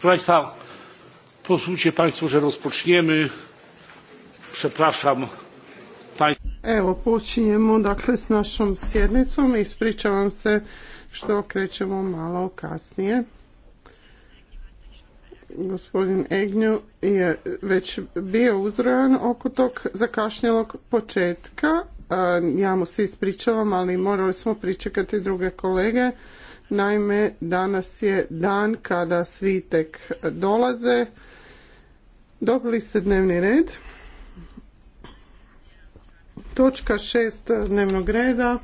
proszę państwa pozwólcie państwo że rozpoczniemy przepraszam Evo počinjemo dakle s našom sjednicom i ispričavam se što krećemo malo kasnije. Gospodin Egnju je već bio uzrojan oko tog zakašnjelog početka. Ja mu se ispričavam, ali morali smo pričekati druge kolege Naime, danas je dan kada svi tek dolaze. Dobili ste dnevni red. Točka šest dnevnog reda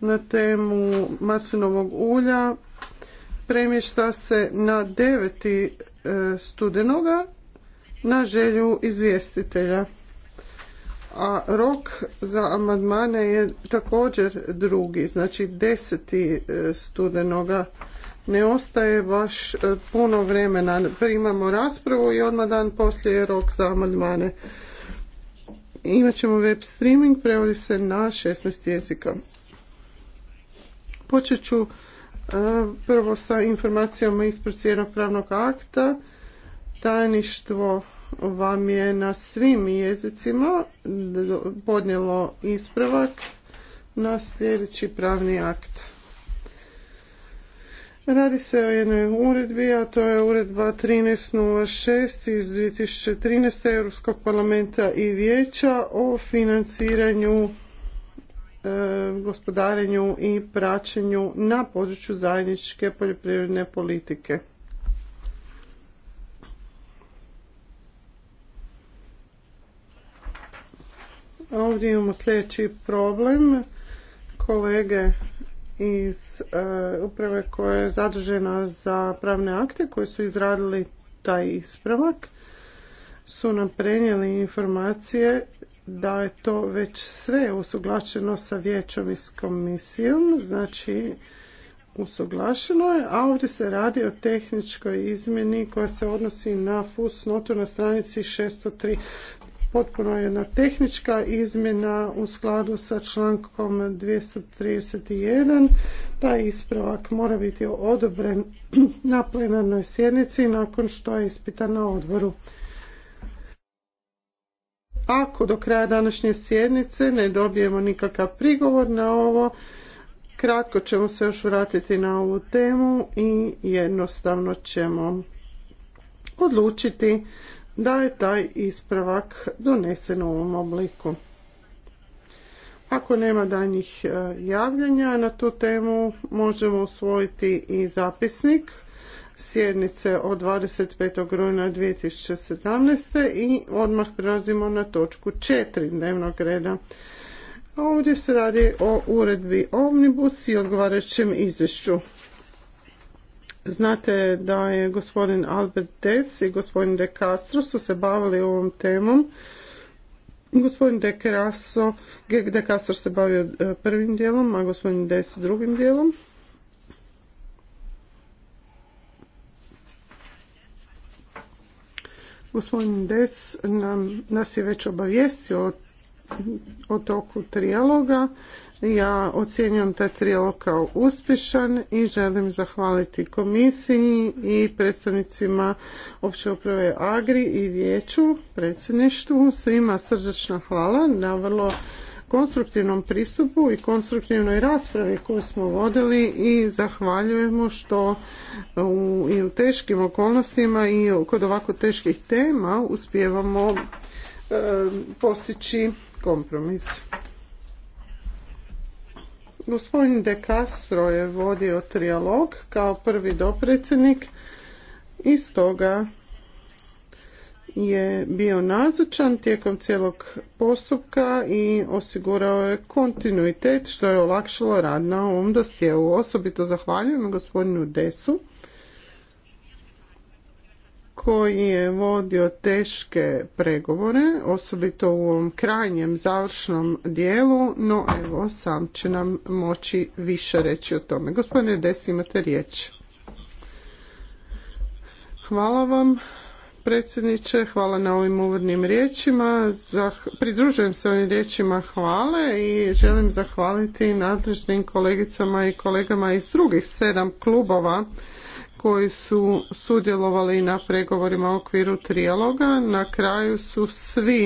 na temu maslinovog ulja premješta se na deveti e, studenoga na želju izvjestitelja a rok za amandmane je također drugi, znači 10. E, studenoga. Ne ostaje baš e, puno vremena. Primamo raspravu i odmah dan poslije je rok za amandmane. Imat web streaming, prevodi se na 16 jezika. Počet ću e, prvo sa informacijama ispred pravnog akta. Tajništvo vam je na svim jezicima podnijelo ispravak na sljedeći pravni akt. Radi se o jednoj uredbi, a to je uredba 1306 iz 2013. Europskog parlamenta i vijeća o financiranju, e, gospodarenju i praćenju na području zajedničke poljoprivredne politike. Ovdje imamo sljedeći problem. Kolege iz e, uprave koja je zadržena za pravne akte koji su izradili taj ispravak su nam prenijeli informacije da je to već sve usuglašeno sa vijećom i s komisijom, znači usuglašeno je, a ovdje se radi o tehničkoj izmjeni koja se odnosi na fusnotu na stranici 603 potpuno jedna tehnička izmjena u skladu sa člankom 231. Taj ispravak mora biti odobren na plenarnoj sjednici nakon što je ispitan na odboru. Ako do kraja današnje sjednice ne dobijemo nikakav prigovor na ovo, kratko ćemo se još vratiti na ovu temu i jednostavno ćemo odlučiti da je taj ispravak donesen u ovom obliku. Ako nema danjih e, javljanja na tu temu, možemo usvojiti i zapisnik sjednice od 25. rujna 2017. i odmah prelazimo na točku 4 dnevnog reda. Ovdje se radi o uredbi Omnibus i odgovarajućem izvješću. Znate da je gospodin Albert Des i gospodin De Castro su se bavili ovom temom. Gospodin De, Crasso, De Castro se bavio e, prvim dijelom, a gospodin Des drugim dijelom. Gospodin Des nam, nas je već obavijestio o, o toku trijaloga ja ocjenjujem taj tri kao uspješan i želim zahvaliti komisiji i predstavnicima opće uprave Agri i vijeću, predsjedništvu. Svima srdečna hvala na vrlo konstruktivnom pristupu i konstruktivnoj raspravi koju smo vodili i zahvaljujemo što u, i u teškim okolnostima i kod ovako teških tema uspijevamo e, postići kompromis. Gospodin De Castro je vodio trijalog kao prvi dopredsjednik i stoga je bio nazočan tijekom cijelog postupka i osigurao je kontinuitet što je olakšalo rad na ovom dosjeu. Osobito zahvaljujem gospodinu Desu koji je vodio teške pregovore, osobito u ovom krajnjem završnom dijelu, no evo sam će nam moći više reći o tome. Gospodine Des, imate riječ. Hvala vam predsjedniče, hvala na ovim uvodnim riječima. Pridružujem se ovim riječima hvale i želim zahvaliti nadležnim kolegicama i kolegama iz drugih sedam klubova koji su sudjelovali na pregovorima u okviru trijaloga. Na kraju su svi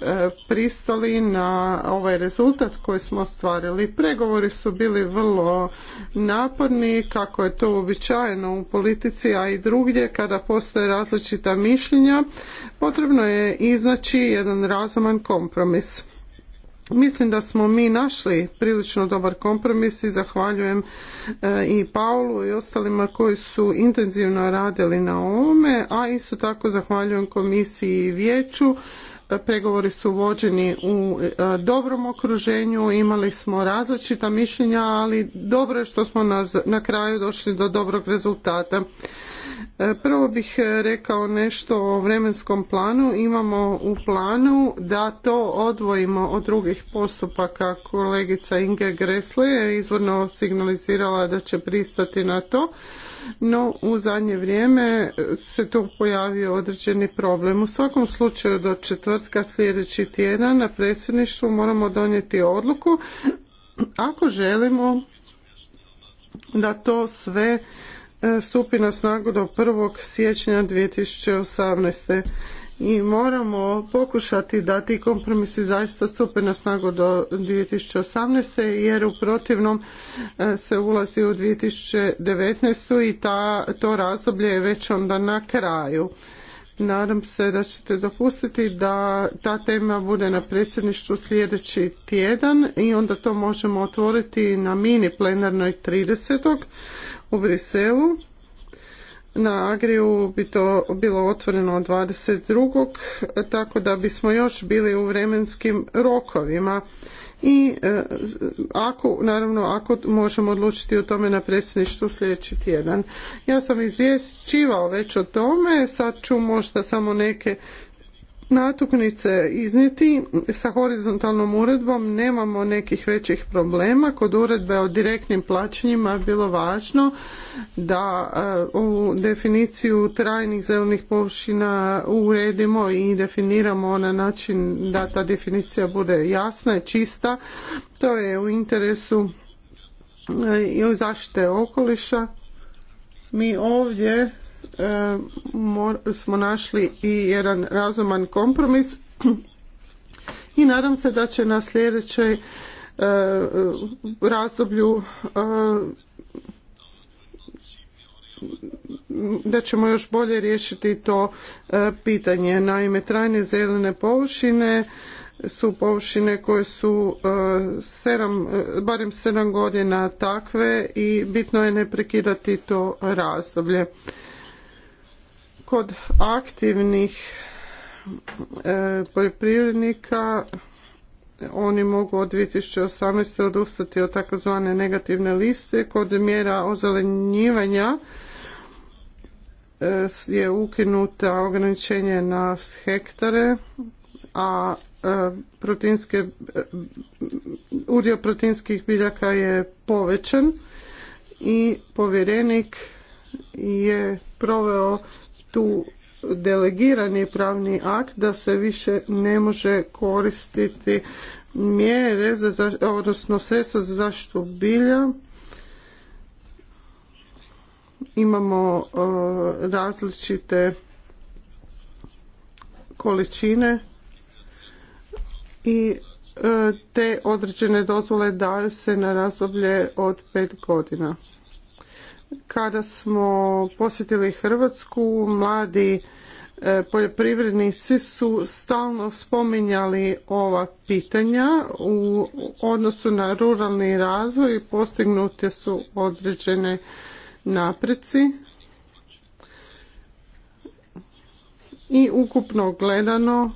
e, pristali na ovaj rezultat koji smo ostvarili. Pregovori su bili vrlo naporni, kako je to uobičajeno u politici, a i drugdje, kada postoje različita mišljenja. Potrebno je iznaći jedan razuman kompromis. Mislim da smo mi našli prilično dobar kompromis i zahvaljujem e, i Paulu i ostalima koji su intenzivno radili na ovome, a isto tako zahvaljujem komisiji i vijeću. E, pregovori su vođeni u e, dobrom okruženju, imali smo različita mišljenja, ali dobro je što smo na kraju došli do dobrog rezultata. E, prvo bih e, rekao nešto o vremenskom planu. Imamo u planu da to odvojimo od drugih postupaka. Kolegica Inge Gresle je izvorno signalizirala da će pristati na to, no u zadnje vrijeme e, se tu pojavio određeni problem. U svakom slučaju do četvrtka sljedeći tjedan na predsjedništvu moramo donijeti odluku ako želimo da to sve E, stupi na snagu do 1. siječnja 2018. I moramo pokušati da ti kompromisi zaista stupe na snagu do 2018. jer u protivnom e, se ulazi u 2019. i ta, to razdoblje je već onda na kraju. Nadam se da ćete dopustiti da ta tema bude na predsjedništvu sljedeći tjedan i onda to možemo otvoriti na mini plenarnoj 30 u Briselu. Na Agriju bi to bilo otvoreno 22. tako da bismo još bili u vremenskim rokovima i e, ako, naravno ako možemo odlučiti o tome na predsjedništvu sljedeći tjedan. Ja sam izvješćivao već o tome, sad ću možda samo neke natuknice iznijeti. Sa horizontalnom uredbom nemamo nekih većih problema. Kod uredbe o direktnim plaćanjima je bilo važno da e, u definiciju trajnih zelenih površina uredimo i definiramo na način da ta definicija bude jasna i čista. To je u interesu e, i zaštite okoliša. Mi ovdje smo našli i jedan razuman kompromis i nadam se da će na sljedećoj e, razdoblju e, da ćemo još bolje riješiti to e, pitanje. Naime, trajne zelene površine su površine koje su sedam, barem sedam godina takve i bitno je ne prekidati to razdoblje kod aktivnih e, poljoprivrednika oni mogu od 2018. odustati od takozvane negativne liste. Kod mjera ozelenjivanja e, je ukinuta ograničenje na hektare, a e, proteinske, udio proteinskih biljaka je povećan i povjerenik je proveo tu delegirani pravni akt da se više ne može koristiti mjere za, odnosno sredstva za zaštitu bilja imamo e, različite količine i e, te određene dozvole daju se na razdoblje od pet godina kada smo posjetili Hrvatsku, mladi e, poljoprivrednici su stalno spominjali ova pitanja u odnosu na ruralni razvoj i postignute su određene napreci. I ukupno gledano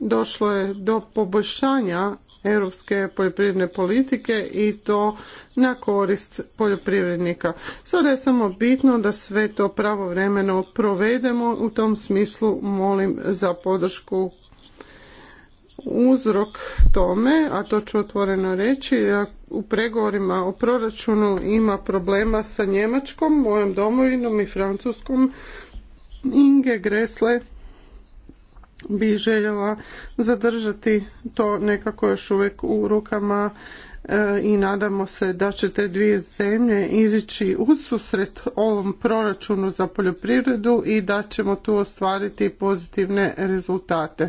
došlo je do poboljšanja europske poljoprivredne politike i to na korist poljoprivrednika. Sada je samo bitno da sve to pravovremeno provedemo. U tom smislu molim za podršku uzrok tome, a to ću otvoreno reći, u pregovorima o proračunu ima problema sa Njemačkom, mojom domovinom i Francuskom. Inge Gresle bi željela zadržati to nekako još uvijek u rukama e, i nadamo se da će te dvije zemlje izići u susret ovom proračunu za poljoprivredu i da ćemo tu ostvariti pozitivne rezultate.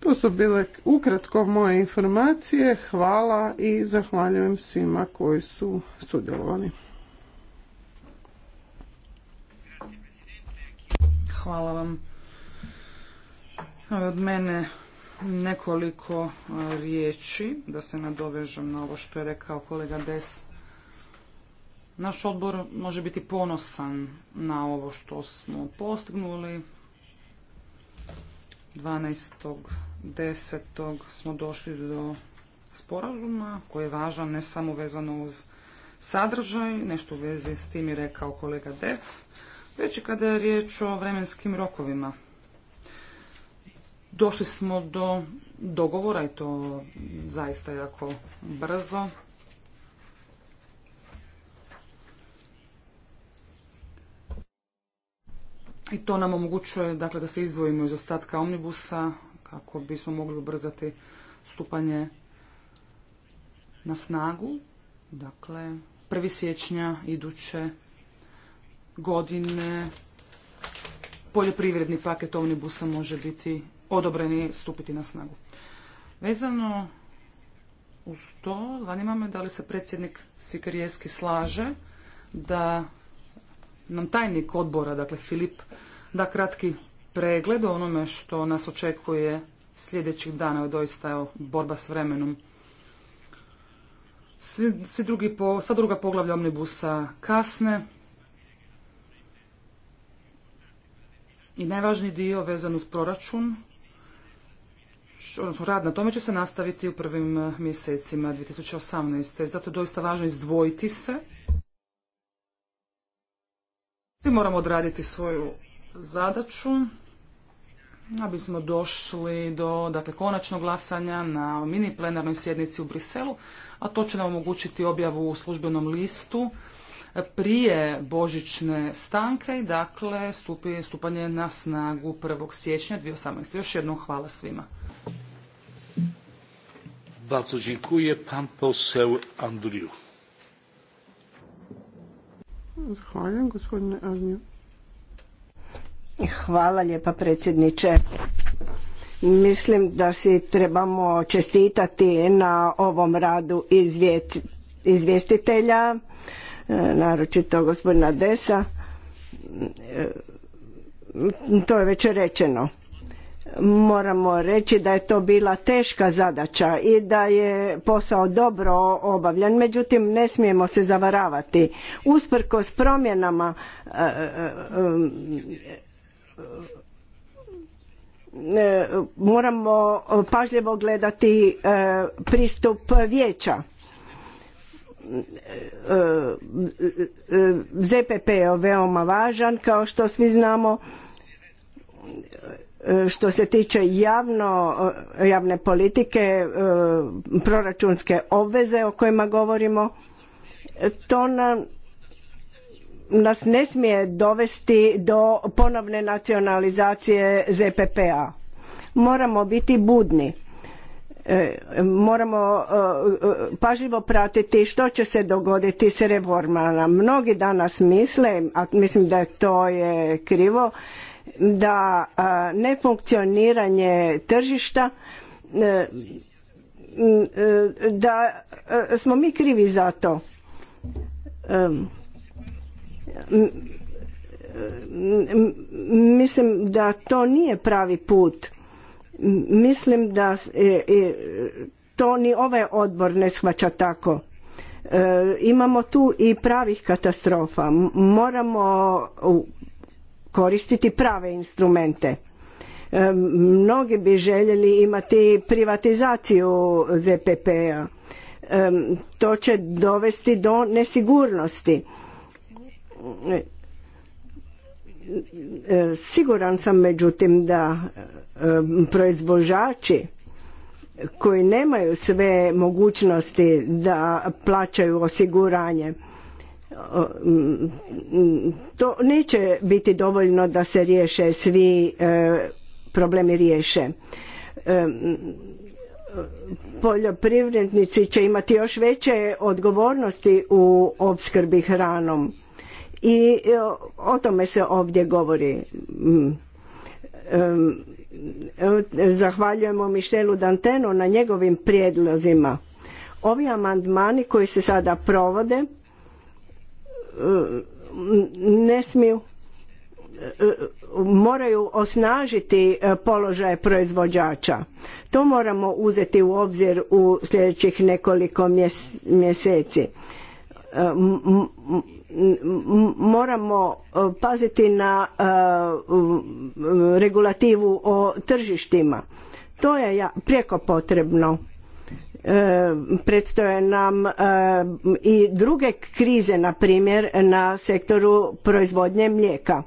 To su bile ukratko moje informacije. Hvala i zahvaljujem svima koji su sudjelovali. Hvala vam. Od mene nekoliko e, riječi da se nadovežem na ovo što je rekao kolega Des. Naš odbor može biti ponosan na ovo što smo postignuli. 12.10. smo došli do sporazuma koji je važan ne samo vezano uz sadržaj, nešto u vezi s tim je rekao kolega Des, već i kada je riječ o vremenskim rokovima. Došli smo do dogovora i to zaista jako brzo. I to nam omogućuje dakle, da se izdvojimo iz ostatka omnibusa kako bismo mogli ubrzati stupanje na snagu. Dakle, 1. siječnja iduće godine poljoprivredni paket omnibusa može biti odobreni stupiti na snagu. Vezano uz to, zanima me da li se predsjednik Sikarijeski slaže da nam tajnik odbora, dakle Filip, da kratki pregled onome što nas očekuje sljedećih dana, je doista borba s vremenom. drugi po, sva druga poglavlja omnibusa kasne. I najvažniji dio vezan uz proračun odnosno rad na tome će se nastaviti u prvim eh, mjesecima 2018. Zato je doista važno izdvojiti se. Svi moramo odraditi svoju zadaću da bismo došli do dakle, konačnog glasanja na mini plenarnoj sjednici u Briselu, a to će nam omogućiti objavu u službenom listu prije božićne stanke i dakle stupi, stupanje na snagu 1. siječnja 2018. Još jednom hvala svima. Hvala lijepa predsjedniče. Mislim da si trebamo čestitati na ovom radu izvjestitelja, e, naročito gospodina Desa. E, to je već rečeno moramo reći da je to bila teška zadaća i da je posao dobro obavljen međutim ne smijemo se zavaravati usprkos promjenama e, e, e, moramo pažljivo gledati pristup vijeća ZPP je veoma važan kao što svi znamo E, što se tiče javno, e, javne politike, e, proračunske obveze o kojima govorimo, to nam, nas ne smije dovesti do ponovne nacionalizacije ZPPA. Moramo biti budni. Moramo pažljivo pratiti što će se dogoditi s reformama. Mnogi danas misle, a mislim da to je krivo, da nefunkcioniranje tržišta e, e, da e, smo mi krivi za to mislim da to nije pravi put mislim da to ni ovaj odbor ne shvaća tako imamo tu i pravih katastrofa moramo koristiti prave instrumente. Mnogi bi željeli imati privatizaciju ZPP-a. To će dovesti do nesigurnosti. Siguran sam međutim da proizvođači koji nemaju sve mogućnosti da plaćaju osiguranje Mm, to neće biti dovoljno da se riješe svi e, problemi riješe e, mm, poljoprivrednici će imati još veće odgovornosti u opskrbi hranom i e, o tome se ovdje govori mm. zahvaljujemo Mišelu Dantenu na njegovim prijedlozima ovi amandmani koji se sada provode ne smiju moraju osnažiti položaj proizvođača. To moramo uzeti u obzir u sljedećih nekoliko mjeseci. Moramo paziti na regulativu o tržištima. To je prijeko potrebno E, predstoje nam e, i druge krize, na primjer na sektoru proizvodnje mlijeka.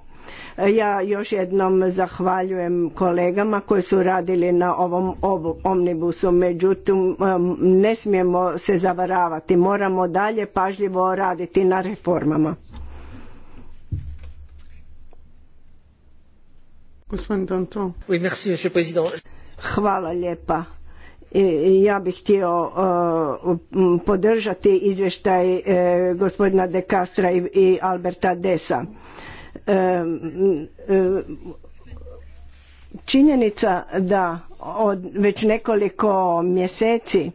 E, ja još jednom zahvaljujem kolegama koji su radili na ovom omnibusu, međutim ne smijemo se zavaravati, moramo dalje pažljivo raditi na reformama. Hvala lijepa ja bih htio uh, podržati izvještaj uh, gospodina De Castra i Alberta Desa. Um, uh, činjenica da od već nekoliko mjeseci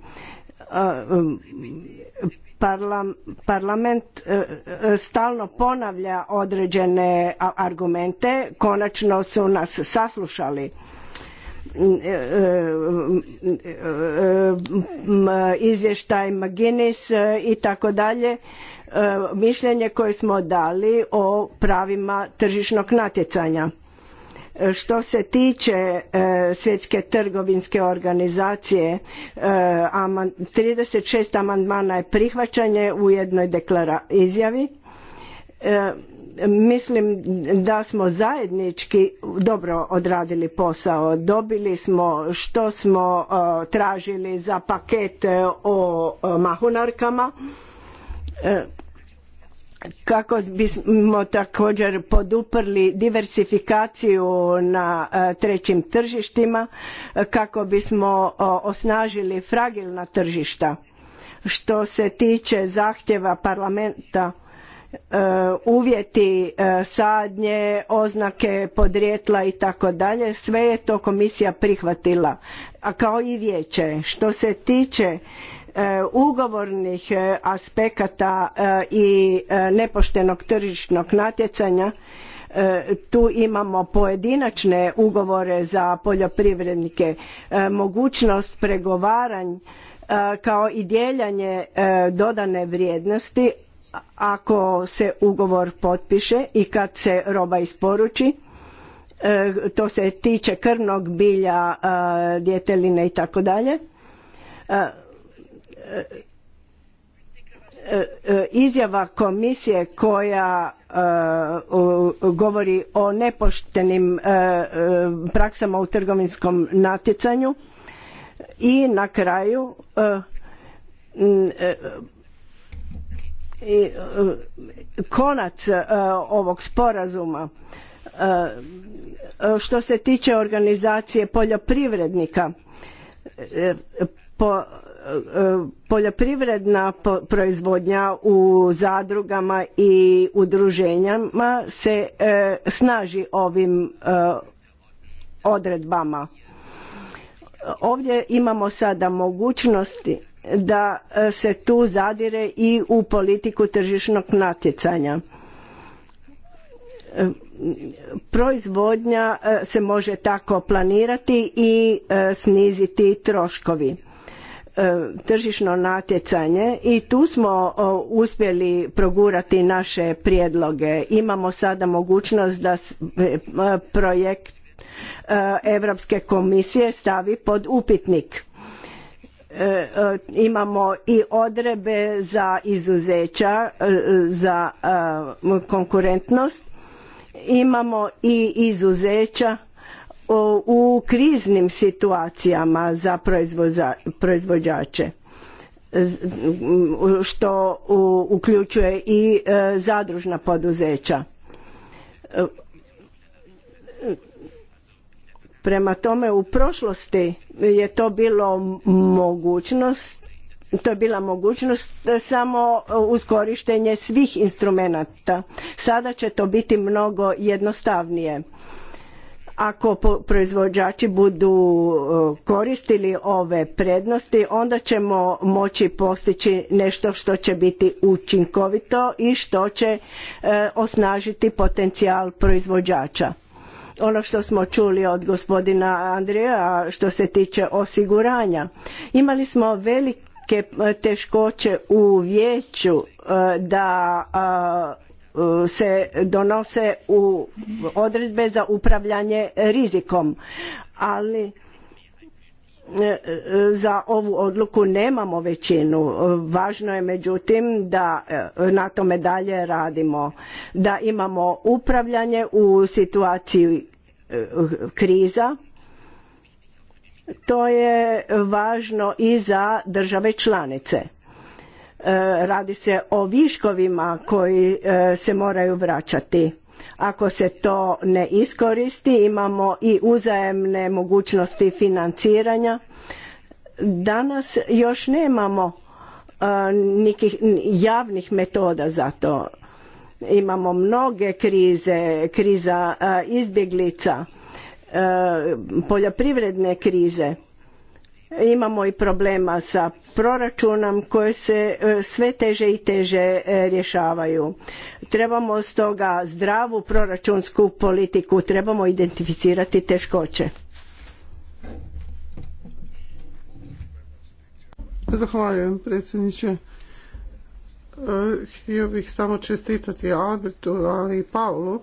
parlament stalno ponavlja određene argumente, konačno su nas saslušali izvještaj Maginis e, i tako dalje e, mišljenje koje smo dali o pravima tržišnog natjecanja e, što se tiče svjetske trgovinske organizacije 36 amandmana je prihvaćanje u jednoj izjavi mislim da smo zajednički dobro odradili posao. Dobili smo što smo e, tražili za paket e, o mahunarkama e, kako bismo također poduprli diversifikaciju na trećim tržištima kako bismo osnažili fragilna tržišta što se tiče zahtjeva parlamenta E, uvjeti e, sadnje, oznake podrijetla i tako dalje, sve je to komisija prihvatila, a kao i vijeće. Što se tiče e, ugovornih aspekata i nepoštenog tržišnog natjecanja, tu imamo pojedinačne ugovore za poljoprivrednike, mogućnost pregovaranja kao i dijeljanje dodane vrijednosti ako se ugovor potpiše i kad se roba isporuči e, to se tiče krvnog bilja e, djeteline i tako dalje e, izjava komisije koja govori o nepoštenim praksama u trgovinskom natjecanju i na kraju E, konac e, ovog sporazuma e, što se tiče organizacije poljoprivrednika poljoprivredna proizvodnja u zadrugama i udruženjama se snaži ovim odredbama ovdje imamo sada mogućnosti da e, se tu zadire i u politiku tržišnog natjecanja e, proizvodnja e, se može tako planirati i sniziti troškovi tržišno natjecanje i tu smo uspjeli progurati naše prijedloge imamo sada mogućnost da projekt Europske komisije stavi pod upitnik E, e, imamo i odrebe za izuzeća e, za konkurentnost imamo i izuzeća u kriznim situacijama za proizvođače što uključuje i zadružna poduzeća Prema tome u prošlosti je to bilo mogućnost to je bila mogućnost samo uz korištenje svih instrumenata. Sada će to biti mnogo jednostavnije. Ako proizvođači budu e, koristili ove prednosti, onda ćemo moći postići nešto što će biti učinkovito i što će e, osnažiti potencijal proizvođača ono što smo čuli od gospodina Andreja što se tiče osiguranja. Imali smo velike e, teškoće u vijeću e, da e, se donose u odredbe za upravljanje rizikom, ali za ovu odluku nemamo većinu. Važno je međutim da e, na tome dalje radimo, da imamo upravljanje u situaciji e, kriza. To je važno i za države članice. E, radi se o viškovima koji se moraju vraćati ako se to ne iskoristi imamo i uzajemne mogućnosti financiranja. Danas još nemamo e, nekih javnih metoda za to. Imamo mnoge krize, kriza e, izbjeglica, e, poljoprivredne krize Imamo i problema sa proračunom koje se e, sve teže i teže e, rješavaju. Trebamo stoga zdravu proračunsku politiku, trebamo identificirati teškoće. Zahvaljujem predsjedniče. E, htio bih samo čestitati Albertu, ali i Paulu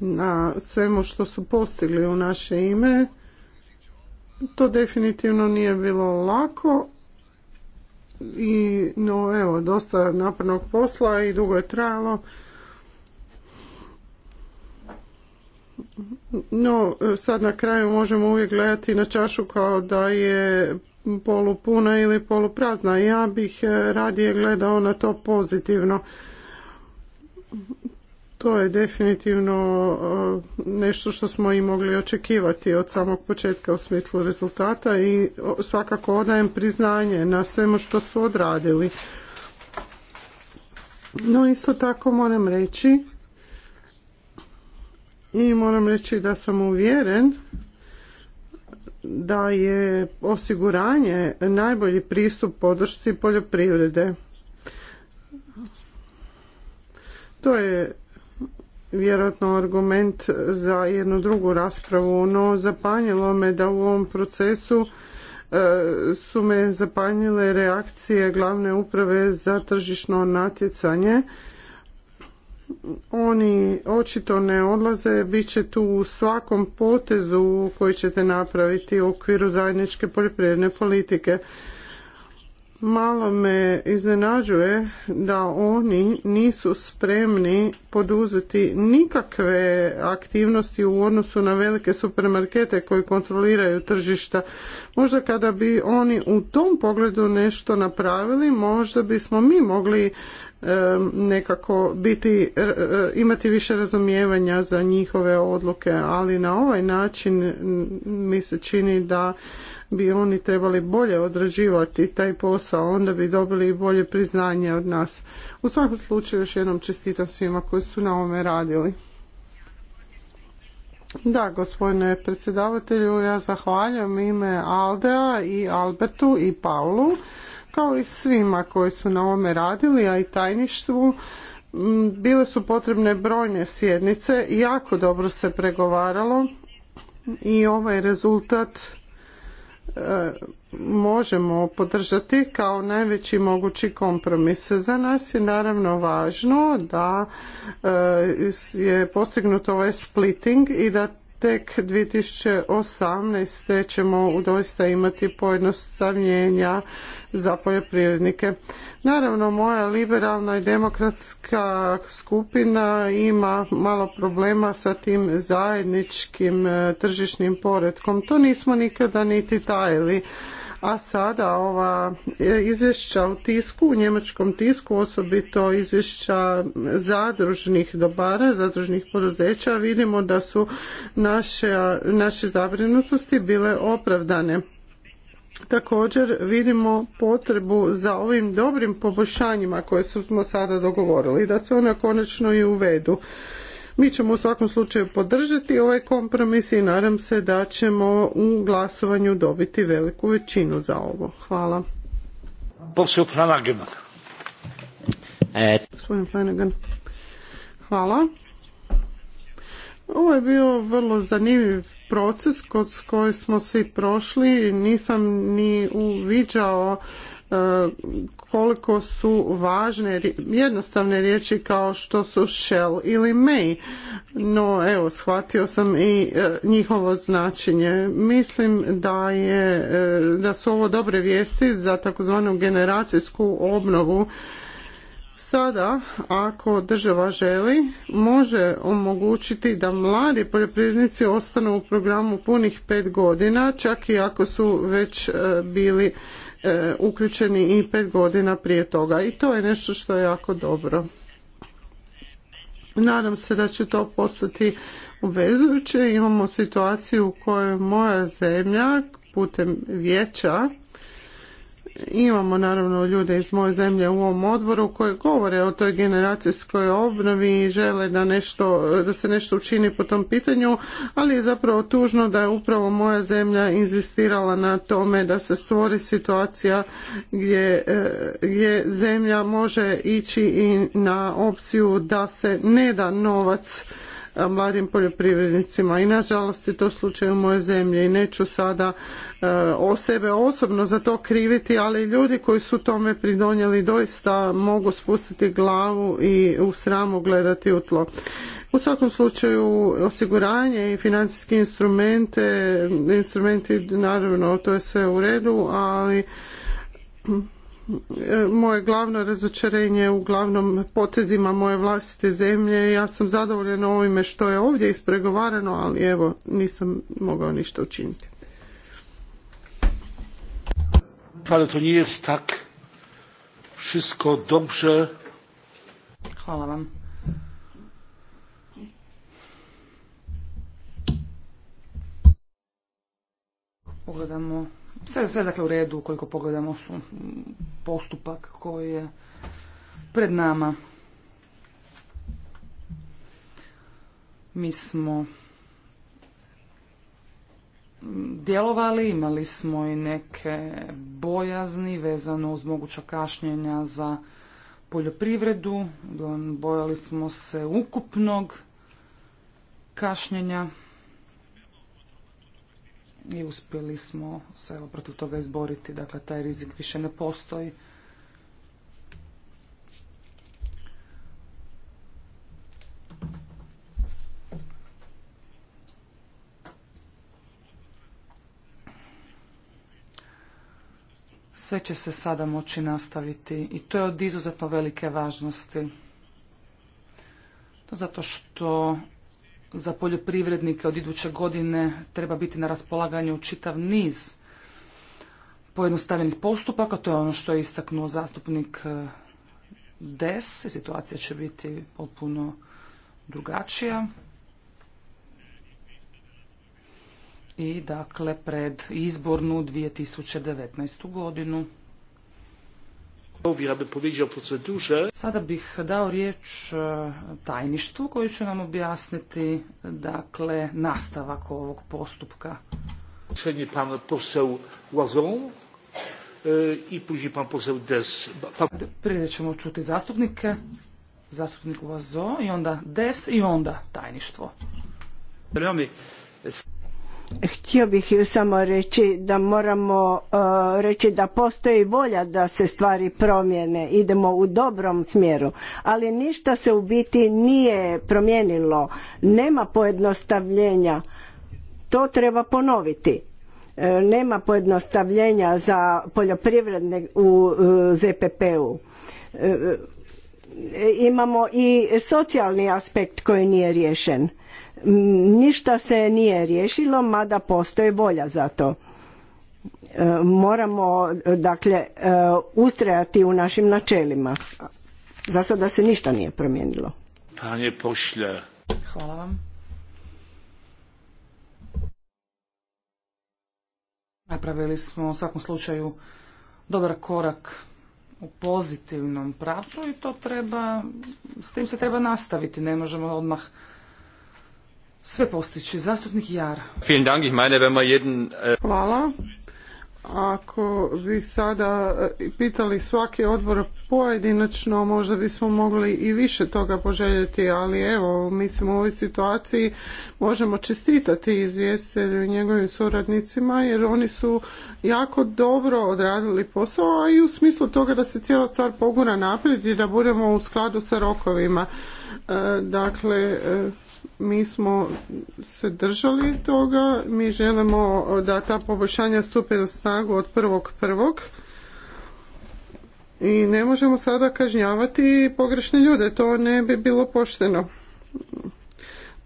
na svemu što su postigli u naše ime to definitivno nije bilo lako i no evo dosta napornog posla i dugo je trajalo. No, sad na kraju možemo uvijek gledati na čašu kao da je polupuna ili poluprazna. Ja bih eh, radije gledao na to pozitivno. To je definitivno e, nešto što smo i mogli očekivati od samog početka u smislu rezultata i svakako odajem priznanje na svemu što su odradili. No isto tako moram reći i moram reći da sam uvjeren da je osiguranje najbolji pristup podršci poljoprivrede. To je vjerojatno argument za jednu drugu raspravu, no zapanjilo me da u ovom procesu e, su me zapanjile reakcije glavne uprave za tržišno natjecanje. Oni očito ne odlaze, bit će tu u svakom potezu koji ćete napraviti u okviru zajedničke poljoprivredne politike. Malo me iznenađuje da oni nisu spremni poduzeti nikakve aktivnosti u odnosu na velike supermarkete koji kontroliraju tržišta. Možda kada bi oni u tom pogledu nešto napravili, možda bismo mi mogli E, nekako biti, e, e, imati više razumijevanja za njihove odluke, ali na ovaj način mi se čini da bi oni trebali bolje odrađivati taj posao, onda bi dobili bolje priznanje od nas. U svakom slučaju još jednom čestitam svima koji su na ovome radili. Da, gospodine predsjedavatelju, ja zahvaljam ime Aldea i Albertu i Paulu kao i svima koji su na ovome radili, a i tajništvu. Mm, bile su potrebne brojne sjednice, jako dobro se pregovaralo i ovaj rezultat e, možemo podržati kao najveći mogući kompromis. Za nas je naravno važno da e, je postignut ovaj splitting i da tek 2018. ćemo doista imati pojednostavljenja za poljoprivrednike. Naravno, moja liberalna i demokratska skupina ima malo problema sa tim zajedničkim e, tržišnim poretkom. To nismo nikada niti tajili a sada ova e, izvješća u tisku, u njemačkom tisku, osobito izvješća zadružnih dobara, zadružnih poduzeća, vidimo da su naše, naše zabrinutosti bile opravdane. Također vidimo potrebu za ovim dobrim poboljšanjima koje smo sada dogovorili da se one konačno i uvedu. Mi ćemo u svakom slučaju podržati ovaj kompromis i nadam se da ćemo u glasovanju dobiti veliku većinu za ovo. Hvala. E, Gospodin Flanagan. Hvala. Ovo je bio vrlo zanimljiv proces kod koji smo svi prošli. Nisam ni uviđao koliko su važne jednostavne riječi kao što su shell ili may. No evo, shvatio sam i e, njihovo značenje. Mislim da, je, e, da su ovo dobre vijesti za takozvanu generacijsku obnovu Sada, ako država želi, može omogućiti da mladi poljoprivrednici ostanu u programu punih pet godina, čak i ako su već e, bili E, uključeni i pet godina prije toga i to je nešto što je jako dobro. Nadam se da će to postati obvezujuće. Imamo situaciju u kojoj moja zemlja putem vijeća imamo naravno ljude iz moje zemlje u ovom odboru koji govore o toj generacijskoj obnovi i žele da, nešto, da se nešto učini po tom pitanju, ali je zapravo tužno da je upravo moja zemlja inzistirala na tome da se stvori situacija gdje, e, gdje zemlja može ići i na opciju da se ne da novac mladim poljoprivrednicima i nažalost je to slučaj u moje zemlje i neću sada e, o sebe osobno za to kriviti, ali ljudi koji su tome pridonijeli doista mogu spustiti glavu i u sramu gledati u tlo. U svakom slučaju osiguranje i financijski instrumente, instrumenti naravno to je sve u redu, ali moje glavno razočarenje uglavnom potezima moje vlastite zemlje. Ja sam zadovoljena ovime što je ovdje ispregovarano, ali evo nisam mogao ništa učiniti. Hvala, to nije tak wszystko dobře. Hvala vam. Pogledamo sve, sve dakle u redu koliko pogledamo postupak koji je pred nama. Mi smo djelovali, imali smo i neke bojazni vezano uz moguća kašnjenja za poljoprivredu, bojali smo se ukupnog kašnjenja i uspjeli smo se evo, protiv toga izboriti. Dakle, taj rizik više ne postoji. Sve će se sada moći nastaviti i to je od izuzetno velike važnosti. To zato što za poljoprivrednike od iduće godine treba biti na raspolaganju čitav niz pojednostavljenih postupaka, to je ono što je istaknuo zastupnik e, DES, situacija će biti potpuno drugačija. I dakle pred izbornu 2019. godinu. Sada bih dao riječ e, tajništvu koji će nam objasniti dakle nastavak ovog postupka. pan poseł Łazon e, i później pan poseł Des. Prije ćemo čuti zastupnike, zastupnik azo, i onda Des i onda tajništvo. Htio bih samo reći da moramo e, reći da postoji volja da se stvari promijene, idemo u dobrom smjeru, ali ništa se u biti nije promijenilo, nema pojednostavljenja, to treba ponoviti. E, nema pojednostavljenja za poljoprivredne u e, ZPP-u. Imamo i socijalni aspekt koji nije riješen Ništa se nije riješilo, mada postoje bolja za to. E, moramo, dakle, e, ustrajati u našim načelima. Za sada se ništa nije promijenilo. Panje pošlje. Hvala vam. Napravili smo u svakom slučaju dobar korak u pozitivnom pravcu i to treba, s tim se treba nastaviti, ne možemo odmah sve postići. Zastupnik Jar. Äh, Hvala. Ako bi sada e, pitali svaki odbor pojedinačno, možda bismo mogli i više toga poželjeti, ali evo, mislim u ovoj situaciji možemo čestitati izvjestelju i njegovim suradnicima, jer oni su jako dobro odradili posao, a i u smislu toga da se cijela stvar pogura naprijed i da budemo u skladu sa rokovima. E, dakle, e, mi smo se držali toga, mi želimo da ta poboljšanja stupe na snagu od prvog prvog i ne možemo sada kažnjavati pogrešne ljude, to ne bi bilo pošteno.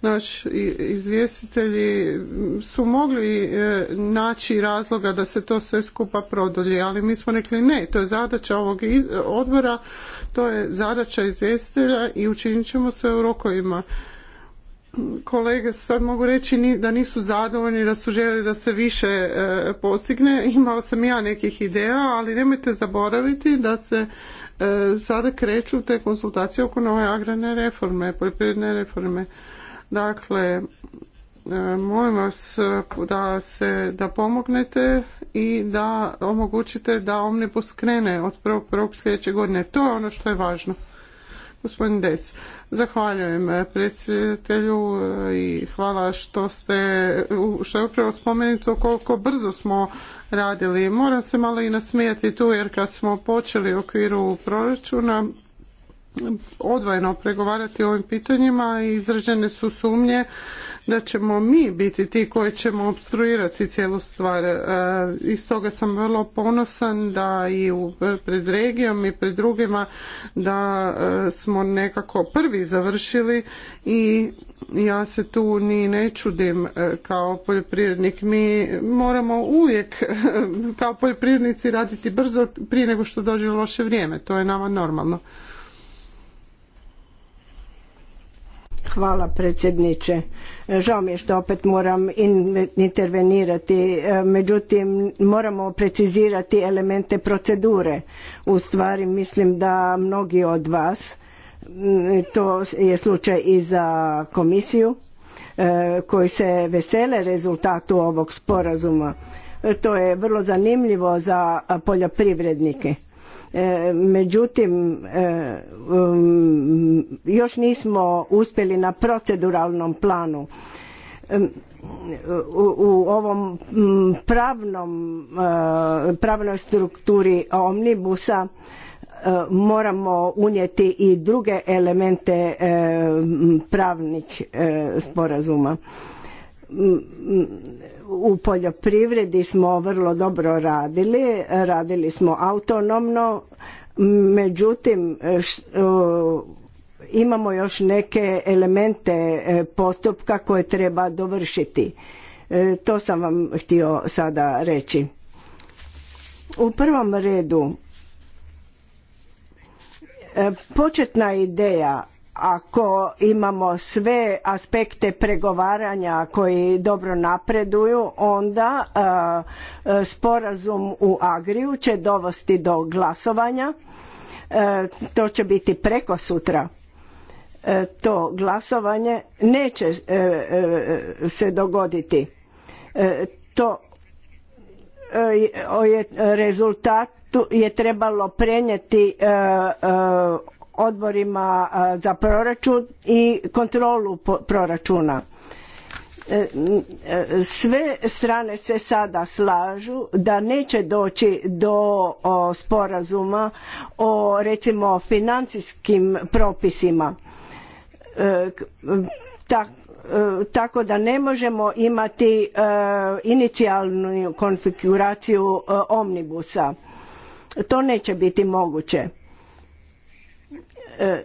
Naš izvjestitelji su mogli e, naći razloga da se to sve skupa produlji, ali mi smo rekli ne, to je zadaća ovog odbora, to je zadaća izvjestitelja i učinit ćemo sve u rokovima kolege sad mogu reći da nisu zadovoljni, da su željeli da se više e, postigne. Imao sam ja nekih ideja, ali nemojte zaboraviti da se e, sada kreću te konsultacije oko nove agrarne reforme, poljoprivredne reforme. Dakle, e, molim vas da se da pomognete i da omogućite da omnibus krene od prvog sljedeće godine. To je ono što je važno. Gospodin Des, zahvaljujem predsjedatelju e, i hvala što ste, što je upravo spomenuto koliko brzo smo radili. Moram se malo i nasmijati tu jer kad smo počeli u okviru proračuna odvojeno pregovarati o ovim pitanjima i izražene su sumnje da ćemo mi biti ti koji ćemo obstruirati cijelu stvar. E, iz toga sam vrlo ponosan da i pred regijom i pred drugima da e, smo nekako prvi završili i ja se tu ni ne čudim e, kao poljoprivrednik. Mi moramo uvijek kao poljoprivrednici raditi brzo prije nego što dođe loše vrijeme. To je nama normalno. Hvala predsjedniče. Žao mi je što opet moram intervenirati, e, međutim moramo precizirati elemente procedure. U stvari mislim da mnogi od vas, to je slučaj i za komisiju, e, koji se vesele rezultatu ovog sporazuma. E, to je vrlo zanimljivo za poljoprivrednike E, međutim, e, um, još nismo uspjeli na proceduralnom planu. Um, u ovom pravnom, e, pravnoj strukturi omnibusa moramo unijeti i druge elemente pravnih sporazuma u poljoprivredi smo vrlo dobro radili, radili smo autonomno, međutim imamo još neke elemente e, postupka koje treba dovršiti. E, to sam vam htio sada reći. U prvom redu e, početna ideja ako imamo sve aspekte pregovaranja koji dobro napreduju onda e, sporazum u Agriju će dovesti do glasovanja e, to će biti preko sutra e, to glasovanje neće se dogoditi to je rezultat je trebalo prenijeti odborima za proračun i kontrolu proračuna. E, e, sve strane se sada slažu da neće doći do sporazuma o recimo financijskim propisima. E, tako da ne možemo imati inicijalnu konfiguraciju omnibusa. To neće biti moguće E, e,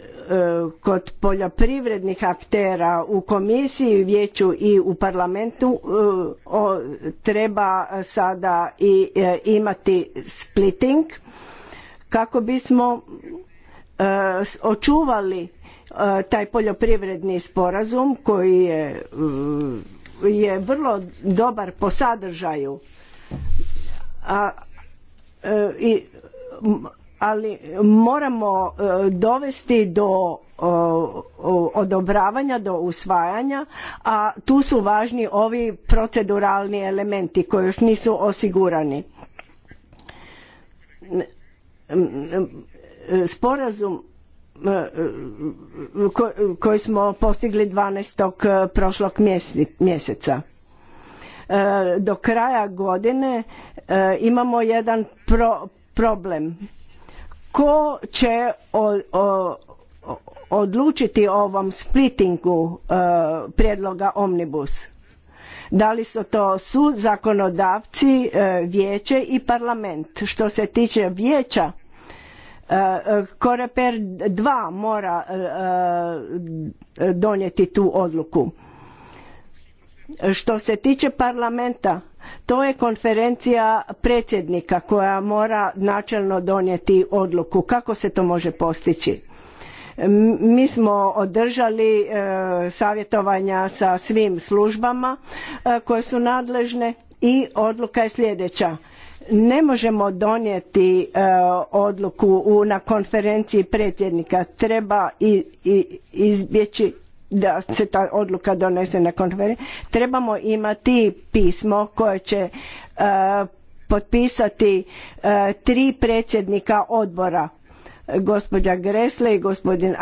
kod poljoprivrednih aktera u komisiji, vijeću i u parlamentu e, treba sada i imati splitting kako bismo očuvali taj poljoprivredni sporazum koji je, vrlo dobar po sadržaju a i ali moramo e, dovesti do odobravanja, do usvajanja, a tu su važni ovi proceduralni elementi koji još nisu osigurani. Sporazum e, koji smo postigli 12. E, prošlog mjeseca. Do kraja godine imamo jedan problem Ko će odlučiti o ovom splitingu e, prijedloga omnibus da li su to su zakonodavci e, vijeće i parlament što se tiče vijeća e, koreper 2 mora e, donijeti tu odluku što se tiče parlamenta to je konferencija predsjednika koja mora načelno donijeti odluku. Kako se to može postići? Mi smo održali e, savjetovanja sa svim službama e, koje su nadležne i odluka je sljedeća. Ne možemo donijeti e, odluku na konferenciji predsjednika. Treba izbjeći da se ta odluka donese na konferenciji trebamo imati pismo koje će e, potpisati e, tri predsjednika odbora gospođa Gresle i gospodin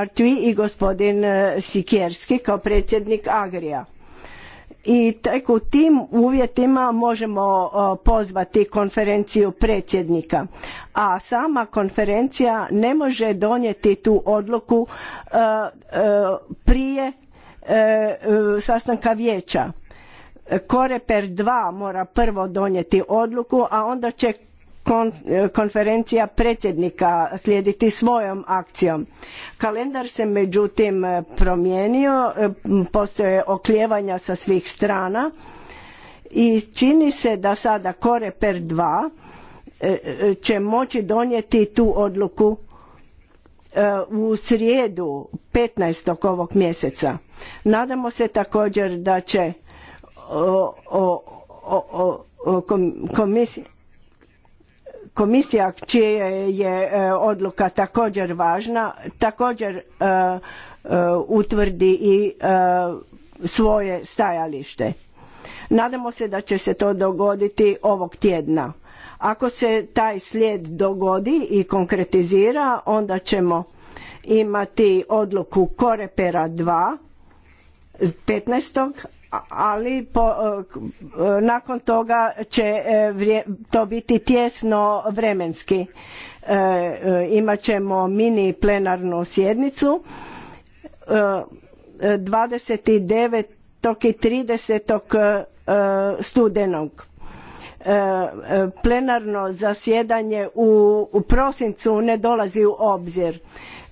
Artui, i gospodin e, Sikerski kao predsjednik Agrija i tek u tim uvjetima možemo pozvati konferenciju predsjednika a sama konferencija ne može donijeti tu odluku e, e, prije e, sastanka vijeća koreper 2 mora prvo donijeti odluku a onda će E, konferencija predsjednika slijediti svojom akcijom. Kalendar se međutim e, promijenio, e, postoje okljevanja sa svih strana i čini se da sada Koreper 2 će moći donijeti tu odluku u srijedu 15. ovog mjeseca. Nadamo se također da će komisija komisija čija je e, odluka također važna također e, e, utvrdi i svoje stajalište. Nadamo se da će se to dogoditi ovog tjedna. Ako se taj slijed dogodi i konkretizira, onda ćemo imati odluku Korepera 2 15 ali e, e, nakon toga će e, to biti tjesno vremenski. Imat ćemo mini plenarnu sjednicu 29. i 30. studenog. Plenarno zasjedanje u, u prosincu ne dolazi u obzir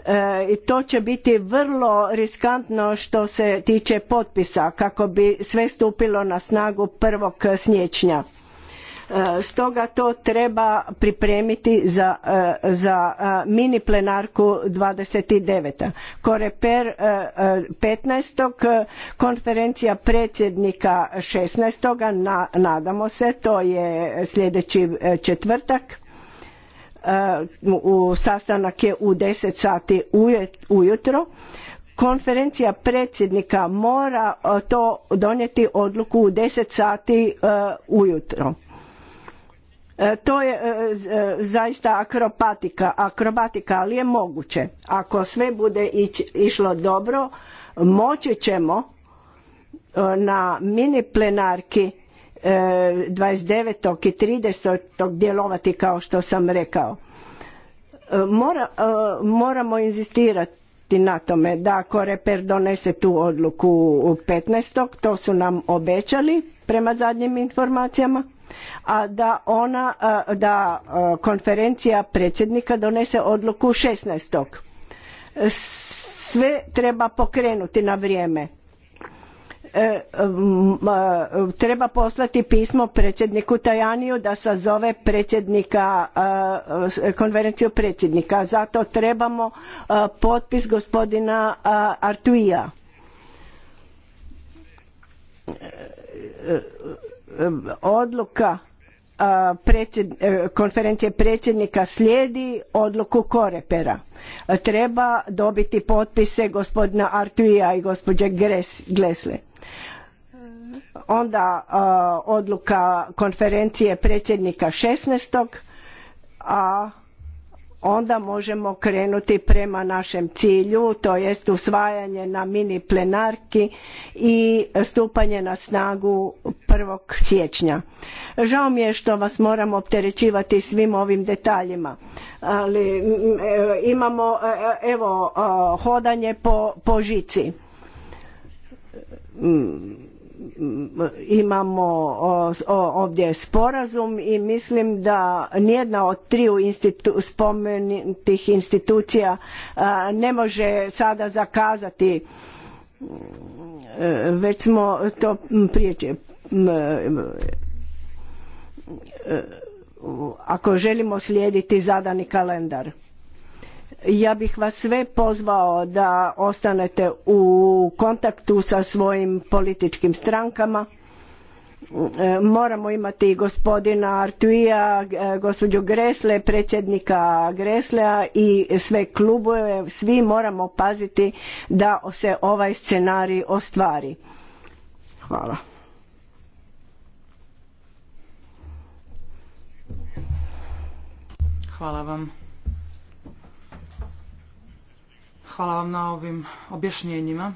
E, i to će biti vrlo riskantno što se tiče potpisa kako bi sve stupilo na snagu prvog siječnja. E, stoga to treba pripremiti za, e, mini plenarku 29. Koreper 15. konferencija predsjednika 16. nadamo se, to je sljedeći četvrtak E, u sastanak je u deset sati ujutro konferencija predsjednika mora e, to donijeti odluku u deset sati e, ujutro to je zaista akrobatika, akrobatika ali je moguće ako sve bude išlo dobro moći ćemo na mini plenarki 29. i 30. djelovati kao što sam rekao. E, e, moramo inzistirati na tome da ako reper donese tu odluku u 15. to su nam obećali prema zadnjim informacijama a da ona e, da konferencija predsjednika donese odluku 16. Sve treba pokrenuti na vrijeme E, treba poslati pismo predsjedniku Tajaniju da sazove predsjednika konverenciju predsjednika. Zato trebamo potpis gospodina Artuija e, e, odluka E, konferencije predsjednika slijedi odluku Korepera. E, treba dobiti potpise gospodina Artuija i gospođe Glesle. Onda odluka konferencije predsjednika 16. a onda možemo krenuti prema našem cilju, to jest usvajanje na mini plenarki i stupanje na snagu 1. siječnja. Žao mi je što vas moram opterećivati svim ovim detaljima, ali e, imamo e, e, evo hodanje po, po žici imamo ovdje sporazum i mislim da nijedna od triju spomenutih institucija ne može sada zakazati e, već smo to prije e, ako želimo slijediti zadani kalendar ja bih vas sve pozvao da ostanete u kontaktu sa svojim političkim strankama e, moramo imati gospodina Artuija, e, gospođu Gresle, predsjednika Greslea i sve klubove, svi moramo paziti da se ovaj scenarij ostvari. Hvala. Hvala vam. Hvala vam na ovim objašnjenjima.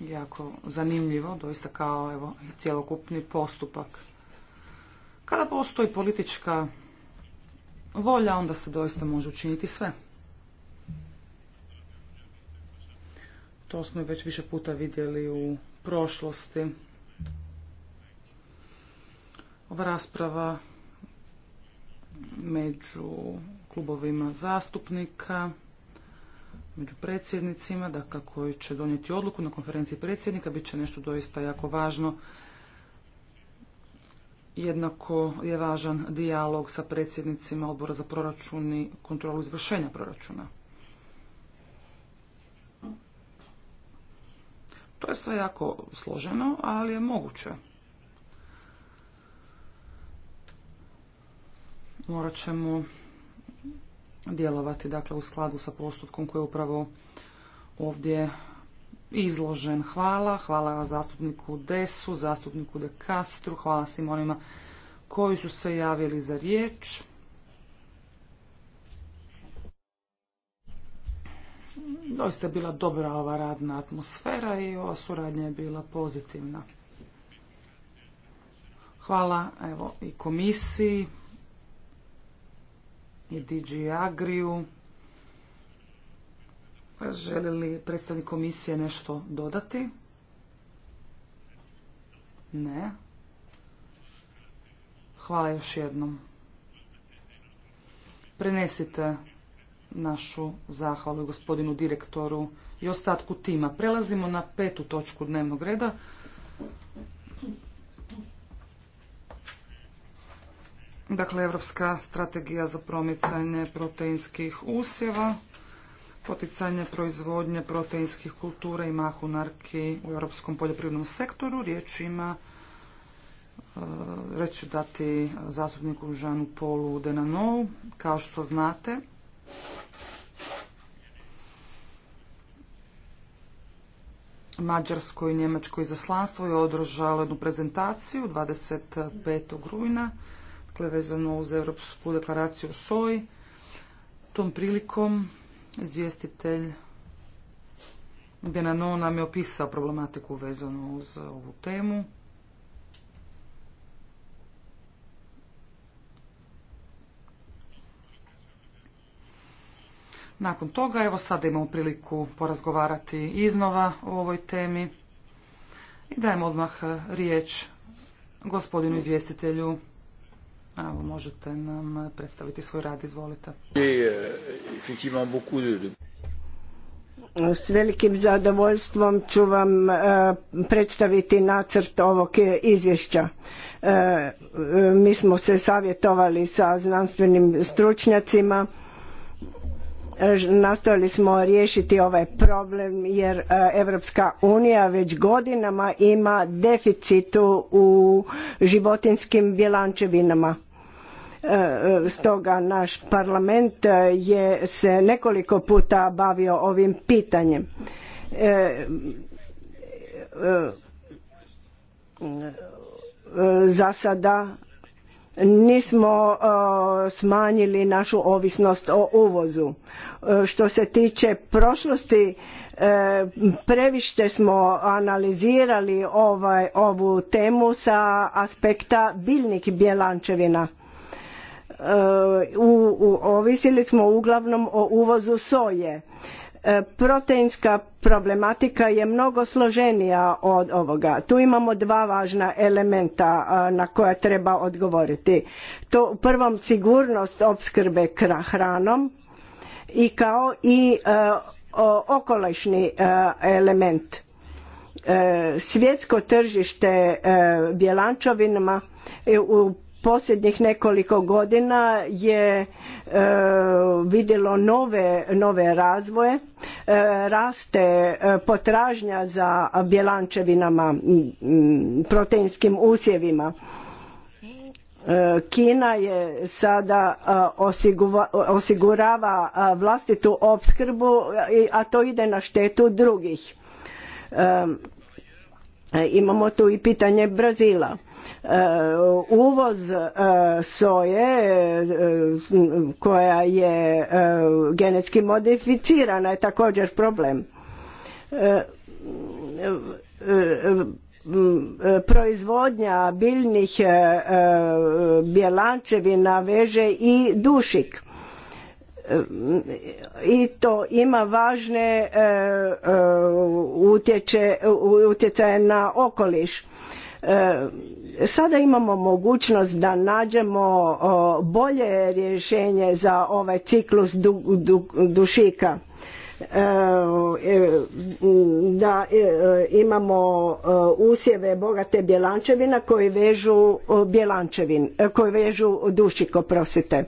Jako zanimljivo, doista kao evo, cjelokupni postupak. Kada postoji politička volja, onda se doista može učiniti sve. To smo već više puta vidjeli u prošlosti. Ova rasprava među klubovima zastupnika među predsjednicima, dakle koji će donijeti odluku na konferenciji predsjednika, bit će nešto doista jako važno. Jednako je važan dijalog sa predsjednicima odbora za proračun i kontrolu izvršenja proračuna. To je sve jako složeno, ali je moguće. Morat ćemo djelovati dakle u skladu sa postupkom koji je upravo ovdje izložen. Hvala, hvala zastupniku Desu, zastupniku De Castru, hvala svim onima koji su se javili za riječ. Doista je bila dobra ova radna atmosfera i ova suradnja je bila pozitivna. Hvala evo, i komisiji i DG Agriju. Pa želi li predstavnik komisije nešto dodati? Ne. Hvala još jednom. Prenesite našu zahvalu gospodinu direktoru i ostatku tima. Prelazimo na petu točku dnevnog reda. Dakle, Evropska strategija za promicanje proteinskih usjeva, poticanje proizvodnje proteinskih kultura i mahunarki u europskom poljoprivrednom sektoru. Riječ ima e, reći dati zastupniku Žanu Polu Denanou. Kao što znate, Mađarsko i Njemačko izaslanstvo je održalo jednu prezentaciju 25. rujna dakle vezano uz Europsku deklaraciju SOJ. Tom prilikom izvjestitelj Denano nam je opisao problematiku vezanu uz ovu temu. Nakon toga, evo sada imamo priliku porazgovarati iznova o ovoj temi i dajem odmah riječ gospodinu izvjestitelju Evo, možete nam predstaviti svoj rad, izvolite. E, S velikim zadovoljstvom ću vam e, predstaviti nacrt ovog izvješća. E, mi smo se savjetovali sa znanstvenim stručnjacima nastojali smo riješiti ovaj problem jer Europska unija već godinama ima deficitu u životinskim bjelančevinama. E, stoga naš parlament e, je se nekoliko puta bavio ovim pitanjem. E, za sada nismo smanjili našu ovisnost o uvozu. Što se tiče prošlosti, previše smo analizirali ovaj, ovu temu sa aspekta biljnih bjelančevina E, ovisili smo uglavnom o uvozu soje. E, proteinska problematika je mnogo složenija od ovoga. Tu imamo dva važna elementa e, na koja treba odgovoriti. To u prvom sigurnost opskrbe hranom i kao i okolišni element. Svjetsko tržište bjelančovinama u posljednjih nekoliko godina je e, vidjelo nove, nove razvoje, e, raste e, potražnja za bjelančevinama, proteinskim usjevima. Kina je sada osigurava vlastitu opskrbu, a to ide na štetu drugih. Imamo tu i pitanje Brazila E, uvoz e, soje e, koja je genetski modificirana je također problem proizvodnja biljnih bjelančevina veže i dušik i to ima važne utjecaje na okoliš Sada imamo mogućnost da nađemo bolje rješenje za ovaj ciklus dušika e, e, da e, imamo usjeve bogate bjelančevina koji vežu bjelančevin, koji vežu dušik, oprostite.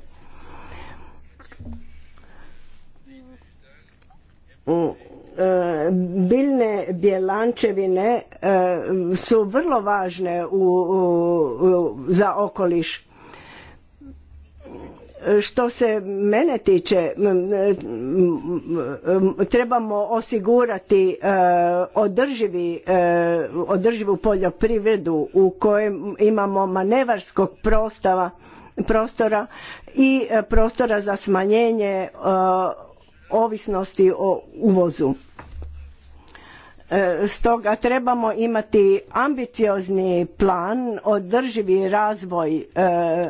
U E, biljne bjelančevine e, su vrlo važne za okoliš što se mene tiče trebamo osigurati e, održivi, održivu poljoprivredu u kojem imamo manevarskog prostora i prostora za smanjenje ovisnosti o uvozu. E, stoga trebamo imati ambiciozni plan, održivi razvoj e, e,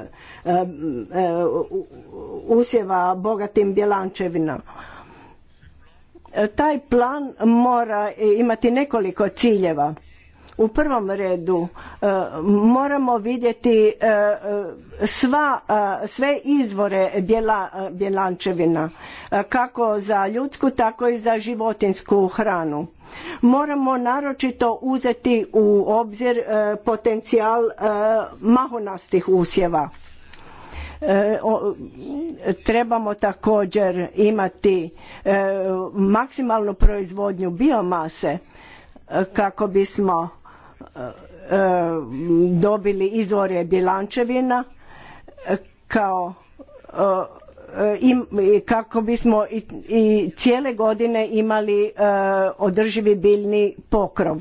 usjeva bogatim bjelančevina. Taj plan mora imati nekoliko ciljeva u prvom redu e, moramo vidjeti e, e, sva, sve izvore bjela, bjelančevina, kako za ljudsku, tako i za životinsku hranu. Moramo naročito uzeti u obzir potencijal mahunastih usjeva. trebamo također imati maksimalnu proizvodnju biomase kako bismo E, dobili izvore bilančevina e, kao e, kako bismo i, cijele godine imali održivi biljni pokrov.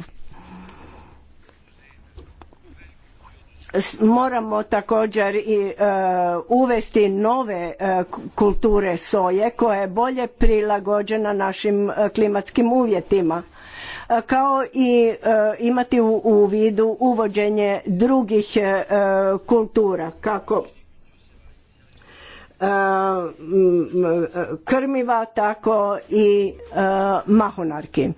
moramo također i uvesti nove kulture soje koja je bolje prilagođena našim klimatskim uvjetima kao i e, imati u vidu uvođenje drugih e, kultura kako e, krmiva tako i mahonarki.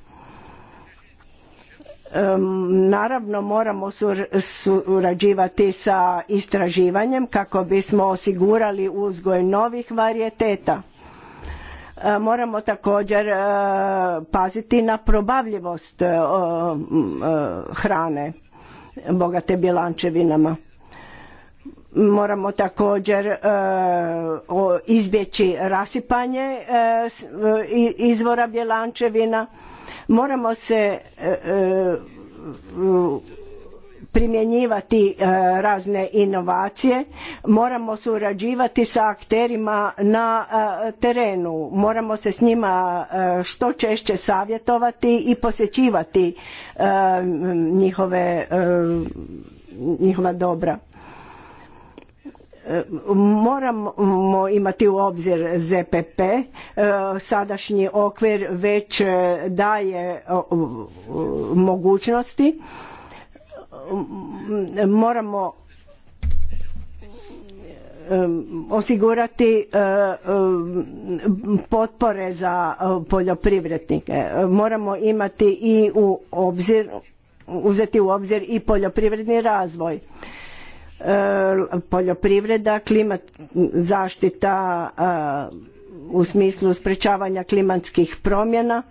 naravno moramo surađivati sa istraživanjem kako bismo osigurali uzgoj novih varijeteta moramo također e, paziti na probavljivost e, e, hrane bogate bjelančevinama moramo također izbjeći rasipanje izvora bjelančevina moramo se primjenjivati e, razne inovacije, moramo surađivati sa akterima na e, terenu, moramo se s njima e, što češće savjetovati i posjećivati njihove, njihova dobra. Moramo imati u obzir ZPP, sadašnji okvir već daje mogućnosti moramo osigurati e, potpore za e, poljoprivrednike. Moramo imati i u obzir, uzeti u obzir i poljoprivredni razvoj. E, poljoprivreda, klimat, zaštita u smislu sprečavanja klimatskih promjena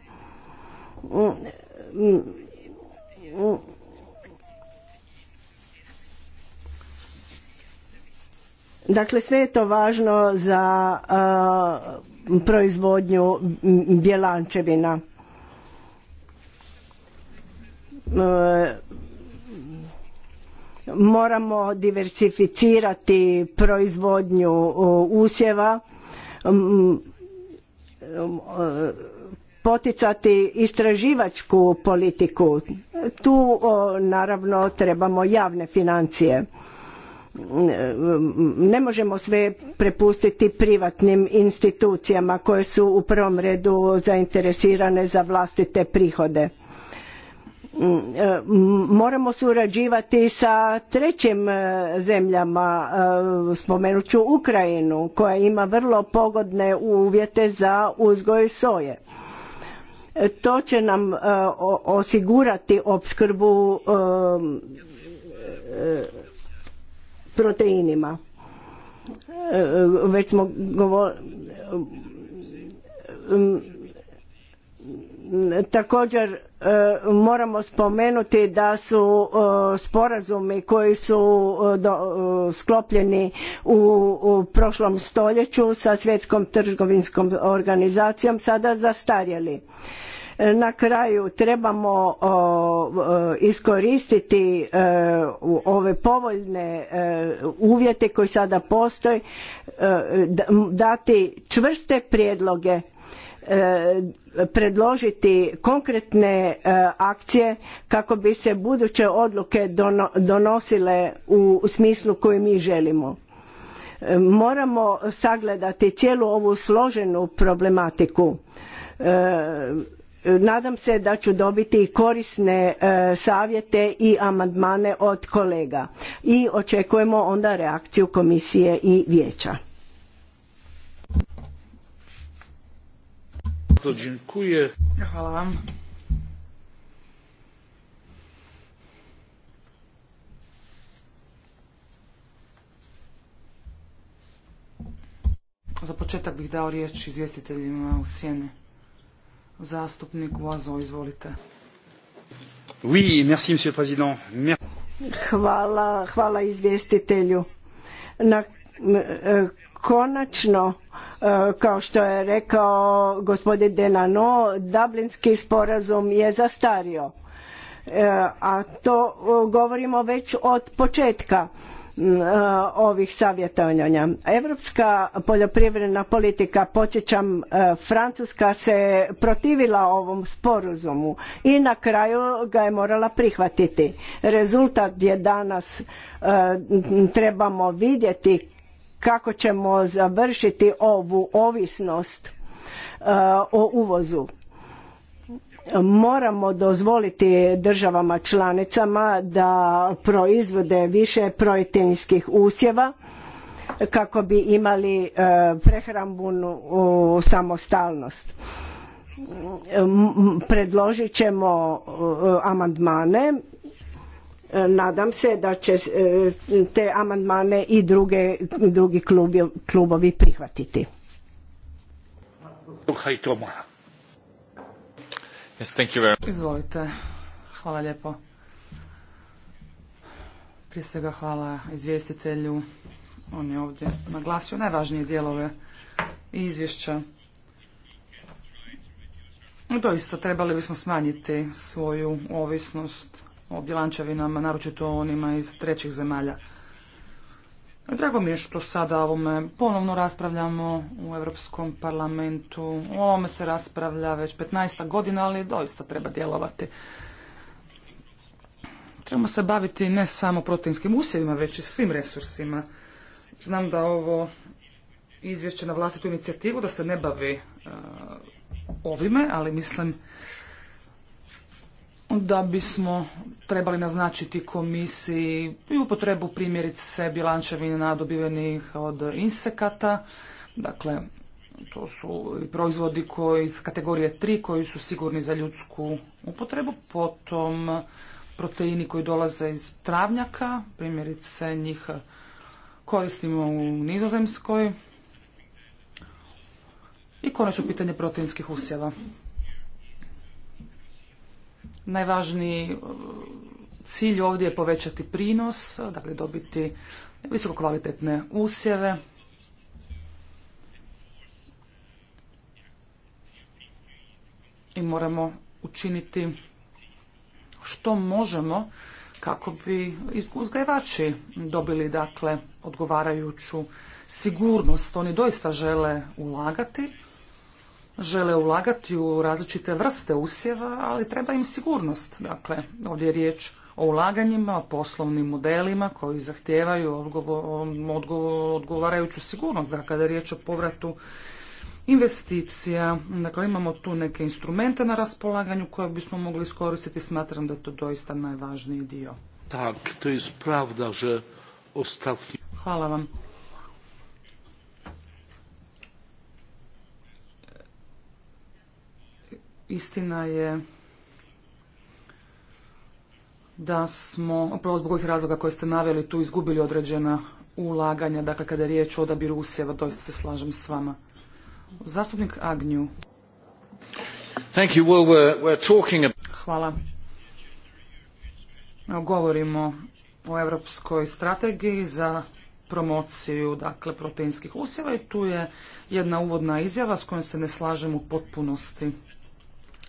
Dakle, sve je to važno za uh, proizvodnju bjelančevina. Uh, moramo diversificirati proizvodnju uh, usjeva, um, um, poticati istraživačku politiku. Tu naravno trebamo javne financije ne možemo sve prepustiti privatnim institucijama koje su u prvom redu zainteresirane za vlastite prihode moramo surađivati sa trećim e, zemljama e, spomenut ću Ukrajinu koja ima vrlo pogodne uvjete za uzgoj soje e, to će nam osigurati opskrbu proteinima. E, već smo također e, moramo spomenuti da su e, sporazumi koji su sklopljeni u prošlom stoljeću sa svjetskom trgovinskom organizacijom sada zastarjeli na kraju trebamo iskoristiti e, ove povoljne e, uvjete koji sada postoje, e, dati čvrste prijedloge predložiti konkretne akcije kako bi se buduće odluke donosile u smislu koji mi želimo. Moramo sagledati cijelu ovu složenu problematiku nadam se da ću dobiti korisne e, savjete i amandmane od kolega i očekujemo onda reakciju komisije i vijeća. Hvala vam. Za početak bih dao riječ izvjestiteljima u sjene. Zastupnik izvolite. Hvala, hvala izvjestitelju. Na, e, konačno, e, kao što je rekao gospodin Denano, Dublinski sporazum je zastario. E, a to govorimo već od početka E, ovih savjetovanja. Europska poljoprivredna politika, podsjećam, e, Francuska se protivila ovom sporazumu i na kraju ga je morala prihvatiti. Rezultat je danas e, trebamo vidjeti kako ćemo završiti ovu ovisnost o uvozu moramo dozvoliti državama članicama da proizvode više proteinskih usjeva kako bi imali e, prehrambenu samostalnost. Predložit ćemo amandmane. Nadam se da će e, te amandmane i drugi klubovi prihvatiti. Yes, Izvolite. Hvala lijepo. Prije svega hvala izvjestitelju. On je ovdje naglasio najvažnije dijelove izvješća. Doista trebali bismo smanjiti svoju ovisnost o bilančevinama, naročito onima iz trećih zemalja. Drago mi je što sada ovome ponovno raspravljamo u Europskom parlamentu. O ovome se raspravlja već 15 godina, ali doista treba djelovati. Trebamo se baviti ne samo proteinskim usjevima, već i svim resursima. Znam da ovo izvješće na vlastitu inicijativu, da se ne bavi e, ovime, ali mislim da bismo trebali naznačiti komisiji i upotrebu primjerice bilančevina dobivenih od insekata. Dakle, to su proizvodi koji iz kategorije 3 koji su sigurni za ljudsku upotrebu, potom proteini koji dolaze iz travnjaka, primjerice njih koristimo u Nizozemskoj i konačno pitanje proteinskih usjeva. Najvažniji e, cilj ovdje je povećati prinos, e, dakle dobiti visoko kvalitetne usjeve. I moramo učiniti što možemo kako bi uzgajivači dobili dakle odgovarajuću sigurnost. Oni doista žele ulagati, žele ulagati u različite vrste usjeva, ali treba im sigurnost. Dakle, ovdje je riječ o ulaganjima, o poslovnim modelima koji zahtijevaju odgovarajuću sigurnost. Dakle, kada je riječ o povratu investicija, dakle imamo tu neke instrumente na raspolaganju koje bismo mogli iskoristiti, smatram da je to doista najvažniji dio. Tak, to je pravda, že Hvala vam. Istina je da smo, upravo zbog ovih razloga koje ste naveli, tu izgubili određena ulaganja, dakle kada je riječ o odabiru usjeva, doista se slažem s vama. Zastupnik Agnju. Hvala. Govorimo o europskoj strategiji za promociju dakle proteinskih usjeva i tu je jedna uvodna izjava s kojom se ne slažem u potpunosti.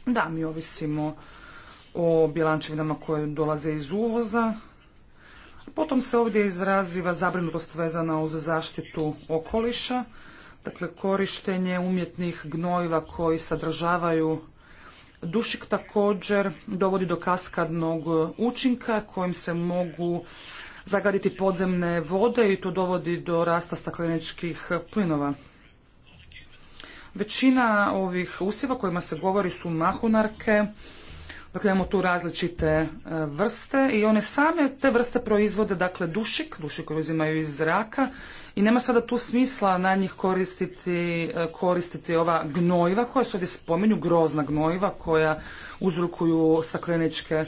Da, mi ovisimo o bilančevinama koje dolaze iz uvoza. Potom se ovdje izraziva zabrinutost vezana uz zaštitu okoliša, dakle korištenje umjetnih gnojiva koji sadržavaju dušik također dovodi do kaskadnog učinka kojim se mogu zagaditi podzemne vode i to dovodi do rasta stakleničkih plinova. Većina ovih usjeva kojima se govori su mahunarke, dakle imamo tu različite e, vrste i one same te vrste proizvode dakle dušik, dušik koji uzimaju iz zraka i nema sada tu smisla na njih koristiti, e, koristiti ova gnojiva koja se ovdje spominju, grozna gnojiva koja uzrokuju stakleničke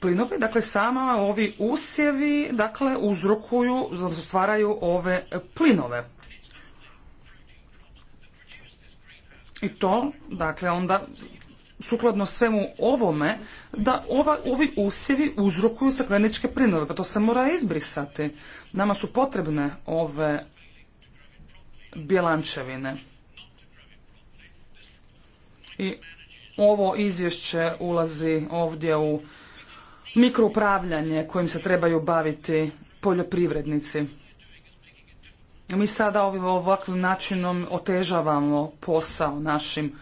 plinove. Dakle, sama ovi usjevi dakle, uzrokuju, stvaraju ove plinove. i to, dakle, onda sukladno svemu ovome, da ovi usjevi uzrokuju stakleničke plinove, pa to se mora izbrisati. Nama su potrebne ove bjelančevine. I ovo izvješće ulazi ovdje u mikroupravljanje kojim se trebaju baviti poljoprivrednici. Mi sada ovim ovakvim načinom otežavamo posao našim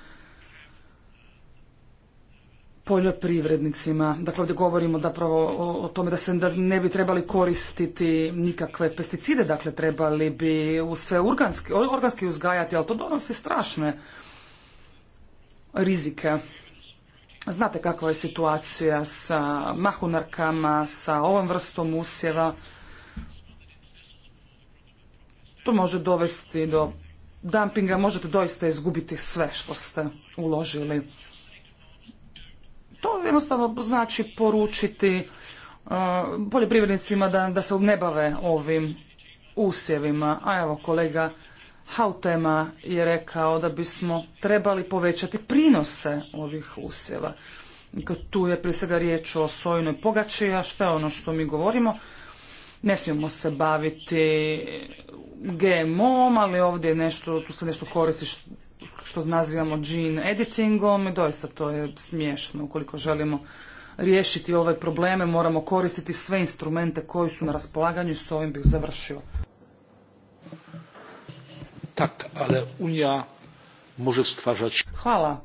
poljoprivrednicima. Dakle, ovdje govorimo zapravo o, tome da se ne bi trebali koristiti nikakve pesticide, dakle trebali bi sve organski, organski uzgajati, ali to donosi strašne rizike. Znate kakva je situacija sa mahunarkama, sa ovom vrstom usjeva. To može dovesti do dumpinga, možete doista izgubiti sve što ste uložili. To jednostavno znači poručiti e, poljoprivrednicima da, da se ne bave ovim usjevima. A evo kolega Hautema je rekao da bismo trebali povećati prinose ovih usjeva. Dakle, tu je prije svega riječ o sojnoj pogači, a što je ono što mi govorimo? Ne smijemo se baviti GMO-om, ali ovdje je nešto, tu se nešto koristi što, nazivamo gene editingom i doista to je smiješno. Ukoliko želimo riješiti ove probleme, moramo koristiti sve instrumente koji su na raspolaganju i s ovim bih završio. Tak, ali Unija može Hvala.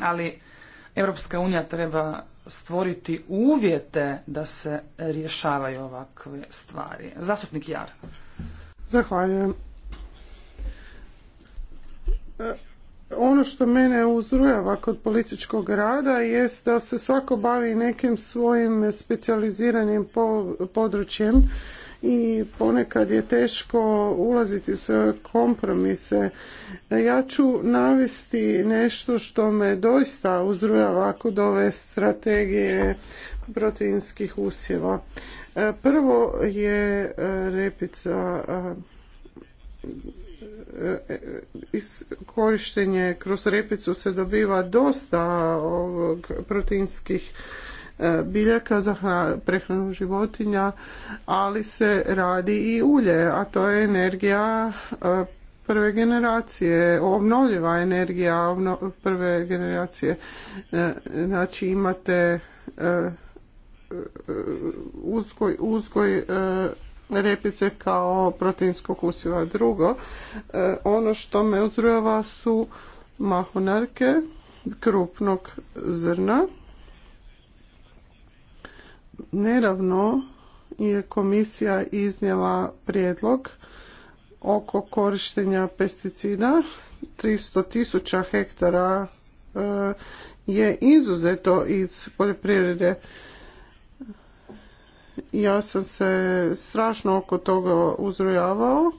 Ali Europska unija treba stvoriti uvjete da se rješavaju ovakve stvari. Zastupnik Jar. Zahvaljujem. E, ono što mene uzrujava kod političkog rada jest da se svako bavi nekim svojim specijaliziranim područjem i ponekad je teško ulaziti u svoje kompromise. Ja ću navesti nešto što me doista uzrujava kod ove strategije proteinskih usjeva. Prvo je e, repica e, e, korištenje kroz repicu se dobiva dosta ovog proteinskih E, biljaka za prehranu životinja, ali se radi i ulje, a to je energija e, prve generacije, obnovljiva energija prve generacije. E, znači imate uzgoj, uzgoj repice kao proteinskog usiva. Drugo, ono što me uzrujava su mahunarke krupnog zrna Neravno je komisija iznijela prijedlog oko korištenja pesticida. 300 tisuća hektara e, je izuzeto iz poljoprivrede. Ja sam se strašno oko toga uzrojavao.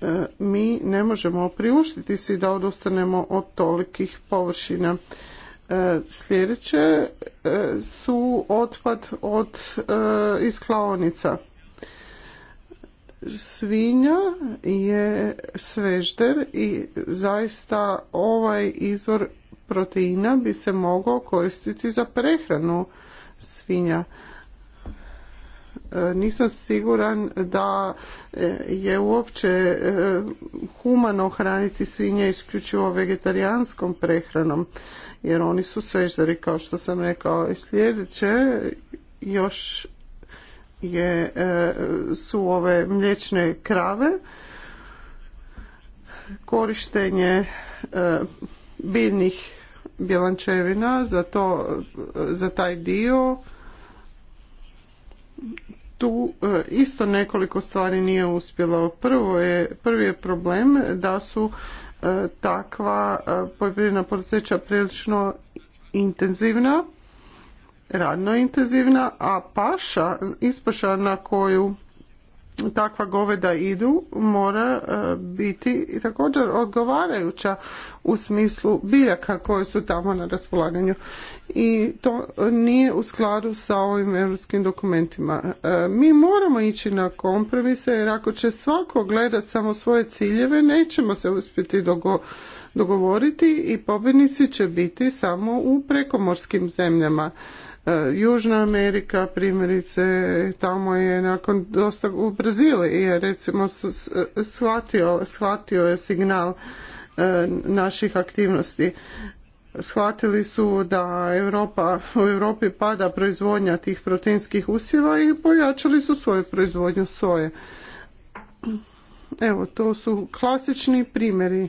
E, mi ne možemo priuštiti si da odustanemo od tolikih površina. E, sljedeće e, su otpad od e, isklaonica. Svinja je svežder i zaista ovaj izvor proteina bi se mogao koristiti za prehranu svinja. Nisam siguran da je uopće humano hraniti svinje isključivo vegetarijanskom prehranom jer oni su sveždari kao što sam rekao. I sljedeće još je, e, su ove mliječne krave, korištenje e, biljnih bjelančevina za, to, za taj dio. Tu e, isto nekoliko stvari nije uspjelo. Prvo je, prvi je problem da su E, takva e, poljoprivredna poduzeća prilično intenzivna, radno intenzivna, a paša, ispaša na koju takva goveda idu mora e, biti i također odgovarajuća u smislu biljaka koje su tamo na raspolaganju i to nije u skladu sa ovim europskim dokumentima. E, mi moramo ići na kompromise jer ako će svako gledat samo svoje ciljeve nećemo se uspjeti dogovoriti i pobjednici će biti samo u prekomorskim zemljama E, Južna Amerika primjerice tamo je nakon dosta u Brazili je recimo shvatio, shvatio je signal e, naših aktivnosti shvatili su da Europa, u Europi pada proizvodnja tih proteinskih usjeva i pojačali su svoju proizvodnju soje. Evo, to su klasični primjeri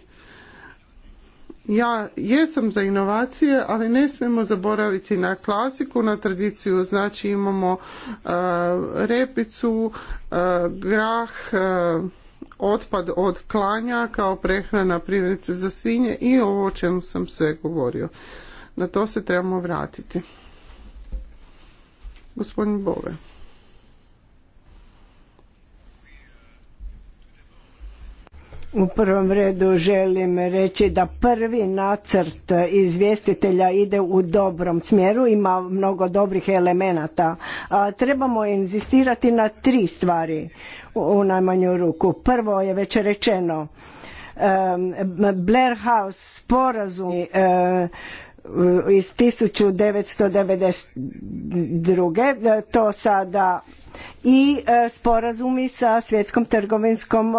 ja jesam za inovacije, ali ne smijemo zaboraviti na klasiku, na tradiciju, znači imamo e, repicu, e, grah, e, otpad od klanja kao prehrana privrednice za svinje i ovo o čemu sam sve govorio. Na to se trebamo vratiti. Gospodin Bove. U prvom redu želim reći da prvi nacrt izvjestitelja ide u dobrom smjeru, ima mnogo dobrih elemenata. A, trebamo inzistirati na tri stvari u, najmanju ruku. Prvo je već rečeno, Blair House sporazum e, E, iz 1992. E, to sada i e, sporazumi sa svjetskom trgovinskom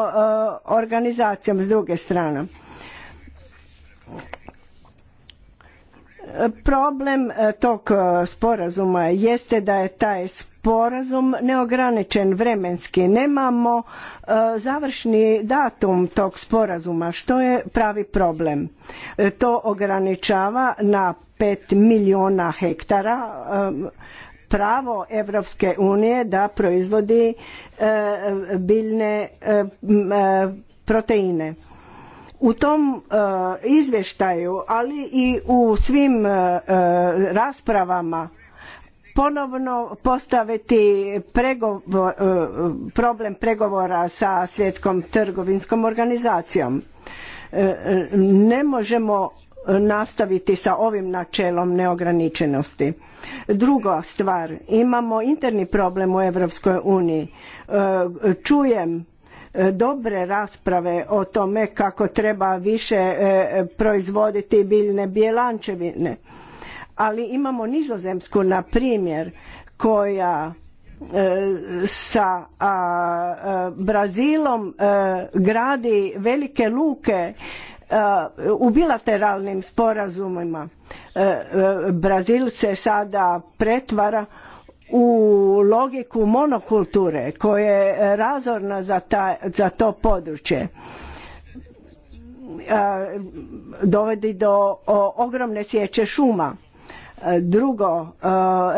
organizacijom s druge strane. Problem tog sporazuma jeste da je taj sporazum sporazum neograničen vremenski. Nemamo e, završni datum tog sporazuma, što je pravi problem. E, to ograničava na pet milijuna hektara e, pravo Evropske unije da proizvodi biljne proteine. U tom izvještaju, ali i u svim raspravama ponovno postaviti e, problem pregovora sa svjetskom trgovinskom organizacijom. E, ne možemo nastaviti sa ovim načelom neograničenosti. Druga stvar, imamo interni problem u Europskoj uniji. E, čujem dobre rasprave o tome kako treba više proizvoditi biljne bjelančevine ali imamo nizozemsku na primjer koja e, sa Brazilom e, gradi velike luke e, u bilateralnim sporazumima. Brazil se sada pretvara u logiku monokulture koja je razorna za, za to područje Dovedi do ogromne sječe šuma Drugo,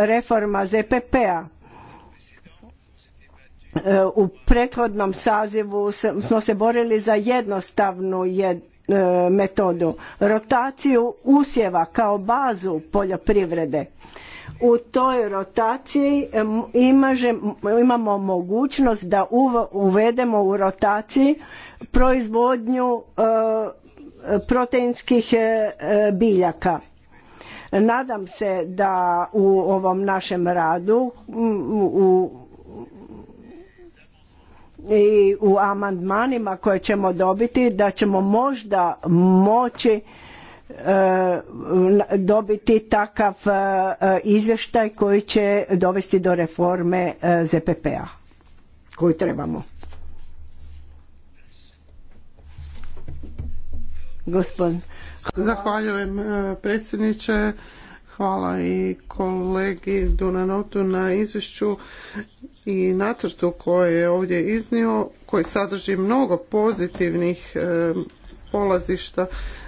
e, reforma ZPP-a. E, u prethodnom sazivu smo se borili za jednostavnu e, metodu, rotaciju usjeva kao bazu poljoprivrede. U toj rotaciji imamo mogućnost da uvedemo u rotaciji proizvodnju proteinskih biljaka Nadam se da u ovom našem radu i u amandmanima koje ćemo dobiti da ćemo možda moći e, dobiti takav e, izvještaj koji će dovesti do reforme e, ZPP-a koju trebamo. Gospodin Zahvaljujem e, predsjedniče. Hvala i kolegi Dunanotu na izvješću i nacrtu koje je ovdje iznio, koji sadrži mnogo pozitivnih e, polazišta.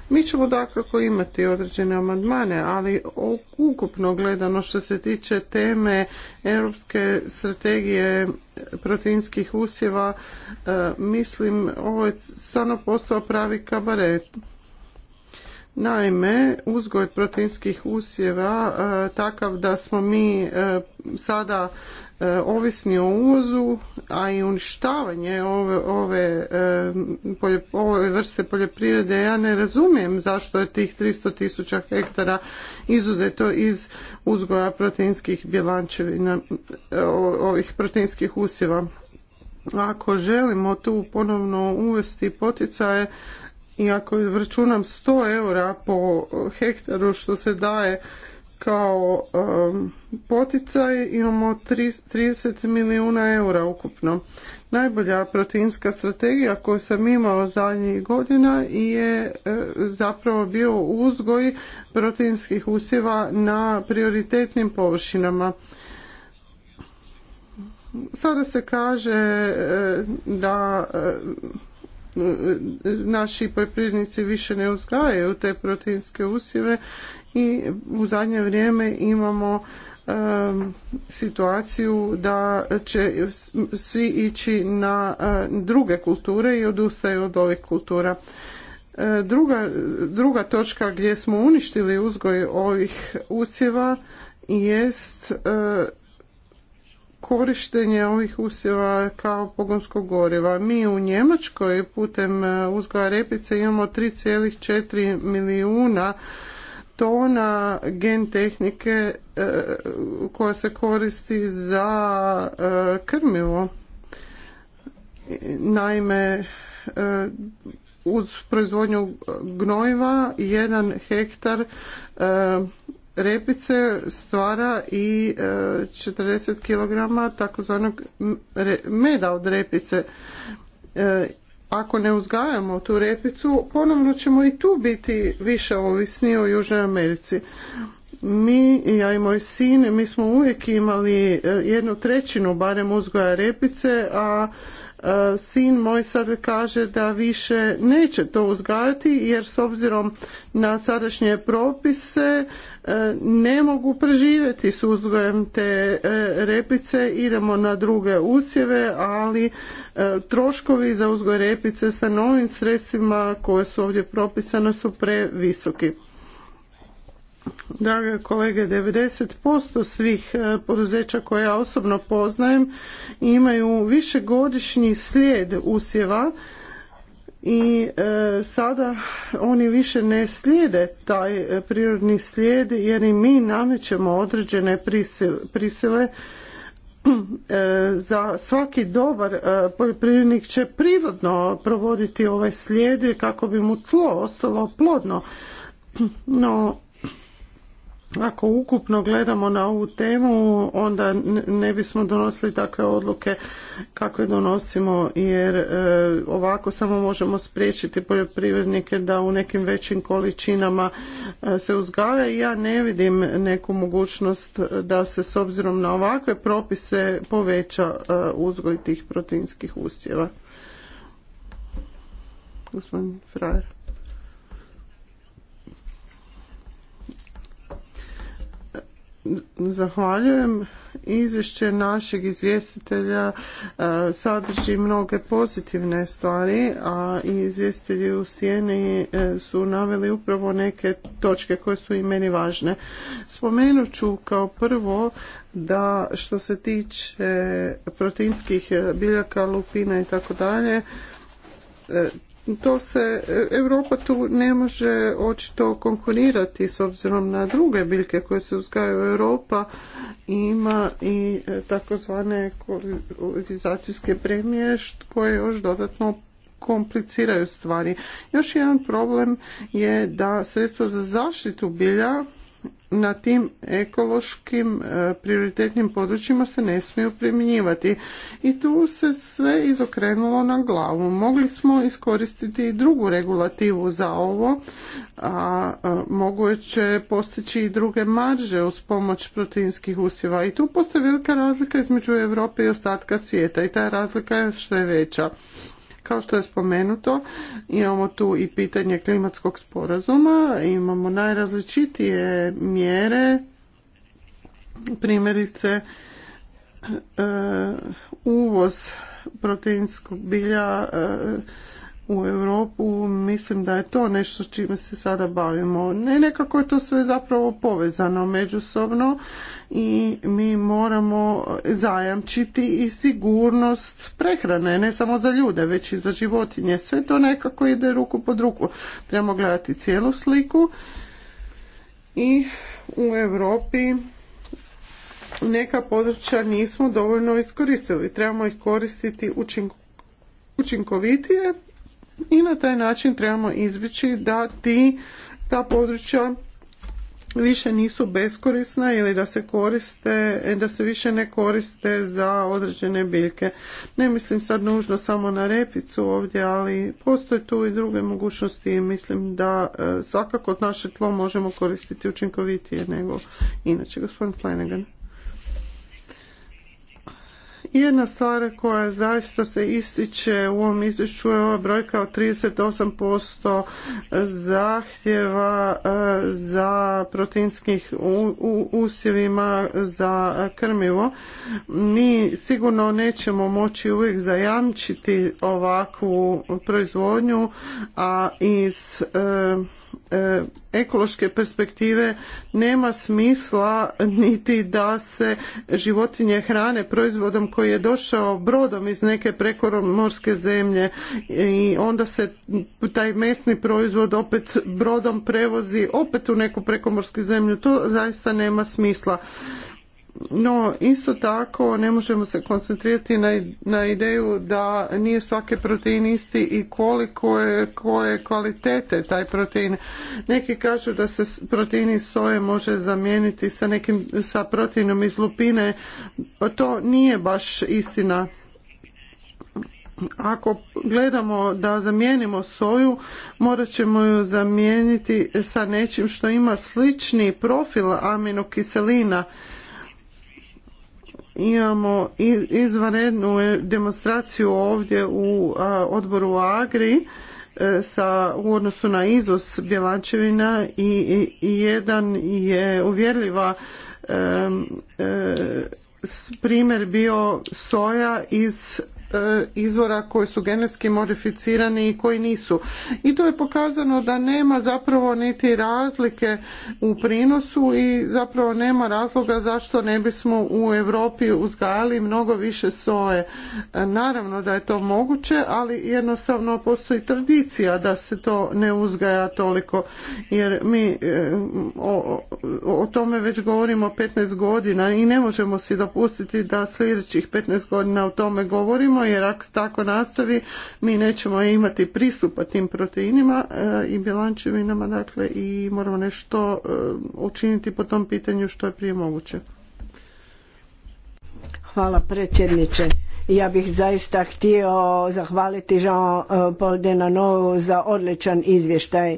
Mi ćemo dakako imati određene amandmane, ali ukupno gledano što se tiče teme europske strategije proteinskih usjeva, e, mislim ovo je stvarno postao pravi kabaret Naime, uzgoj proteinskih usjeva e, takav da smo mi e, sada e, ovisni o uvozu, a i uništavanje ove, ove, ove vrste poljoprivrede, ja ne razumijem zašto je tih 300 tisuća hektara izuzeto iz uzgoja proteinskih bjelančevina, ovih proteinskih usjeva. Ako želimo tu ponovno uvesti poticaje, i ako računam 100 eura po hektaru što se daje kao um, poticaj imamo 30 milijuna eura ukupno. Najbolja proteinska strategija koju sam imao zadnjih godina je e, zapravo bio uzgoj proteinskih usjeva na prioritetnim površinama. Sada se kaže e, da e, naši poljoprivrednici više ne uzgajaju te proteinske usjeve i u zadnje vrijeme imamo situaciju da će svi ići na druge kulture i odustaju od ovih kultura. Druga, druga točka gdje smo uništili uzgoj ovih usjeva jest korištenje ovih usjeva kao pogonskog goriva. Mi u Njemačkoj putem e, uzgoja repice imamo 3,4 milijuna tona gen tehnike e, koja se koristi za e, krmivo. Naime, uz proizvodnju gnojiva jedan hektar repice stvara i 40 e, kg takozvanog meda od repice. E, ako ne uzgajamo tu repicu, ponovno ćemo i tu biti više ovisni o Južnoj Americi. Mi, ja i moj sin, mi smo uvijek imali e, jednu trećinu barem uzgoja repice, a E, sin moj sad kaže da više neće to uzgajati jer s obzirom na sadašnje propise e, ne mogu preživjeti s uzgojem te e, repice, idemo na druge usjeve, ali troškovi za uzgoj repice sa novim sredstvima koje su ovdje propisane su previsoki. Drage kolege, 90% svih e, poduzeća koje ja osobno poznajem imaju višegodišnji slijed usjeva i e, sada oni više ne slijede taj e, prirodni slijed jer i mi namećemo određene prisile za svaki dobar poljoprivrednik će prirodno provoditi ovaj slijed kako bi mu tlo ostalo plodno. No, ako ukupno gledamo na ovu temu, onda ne bismo donosili takve odluke kakve donosimo, jer e, ovako samo možemo spriječiti poljoprivrednike da u nekim većim količinama e, se uzgaja i ja ne vidim neku mogućnost da se s obzirom na ovakve propise poveća e, uzgoj tih proteinskih usjeva. Gospodin Frajer. Zahvaljujem. Izvješće našeg izvjestitelja e, sadrži mnoge pozitivne stvari, a i izvjestitelji u Sjeni e, su naveli upravo neke točke koje su i meni važne. Spomenut ću kao prvo da što se tiče proteinskih biljaka, lupina i tako dalje, e, to se, Europa tu ne može očito konkurirati s obzirom na druge biljke koje se uzgajaju Europa ima i e, takozvane korizacijske premije koje još dodatno kompliciraju stvari. Još jedan problem je da sredstva za zaštitu bilja na tim ekološkim e, prioritetnim područjima se ne smiju primjenjivati. I tu se sve izokrenulo na glavu. Mogli smo iskoristiti i drugu regulativu za ovo, a moguće postići i druge marže uz pomoć proteinskih usjeva. I tu postoji velika razlika između Europe i ostatka svijeta i ta razlika je što je veća. Kao što je spomenuto, imamo tu i pitanje klimatskog sporazuma, imamo najrazličitije mjere, primjerice e, uvoz proteinskog bilja e, u Europu, mislim da je to nešto s čime se sada bavimo. Ne nekako je to sve zapravo povezano međusobno i mi moramo zajamčiti i sigurnost prehrane, ne samo za ljude, već i za životinje. Sve to nekako ide ruku pod ruku. Trebamo gledati cijelu sliku i u Europi neka područja nismo dovoljno iskoristili. Trebamo ih koristiti učinkovitije i na taj način trebamo izbjeći da ti, ta područja više nisu beskorisna ili da se koriste, da se više ne koriste za određene biljke. Ne mislim sad nužno samo na repicu ovdje, ali postoje tu i druge mogućnosti i mislim da e, svakako naše tlo možemo koristiti učinkovitije nego inače. Gospodin Flanagan. Jedna stvar koja zaista se ističe u ovom izvješću je ova brojka od 38% zahtjeva e, za proteinskih usjevima za krmivo. Mi sigurno nećemo moći uvijek zajamčiti ovakvu proizvodnju, a iz e, E, ekološke perspektive nema smisla niti da se životinje hrane proizvodom koji je došao brodom iz neke prekomorske zemlje i onda se taj mesni proizvod opet brodom prevozi opet u neku prekomorsku zemlju to zaista nema smisla no isto tako ne možemo se koncentrirati na, na ideju da nije svaki protein isti i koliko je koje kvalitete taj protein. Neki kažu da se protein iz soje može zamijeniti sa nekim sa proteinom iz lupine. Pa to nije baš istina ako gledamo da zamijenimo soju, morat ćemo ju zamijeniti sa nečim što ima slični profil aminokiselina imamo izvanrednu demonstraciju ovdje u odboru Agri e, sa u odnosu na izvoz bjelančevina i, i jedan je uvjerljiva e, primjer bio soja iz E, izvora koji su genetski modificirani i koji nisu. I to je pokazano da nema zapravo niti razlike u prinosu i zapravo nema razloga zašto ne bismo u Europi uzgajali mnogo više soje. E, naravno da je to moguće, ali jednostavno postoji tradicija da se to ne uzgaja toliko jer mi e, o, o tome već govorimo 15 godina i ne možemo si dopustiti da sljedećih 15 godina o tome govorimo jer ako tako nastavi mi nećemo imati pristupa tim proteinima e, i bilančevinama dakle i moramo nešto e, učiniti po tom pitanju što je prije moguće. Hvala predsjedniče. Ja bih zaista htio zahvaliti Jean e, Paul Denanou za odličan izvještaj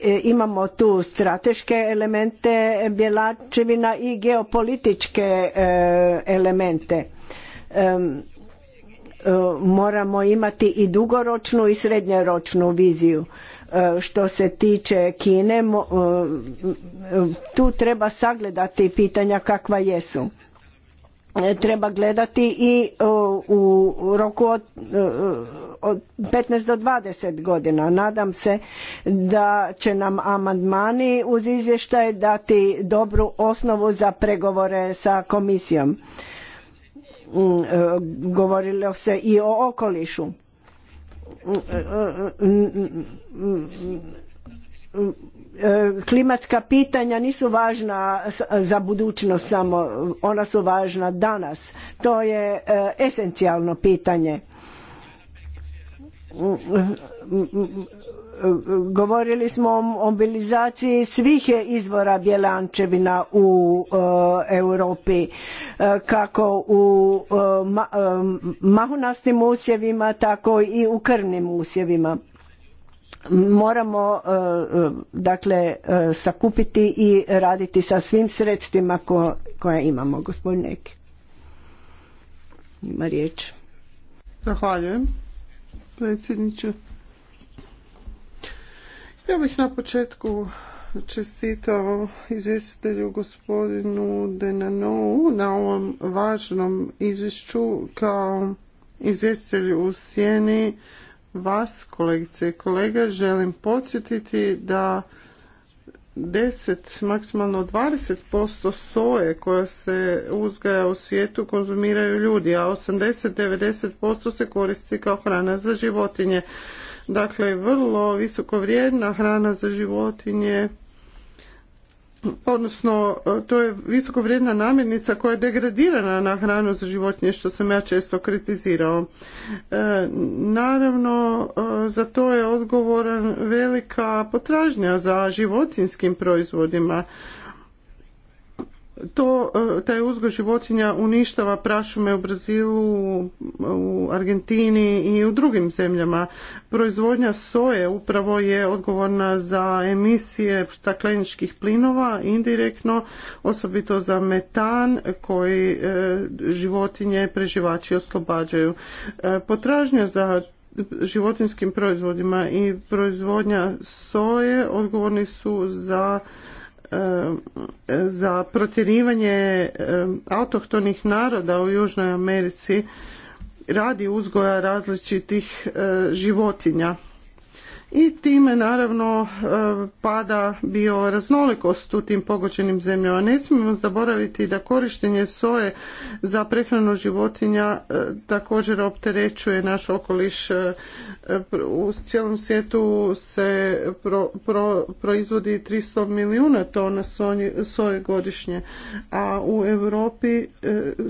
E, imamo tu strateške elemente bjelačevina i geopolitičke e, elemente e, moramo imati i dugoročnu i srednjeročnu viziju što se tiče Kine tu treba sagledati pitanja kakva jesu treba gledati i u roku od, 15 do 20 godina. Nadam se da će nam amandmani uz izvještaj dati dobru osnovu za pregovore sa komisijom. Mm, e, govorilo se i o okolišu mm, e, e, E, klimatska pitanja nisu važna za budućnost samo, ona su važna danas. To je e, esencijalno pitanje. Mm, mm, mm, govorili smo o mobilizaciji svih izvora bjelančevina u e, Europi, kako u mahunastim usjevima, tako i u krvnim usjevima moramo e, e, dakle e, sakupiti i raditi sa svim sredstvima koja imamo. Gospodin Neki. Ima riječ. Zahvaljujem predsjedniče. Ja bih na početku čestitao izvjestitelju gospodinu Denanou na ovom važnom izvješću kao izvjestitelju u Sjeni vas, kolegice i kolege, želim podsjetiti da 10, maksimalno 20% soje koja se uzgaja u svijetu konzumiraju ljudi, a 80-90% se koristi kao hrana za životinje. Dakle, vrlo visoko vrijedna hrana za životinje odnosno e, to je visoko vrijedna namirnica koja je degradirana na hranu za životinje što sam ja često kritizirao. E, naravno e, za to je odgovoran velika potražnja za životinskim proizvodima to, e, taj uzgoj životinja uništava prašume u Brazilu, u Argentini i u drugim zemljama. Proizvodnja soje upravo je odgovorna za emisije stakleničkih plinova indirektno, osobito za metan koji e, životinje preživači oslobađaju. E, potražnja za životinskim proizvodima i proizvodnja soje odgovorni su za E, za protjerivanje e, autohtonih naroda u Južnoj Americi radi uzgoja različitih e, životinja i time naravno e, pada bioraznolikost u tim pogođenim zemljama. Ne smijemo zaboraviti da korištenje soje za prehranu životinja e, također opterećuje naš okoliš. E, u cijelom svijetu se proizvodi 300 milijuna tona soje godišnje, a u Europi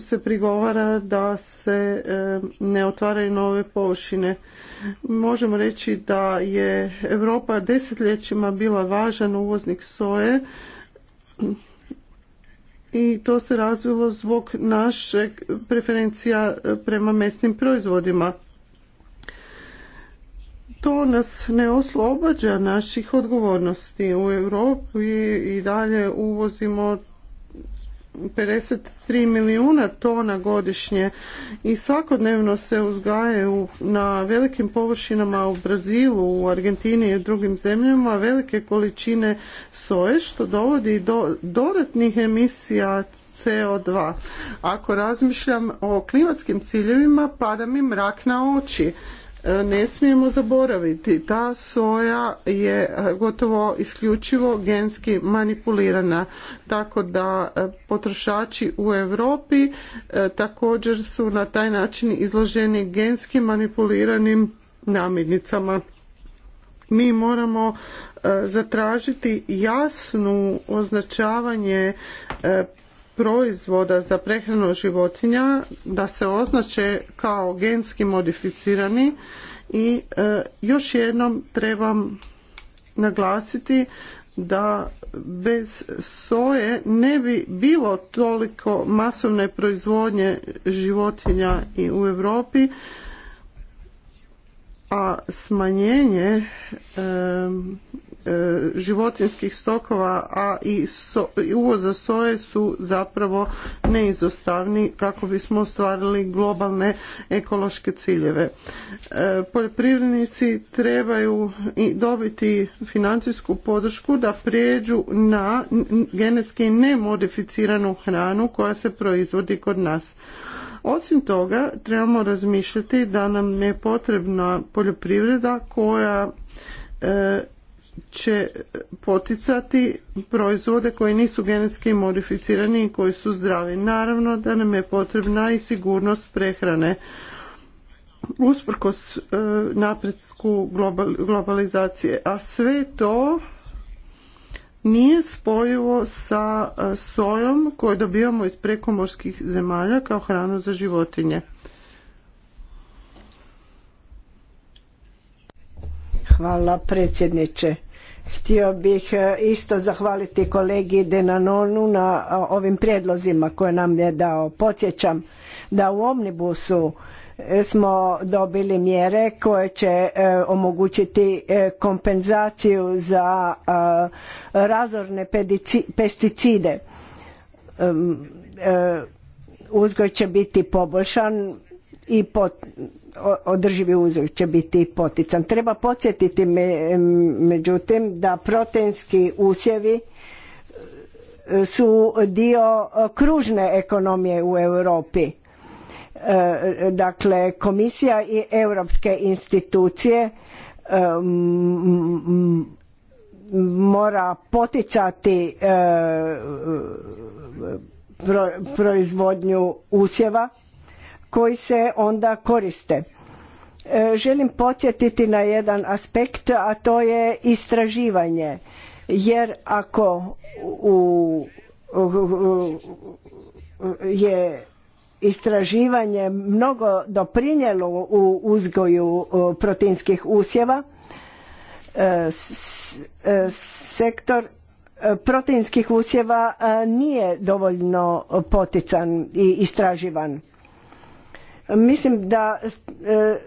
se prigovara da se ne otvaraju nove površine možemo reći da je Europa desetljećima bila važan uvoznik soje i to se razvilo zbog našeg preferencija prema mesnim proizvodima. To nas ne oslobađa naših odgovornosti. U Europi i dalje uvozimo 53 milijuna tona godišnje i svakodnevno se uzgajaju na velikim površinama u Brazilu, u Argentini i drugim zemljama velike količine soje što dovodi do dodatnih emisija CO2. Ako razmišljam o klimatskim ciljevima pada mi mrak na oči E, ne smijemo zaboraviti ta soja je e, gotovo isključivo genski manipulirana tako da e, potrošači u Europi također su na taj način izloženi genski manipuliranim namirnicama mi moramo zatražiti jasnu označavanje proizvoda za prehranu životinja da se označe kao genski modificirani i e, još jednom trebam naglasiti da bez soje ne bi bilo toliko masovne proizvodnje životinja i u Europi a smanjenje e, E, životinskih stokova, a i uvoza soje su zapravo neizostavni kako bismo ostvarili globalne ekološke ciljeve. E, poljoprivrednici trebaju i dobiti financijsku podršku da prijeđu na genetski nemodificiranu hranu koja se proizvodi kod nas. Osim toga, trebamo razmišljati da nam je potrebna poljoprivreda koja e, će poticati proizvode koji nisu genetski modificirani i koji su zdravi. Naravno da nam je potrebna i sigurnost prehrane. Usprkos e, napretku globalizacije, a sve to nije spojivo sa e, sojom koju dobivamo iz prekomorskih zemalja kao hranu za životinje. Hvala predsjedniče. Htio bih e, isto zahvaliti kolegi Denanonu na e, ovim prijedlozima koje nam je dao. Podsjećam da u Omnibusu e, smo dobili mjere koje će omogućiti kompenzaciju za razorne pesticide. Uzgoj će biti poboljšan i održivi uzgoj će biti potican. Treba podsjetiti me, međutim da proteinski usjevi e, su dio e, kružne ekonomije u Europi. E, dakle, komisija i europske institucije mora poticati proizvodnju usjeva koji se onda koriste. E, želim podsjetiti na jedan aspekt, a to je istraživanje. Jer ako u, je istraživanje mnogo doprinjelo u uzgoju proteinskih usjeva, e, e, sektor proteinskih usjeva nije dovoljno potican i istraživan Mislim da e,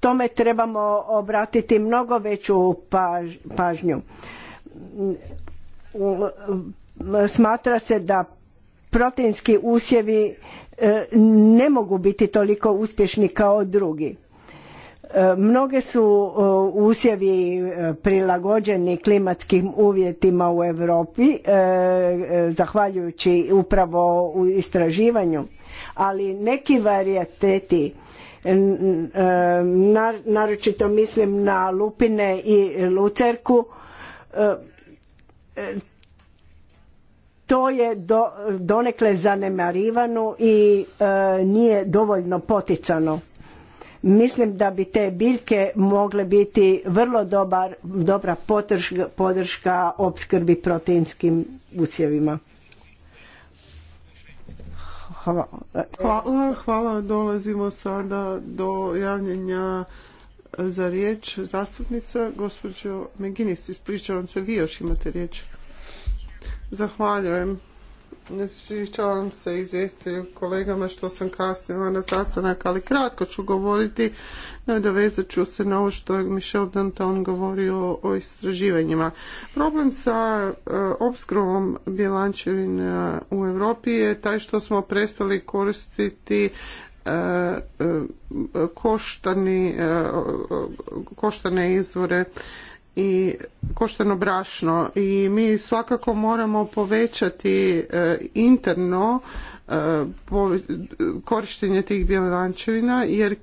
tome trebamo obratiti mnogo veću pažnju. Smatra se da proteinski usjevi e, ne mogu biti toliko uspješni kao drugi. E, mnoge su usjevi prilagođeni klimatskim uvjetima u Europi, zahvaljujući upravo u istraživanju ali neki varijateti e, naročito mislim na lupine i lucerku e, e, to je donekle zanemarivano i nije dovoljno poticano mislim da bi te biljke mogle biti vrlo dobar, dobra podrška opskrbi proteinskim usjevima Hvala. hvala. Dolazimo sada do javljenja e, za riječ zastupnica. Gospođo Meginis, ispričavam se, vi još imate riječ. Zahvaljujem. Ispričavam se izvijestio kolegama što sam kasnila na sastanak, ali kratko ću govoriti. Nadovezat ću se na ovo što je Michel Danton govorio o istraživanjima. Problem sa e, obskrovom bjelančevina e, u Europi je taj što smo prestali koristiti e, koštani, koštane izvore i košteno brašno i mi svakako moramo povećati e, interno e, korištenje tih bjelančevina jer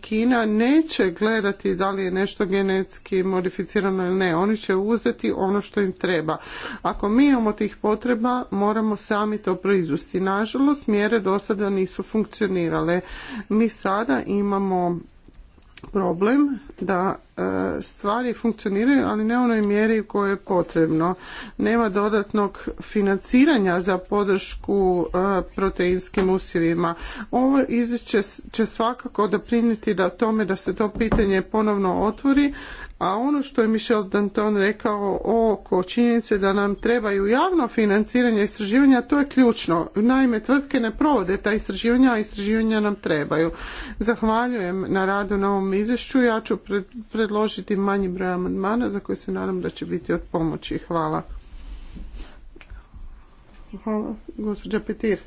Kina neće gledati da li je nešto genetski modificirano ili ne. Oni će uzeti ono što im treba. Ako mi imamo tih potreba moramo sami to proizvesti. Nažalost mjere do sada nisu funkcionirale. Mi sada imamo problem da E, stvari funkcioniraju, ali ne u onoj mjeri kojoj je potrebno. Nema dodatnog financiranja za podršku e, proteinskim usjevima. Ovo izvješće će svakako doprinijeti da tome da se to pitanje ponovno otvori, a ono što je Michel Danton rekao oko činjenice da nam trebaju javno financiranje istraživanja, to je ključno. Naime, tvrtke ne provode ta istraživanja, a istraživanja nam trebaju. Zahvaljujem na radu na ovom izvješću. Ja ću pred predložiti manji broj amandmana za koje se nadam da će biti od pomoći. Hvala. Hvala, gospođa Petir.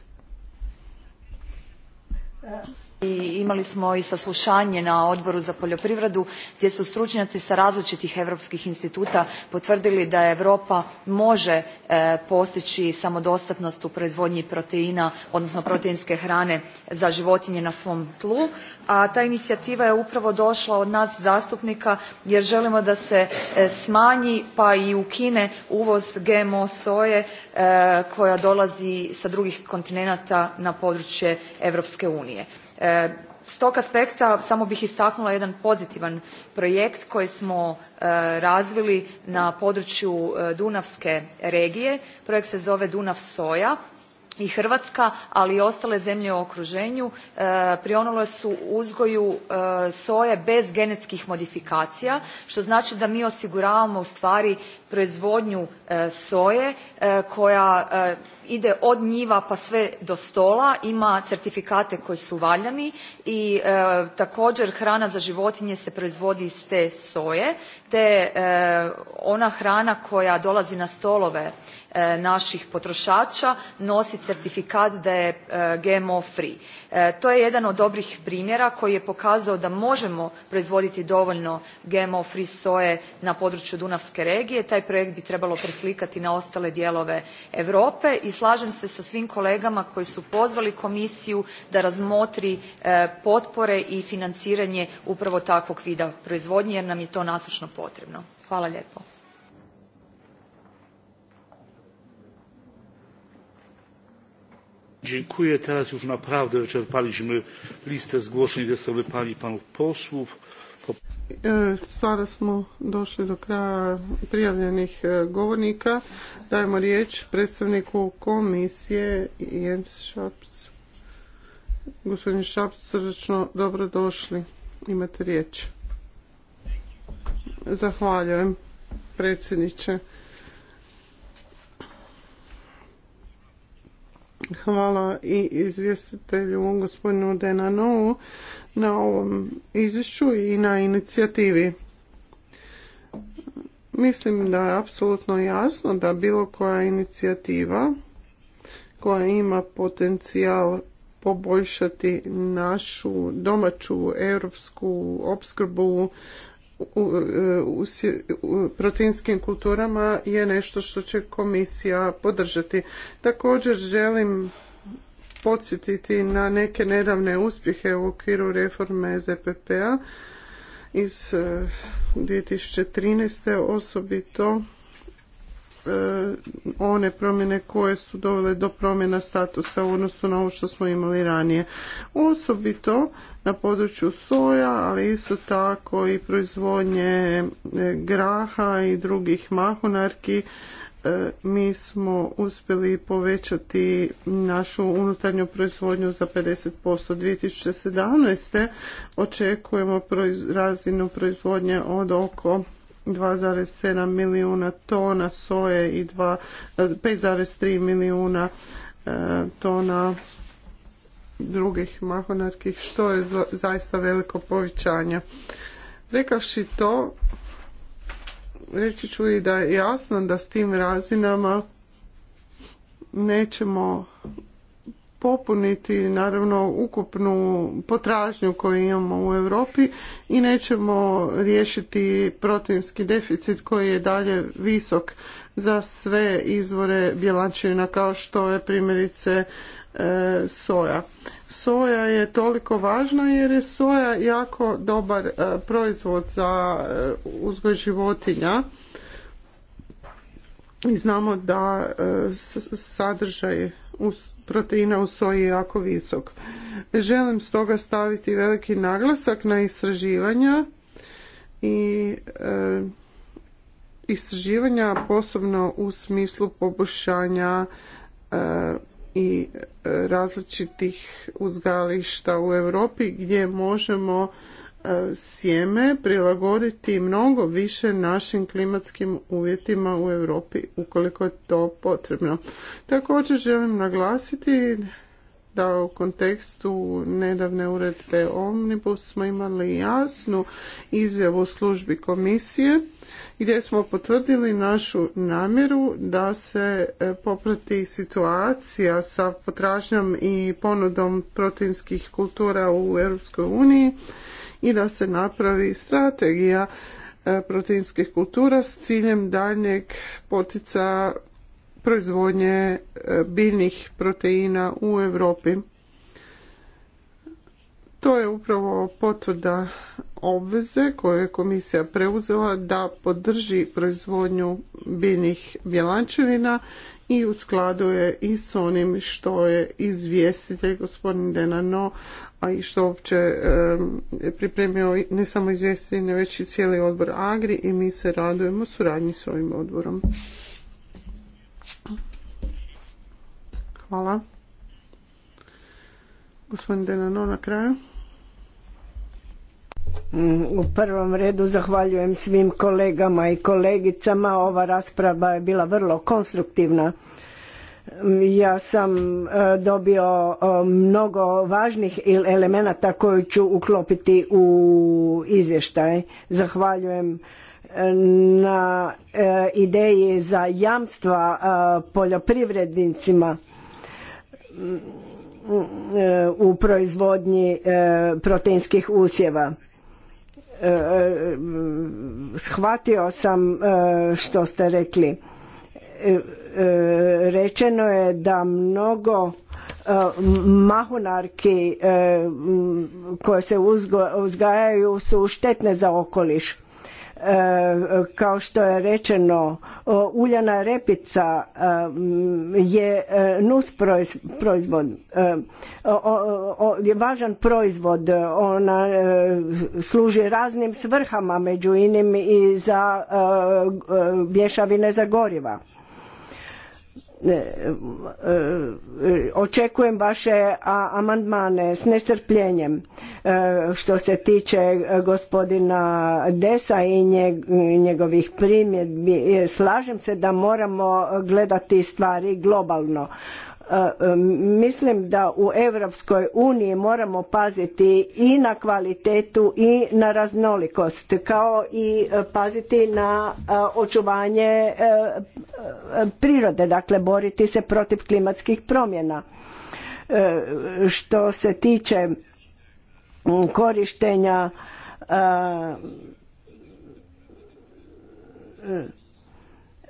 I imali smo i saslušanje na odboru za poljoprivredu gdje su stručnjaci sa različitih europskih instituta potvrdili da europa može e, postići samodostatnost u proizvodnji proteina odnosno proteinske hrane za životinje na svom tlu a ta inicijativa je upravo došla od nas zastupnika jer želimo da se e, smanji pa i ukine uvoz gmo soje e, koja dolazi sa drugih kontinenata na područje europske unije. E, s tog aspekta samo bih istaknula jedan pozitivan projekt koji smo e, razvili na području e, dunavske regije projekt se zove dunav soja i hrvatska ali i ostale zemlje u okruženju e, prionule su uzgoju e, soje bez genetskih modifikacija što znači da mi osiguravamo ustvari proizvodnju e, soje koja ide od njiva pa sve do stola ima certifikate koji su valjani i također hrana za životinje se proizvodi iz te soje te ona hrana koja dolazi na stolove E, naših potrošača nosi certifikat da je e, GMO free. E, to je jedan od dobrih primjera koji je pokazao da možemo proizvoditi dovoljno GMO free soje na području Dunavske regije. Taj projekt bi trebalo preslikati na ostale dijelove Europe i slažem se sa svim kolegama koji su pozvali komisiju da razmotri potpore i financiranje upravo takvog vida proizvodnje jer nam je to nasušno potrebno. Hvala lijepo. Dziękuję. Teraz już naprawdę wyczerpaliśmy listę zgłoszeń ze strony pani i panów posłów. E, sada smo došli do kraja prijavljenih e, govornika. Dajemo riječ predstavniku komisije Jens Šaps. Gospodin Šaps, srdečno dobrodošli. Imate riječ. Zahvaljujem predsjedniče. Hvala i izvjestitelju gospodinu Denanovu na ovom izvješću i na inicijativi. Mislim da je apsolutno jasno da bilo koja inicijativa koja ima potencijal poboljšati našu domaću europsku opskrbu u, u, proteinskim kulturama je nešto što će komisija podržati. Također želim podsjetiti na neke nedavne uspjehe u okviru reforme ZPP-a iz 2013. E, osobito E, one promjene koje su dovele do promjena statusa u odnosu na ovo što smo imali ranije. Osobito na području soja, ali isto tako i proizvodnje e, graha i drugih mahunarki e, mi smo uspjeli povećati našu unutarnju proizvodnju za 50%. 2017. očekujemo razinu proizvodnje od oko 2,7 milijuna tona soje i 5,3 e, milijuna e, tona drugih mahonarkih, što je zaista veliko povećanje. Rekavši to, reći ću i da je jasno da s tim razinama nećemo popuniti naravno ukupnu potražnju koju imamo u Europi i nećemo riješiti proteinski deficit koji je dalje visok za sve izvore bjelančina kao što je primjerice e, soja. Soja je toliko važna jer je soja jako dobar e, proizvod za e, uzgoj životinja i znamo da sadržaj proteina u soji jako visok. Želim stoga staviti veliki naglasak na istraživanja i e, istraživanja posebno u smislu poboljšanja e, i e, različitih uzgališta u Europi gdje možemo sjeme prilagoditi mnogo više našim klimatskim uvjetima u Europi ukoliko je to potrebno. Također želim naglasiti da u kontekstu nedavne uredbe Omnibus smo imali jasnu izjavu službi komisije gdje smo potvrdili našu namjeru da se e, poprati situacija sa potražnjom i ponudom proteinskih kultura u Europskoj uniji i da se napravi strategija e, proteinskih kultura s ciljem daljnjeg potica proizvodnje e, biljnih proteina u Europi. To je upravo potvrda obveze koju je komisija preuzela da podrži proizvodnju biljnih bjelančevina i u skladu je i s onim što je izvjestitelj gospodin Denano, a i što uopće e, pripremio ne samo izvjestitelj, ne već i cijeli odbor Agri i mi se radujemo suradnji s ovim odborom. Hvala. Gospodin Denano na kraju. Mm, u prvom redu zahvaljujem svim kolegama i kolegicama. Ova rasprava je bila vrlo konstruktivna. Mm, ja sam e, dobio e, mnogo važnih elemenata koje ću uklopiti u izvještaj. Zahvaljujem e, na ideji za jamstva poljoprivrednicima mm, u proizvodnji proteinskih usjeva E, e, shvatio sam e, što ste rekli rečeno je da mnogo mahunarki koje se uzgajaju su štetne za okoliš E, kao što je rečeno uljana repica e, je e, nus proizvod je važan proizvod ona služi raznim svrhama među inim i za bješavine za goriva E, e, očekujem vaše amandmane s nestrpljenjem e, što se tiče gospodina Desa i njegovih primjedbi slažem se da moramo gledati stvari globalno mislim da u Europskoj uniji moramo paziti i na kvalitetu i na raznolikost kao i paziti na očuvanje prirode, dakle boriti se protiv klimatskih promjena. E, što se tiče korištenja e,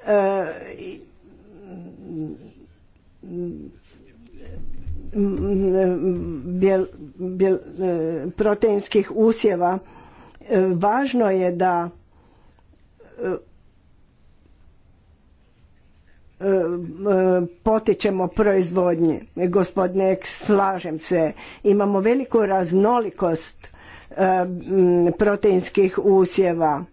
e, E, proteinskih usjeva e, važno je da e, potičemo proizvodnje. Gospodine, slažem se, imamo veliku raznolikost proteinskih usjeva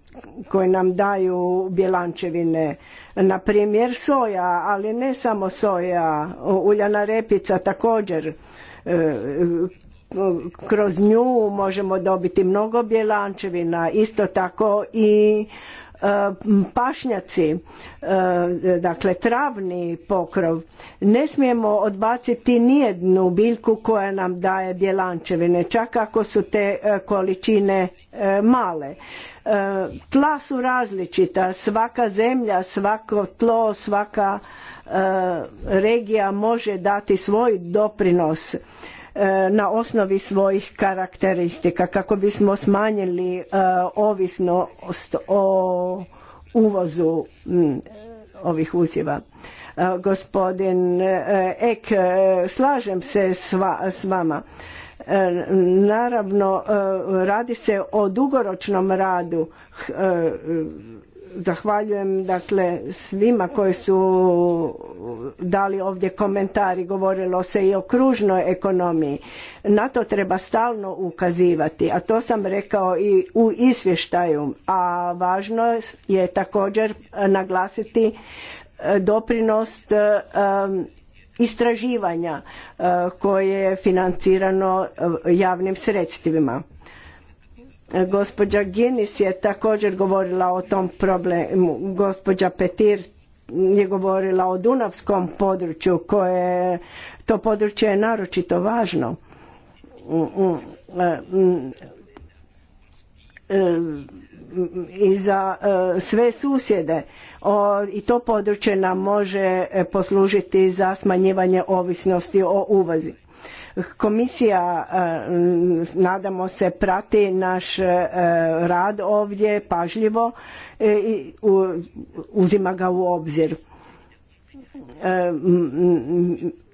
koje nam daju bjelančevine, na primjer soja, ali ne samo soja, uljana repica također, e, kroz nju možemo dobiti mnogo bjelančevina, isto tako i pašnjaci, e, dakle travni pokrov. Ne smijemo odbaciti nijednu biljku koja nam daje djelančevine, čak ako su te e, količine e, male. Tla su različita, svaka zemlja, svako tlo, svaka regija može dati svoj doprinos E, na osnovi svojih karakteristika kako bismo smanjili e, ovisnost o uvozu ovih uziva. E, gospodin Ek, slažem se s vama. Naravno, radi se o dugoročnom radu zahvaljujem dakle svima koji su dali ovdje komentari govorilo se i o kružnoj ekonomiji na to treba stalno ukazivati a to sam rekao i u izvještaju a važno je također e, naglasiti e, doprinos e, istraživanja koje je financirano javnim sredstvima Gospođa Guinness je također govorila o tom problemu. Gospođa Petir je govorila o Dunavskom području koje to područje je naročito važno. I za e, sve susjede i to područje nam može poslužiti za smanjivanje ovisnosti o uvozi Komisija, e, nadamo se, prati naš e, rad ovdje pažljivo e, i uzima ga u obzir.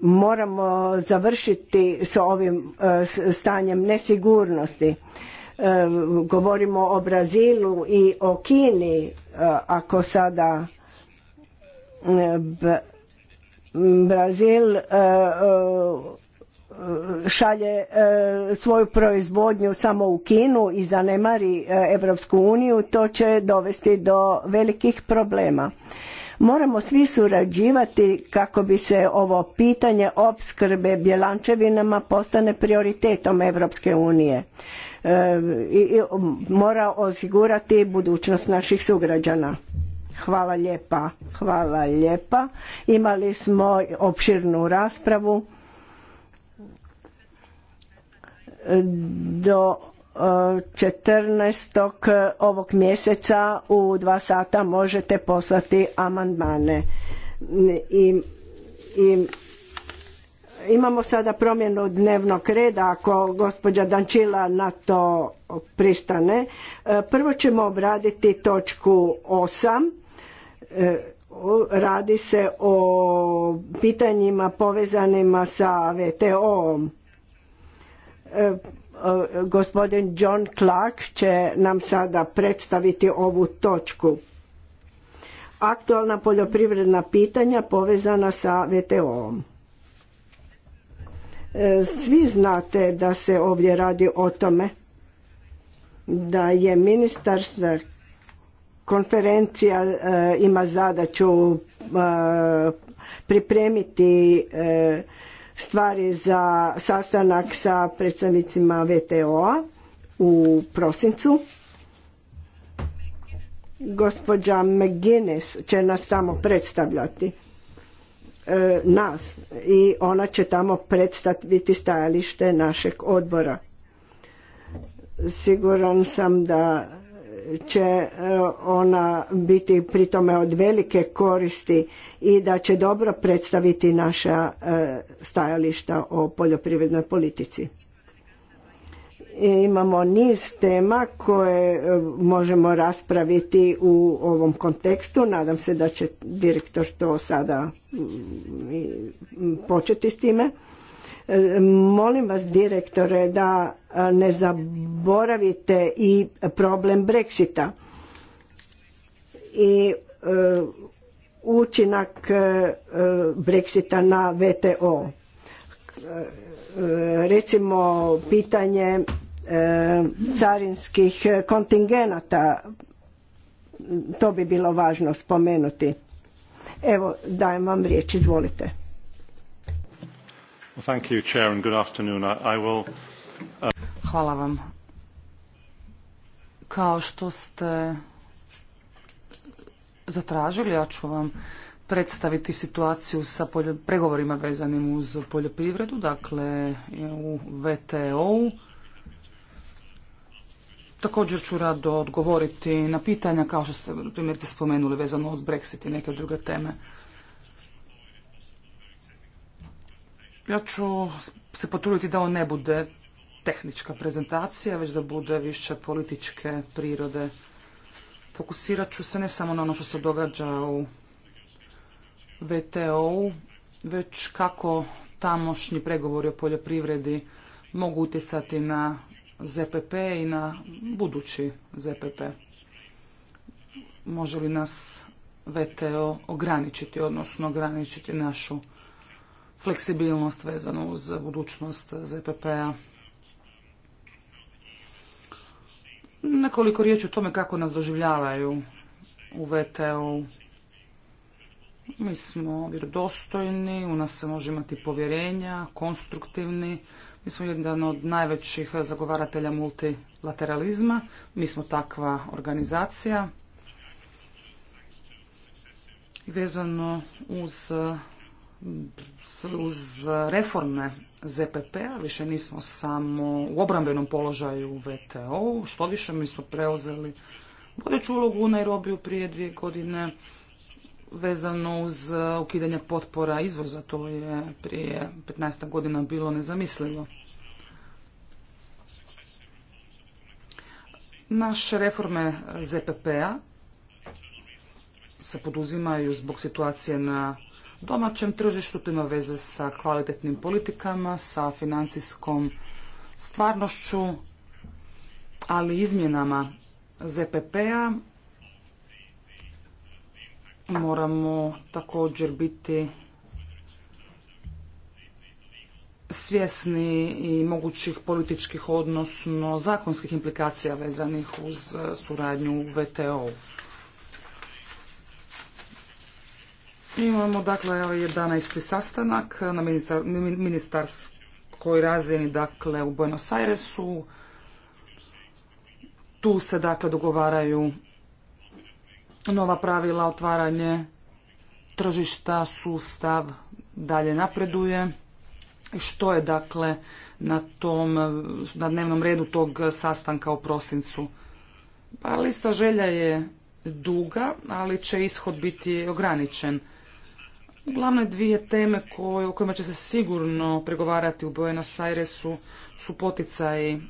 Moramo završiti sa ovim stanjem nesigurnosti govorimo o Brazilu i o Kini, ako sada Brazil E, šalje e, svoju proizvodnju samo u Kinu i zanemari Europsku uniju, to će dovesti do velikih problema. Moramo svi surađivati kako bi se ovo pitanje opskrbe bjelančevinama postane prioritetom Europske unije. E, I mora osigurati budućnost naših sugrađana. Hvala lijepa, hvala lijepa. Imali smo opširnu raspravu. do 14. E, ovog mjeseca u dva sata možete poslati amandmane. I, imamo sada promjenu dnevnog reda ako gospođa Dančila na to pristane. E, prvo ćemo obraditi točku 8. E, radi se o pitanjima povezanima sa VTO-om E, e, gospodin John Clark će nam sada predstaviti ovu točku. Aktualna poljoprivredna pitanja povezana sa VTO-om. E, svi znate da se ovdje radi o tome da je ministarstva konferencija ima zadaću pripremiti stvari za sastanak sa predstavnicima VTO-a u prosincu. Gospođa McGuinness će nas tamo predstavljati e, nas i ona će tamo predstaviti stajalište našeg odbora. Siguran sam da će e, ona biti pri tome od velike koristi i da će dobro predstaviti naša e, stajališta o poljoprivrednoj politici. E, imamo niz tema koje možemo raspraviti u ovom kontekstu. Nadam se da će direktor to sada mm, mm, početi s time. Molim vas direktore da ne zaboravite i problem Brexita i e, učinak e, e, Brexita na VTO. Recimo pitanje carinskih kontingenata, to bi bilo važno spomenuti. Evo, dajem vam riječ, izvolite. Well, thank you, Chair, and good uh, Hvala vam. Kao što ste zatražili, ja ću vam predstaviti situaciju sa pregovorima vezanim uz poljoprivredu, dakle u VTO-u. Također ću rado odgovoriti na pitanja kao što ste primjerice spomenuli vezano uz Brexit i neke druge teme. Ja ću se potruditi da on ne bude tehnička prezentacija, već da bude više političke prirode. Fokusirat ću se ne samo na ono što se događa u VTO-u, već kako tamošnji pregovori o poljoprivredi mogu utjecati na ZPP i na budući ZPP. Može li nas VTO ograničiti, odnosno ograničiti našu fleksibilnost vezanu uz budućnost ZPP-a? Nekoliko riječi o tome kako nas doživljavaju u VTO. Mi smo vjerodostojni, u nas se može imati povjerenja, konstruktivni. Mi smo jedan od najvećih zagovaratelja multilateralizma. Mi smo takva organizacija. Vezano uz, uz reforme ZPP-a, više nismo samo u obrambenom položaju u VTO-u, što više mi smo preuzeli vodeću ulogu u Nairobiju prije dvije godine vezano uz e, ukidanje potpora izvoza, to je prije 15 godina bilo nezamislivo. Naše reforme ZPP-a se poduzimaju zbog situacije na domaćem tržištu, to ima veze sa kvalitetnim politikama, sa financijskom stvarnošću, ali izmjenama ZPP-a moramo također biti svjesni i mogućih političkih, odnosno zakonskih implikacija vezanih uz suradnju VTO. -u. Imamo dakle 11. sastanak na ministarskoj razini dakle u Buenos Airesu. Tu se dakle dogovaraju nova pravila, otvaranje tržišta, sustav dalje napreduje. Što je dakle na tom, na dnevnom redu tog sastanka u prosincu? Pa lista želja je duga, ali će ishod biti ograničen. Glavne dvije teme koje, o kojima će se sigurno pregovarati u Buenos Airesu su poticaji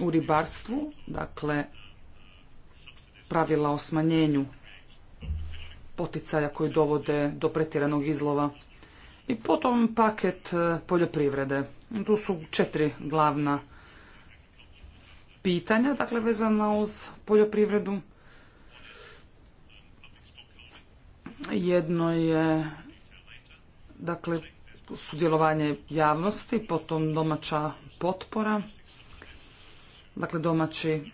u ribarstvu, dakle pravila o smanjenju poticaja koji dovode do pretjeranog izlova i potom paket e, poljoprivrede. Tu su četiri glavna pitanja, dakle vezana uz poljoprivredu. Jedno je dakle sudjelovanje javnosti, potom domaća potpora, dakle domaći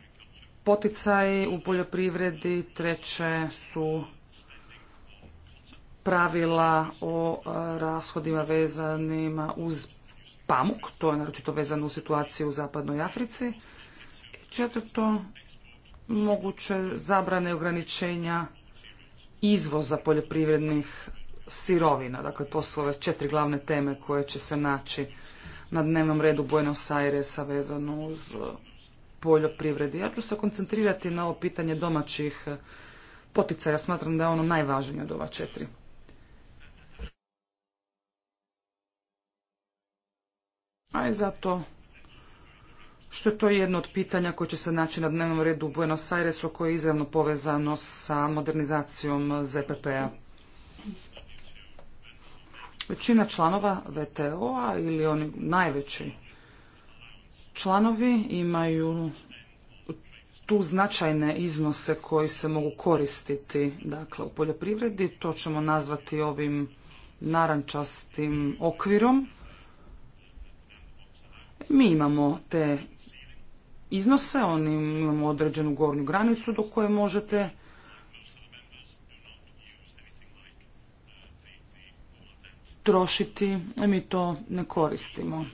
poticaji u poljoprivredi, treće su pravila o e, rashodima vezanima uz pamuk, to je naročito vezano u situaciju u Zapadnoj Africi. četvrto, moguće zabrane ograničenja izvoza poljoprivrednih sirovina. Dakle, to su ove četiri glavne teme koje će se naći na dnevnom redu Buenos Airesa vezano uz e, poljoprivredi. Ja ću se koncentrirati na ovo pitanje domaćih e, poticaja. Smatram da je ono najvažnije od ova četiri. A i zato što je to jedno od pitanja koje će se naći na dnevnom redu u Buenos Airesu koje je izravno povezano sa modernizacijom ZPP-a. Većina članova VTO-a ili oni najveći članovi imaju tu značajne iznose koji se mogu koristiti dakle, u poljoprivredi. To ćemo nazvati ovim narančastim okvirom. Mi imamo te iznose, oni imamo određenu gornju granicu do koje možete trošiti, a mi to ne koristimo.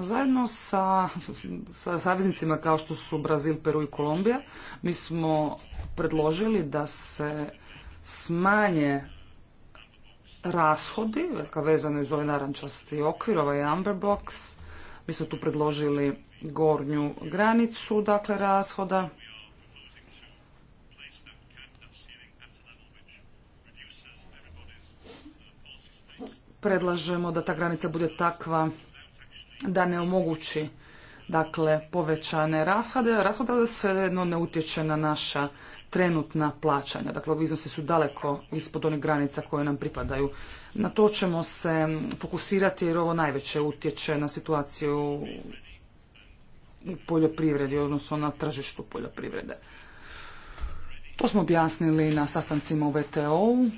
Zajedno sa, sa saveznicima kao što su Brazil, Peru i Kolumbija, mi smo predložili da se smanje rashodi, dakle, velika uz iz ovaj narančasti okvir, ovaj amber box. Mi smo tu predložili gornju granicu, dakle, rashoda. Predlažemo da ta granica bude takva da ne omogući dakle povećane rashode, rashode da se jedno ne utječe na naša trenutna plaćanja. Dakle, ovi iznosi su daleko ispod onih granica koje nam pripadaju. Na to ćemo se fokusirati jer ovo najveće utječe na situaciju u poljoprivredi, odnosno na tržištu poljoprivrede. To smo objasnili na sastancima u VTO-u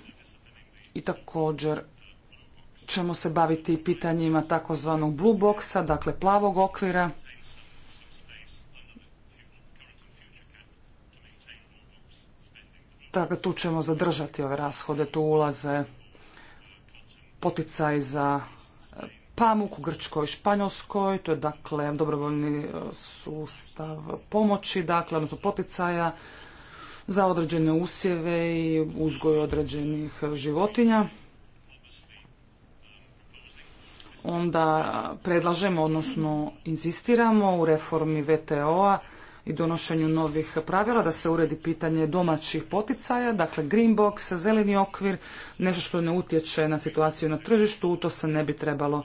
i također ćemo se baviti pitanjima takozvanog blue boxa, dakle plavog okvira. Dakle, tu ćemo zadržati ove rashode, tu ulaze poticaj za e, pamuk u Grčkoj i Španjolskoj, to je dakle dobrovoljni e, sustav pomoći, dakle odnosno poticaja za određene usjeve i uzgoj određenih životinja. Onda predlažemo, odnosno inzistiramo u reformi VTO-a i donošenju novih pravila, da se uredi pitanje domaćih poticaja, dakle green box, zeleni okvir, nešto što ne utječe na situaciju na tržištu, u to se ne bi trebalo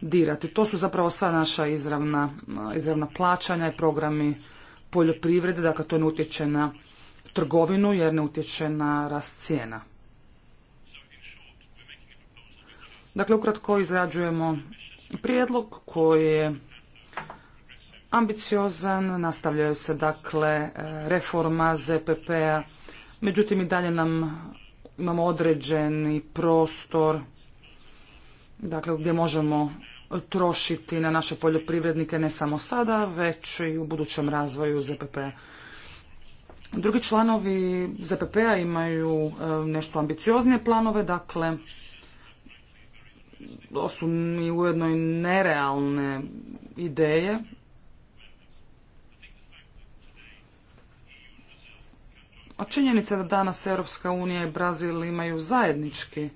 dirati. To su zapravo sva naša izravna, izravna plaćanja i programi poljoprivrede, dakle to ne utječe na trgovinu jer ne utječe na rast cijena. Dakle, ukratko izrađujemo prijedlog koji je ambiciozan, nastavljaju se dakle e, reforma ZPP-a, međutim i dalje nam imamo određeni prostor dakle gdje možemo trošiti na naše poljoprivrednike ne samo sada, već i u budućem razvoju ZPP-a. Drugi članovi ZPP-a imaju e, nešto ambicioznije planove, dakle to su ujedno i nerealne ideje, A činjenica da danas Europska unija i Brazil imaju zajednički e,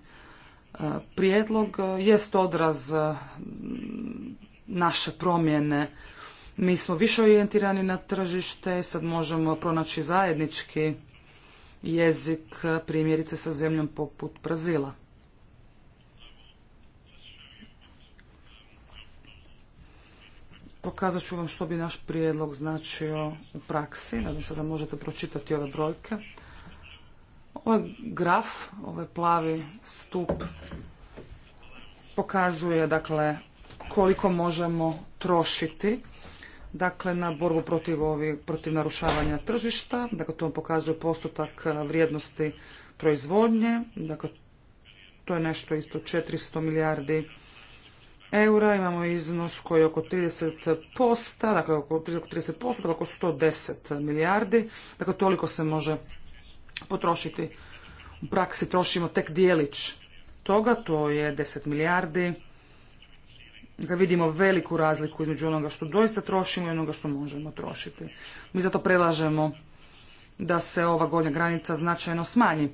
prijedlog e, jest odraz e, naše promjene. Mi smo više orijentirani na tržište, sad možemo pronaći zajednički jezik primjerice sa zemljom poput Brazila. Pokazat ću vam što bi naš prijedlog značio u praksi. Nadam se da možete pročitati ove brojke. Ovaj graf, ovaj plavi stup pokazuje dakle koliko možemo trošiti dakle na borbu protiv protiv narušavanja tržišta, dakle to vam pokazuje postotak eh, vrijednosti proizvodnje, dakle to je nešto isto 400 milijardi eura, imamo iznos koji je oko 30%, dakle oko 30%, dakle oko 110 milijardi, dakle toliko se može potrošiti. U praksi trošimo tek dijelić toga, to je 10 milijardi. Dakle, vidimo veliku razliku između onoga što doista trošimo i onoga što možemo trošiti. Mi zato predlažemo da se ova gonja granica značajno smanji.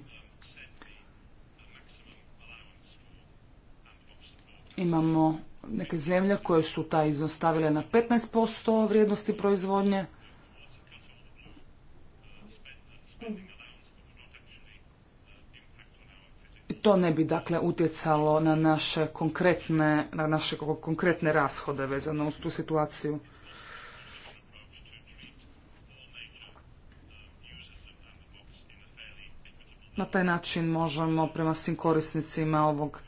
Imamo neke zemlje koje su taj iznos stavile na 15% vrijednosti proizvodnje. I To ne bi dakle utjecalo na naše konkretne, na naše konkretne rashode vezano uz tu situaciju. Na taj način možemo prema svim korisnicima ovog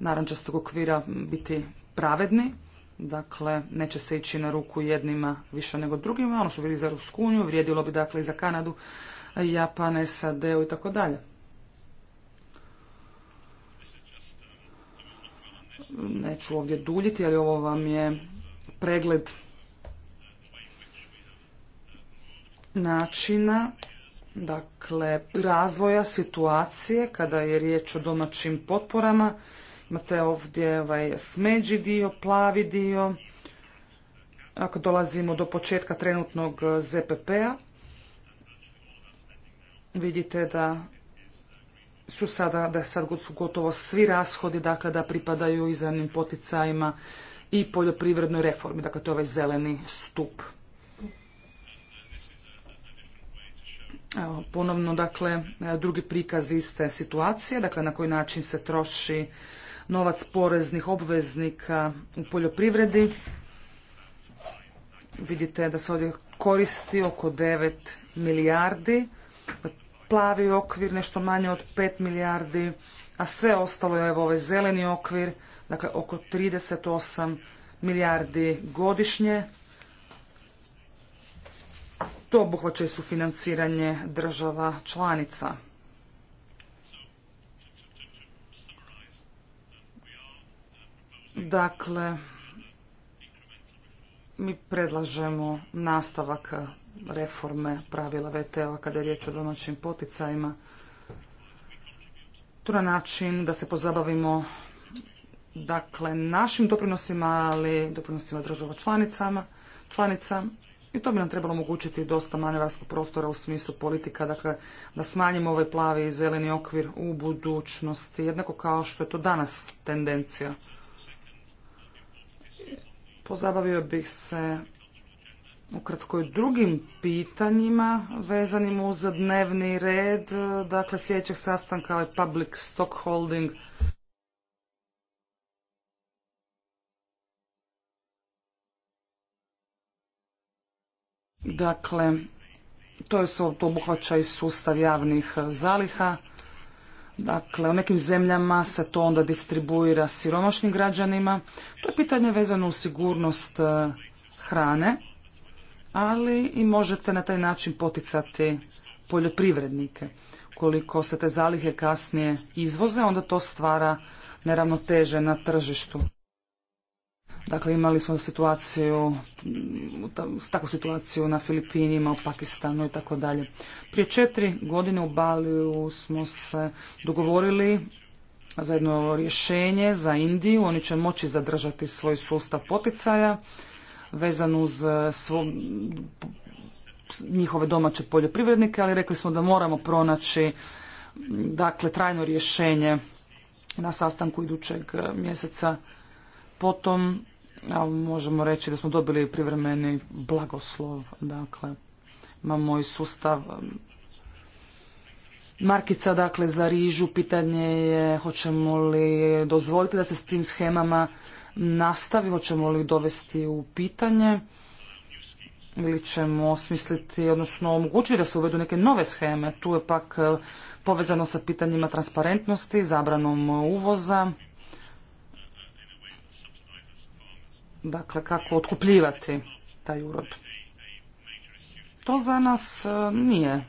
narančastog okvira biti pravedni, dakle neće se ići na ruku jednima više nego drugima, ono što vidi za Ruskunju vrijedilo bi dakle i za Kanadu, Japan, SAD i tako dalje. Neću ovdje duljiti, ali ovo vam je pregled načina dakle razvoja situacije kada je riječ o domaćim potporama Imate ovdje ovaj smeđi dio, plavi dio. Ako dolazimo do početka trenutnog eh, ZPP-a, vidite da su sada, da sad su gotovo svi rashodi, dakle da pripadaju izravnim poticajima i poljoprivrednoj reformi, dakle to je ovaj zeleni stup. Evo, ponovno, dakle, eh, drugi prikaz iste situacije, dakle na koji način se troši novac poreznih obveznika u poljoprivredi. Vidite da se ovdje koristi oko 9 milijardi, plavi okvir nešto manje od 5 milijardi, a sve ostalo je evo ovaj zeleni okvir, dakle oko 38 milijardi godišnje. To obuhvaća su sufinanciranje država članica. Dakle, mi predlažemo nastavak reforme pravila VTO-a kada je riječ o domaćim poticajima. Tu na način da se pozabavimo dakle našim doprinosima, ali doprinosima država članicama, članica i to bi nam trebalo omogućiti dosta manevarskog prostora u smislu politika, dakle da smanjimo ovaj plavi i zeleni okvir u budućnosti, jednako kao što je to danas tendencija. Pozabavio bih se ukratko i drugim pitanjima vezanim uz dnevni red, dakle sljedećeg sastanka je Public Stock Holding. Dakle, to je to obuhvaća i sustav javnih zaliha. Dakle, u nekim zemljama se to onda distribuira siromašnim građanima. To je pitanje vezano u sigurnost e, hrane, ali i možete na taj način poticati poljoprivrednike. Koliko se te zalihe kasnije izvoze, onda to stvara neravnoteže na tržištu. Dakle, imali smo situaciju, takvu situaciju na Filipinima, u Pakistanu i tako dalje. Prije četiri godine u Baliju smo se dogovorili za jedno rješenje za Indiju. Oni će moći zadržati svoj sustav poticaja vezan uz eh, njihove domaće poljoprivrednike, ali rekli smo da moramo pronaći dakle trajno rješenje na sastanku idućeg eh, mjeseca. Potom ali možemo reći da smo dobili privremeni blagoslov. Dakle, imamo i sustav um, markica dakle za rižu. Pitanje je hoćemo li dozvoliti da se s tim schemama nastavi, hoćemo li dovesti u pitanje ili ćemo osmisliti, odnosno omogućiti da se uvedu neke nove scheme. Tu je pak uh, povezano sa pitanjima transparentnosti, zabranom uvoza, dakle kako otkupljivati taj urod. To za nas e, nije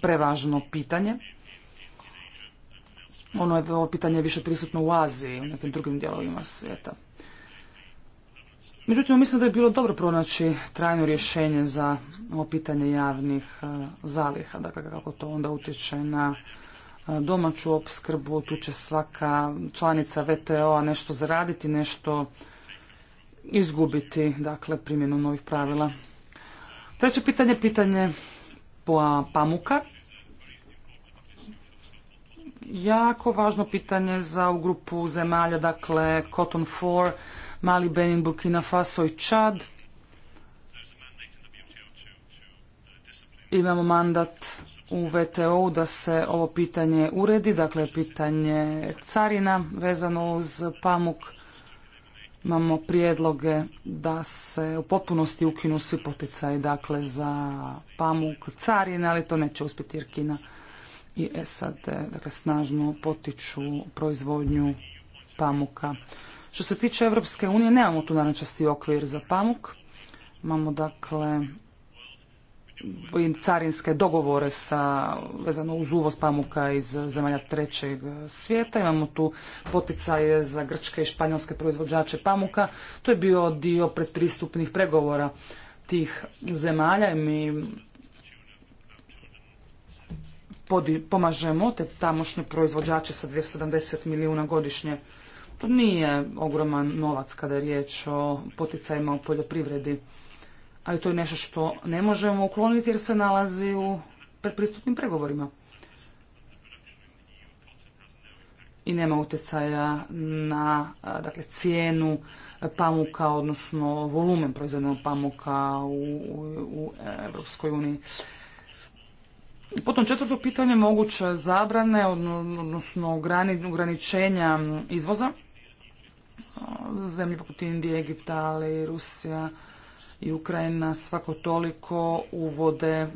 prevažno pitanje. Ono je ovo pitanje više prisutno u Aziji, i u nekim drugim dijelovima svijeta. Međutim, mislim da je bilo dobro pronaći trajno rješenje za ovo pitanje javnih e, zaliha, dakle kako to onda utječe na domaću opskrbu, tu će svaka članica VTO-a nešto zaraditi, nešto izgubiti, dakle, primjenu novih pravila. Treće pitanje pitanje pamuka. Jako važno pitanje za u grupu zemalja, dakle, Cotton 4, Mali Benin, Burkina Faso i Čad. Imamo mandat u VTO-u da se ovo pitanje uredi, dakle pitanje carina vezano uz pamuk. Imamo prijedloge da se u potpunosti ukinu svi poticaji dakle, za pamuk carine, ali to neće uspjeti jer Kina i SAD dakle, snažno potiču proizvodnju pamuka. Što se tiče Europske unije, nemamo tu časti okvir za pamuk. Imamo dakle carinske dogovore sa, vezano uz uvoz pamuka iz zemalja trećeg svijeta. Imamo tu poticaje za grčke i španjolske proizvođače pamuka. To je bio dio predpristupnih pregovora tih zemalja i mi pomažemo te tamošnje proizvođače sa 270 milijuna godišnje. To nije ogroman novac kada je riječ o poticajima u poljoprivredi ali to je nešto što ne možemo ukloniti jer se nalazi u predpristupnim pregovorima. I nema utjecaja na dakle, cijenu pamuka, odnosno volumen proizvodnog pamuka u, u, Europskoj uniji. Potom četvrto pitanje moguće zabrane, odnosno ograničenja izvoza zemlje poput Indije, Egipta, ali Rusija, i Ukrajina svako toliko uvode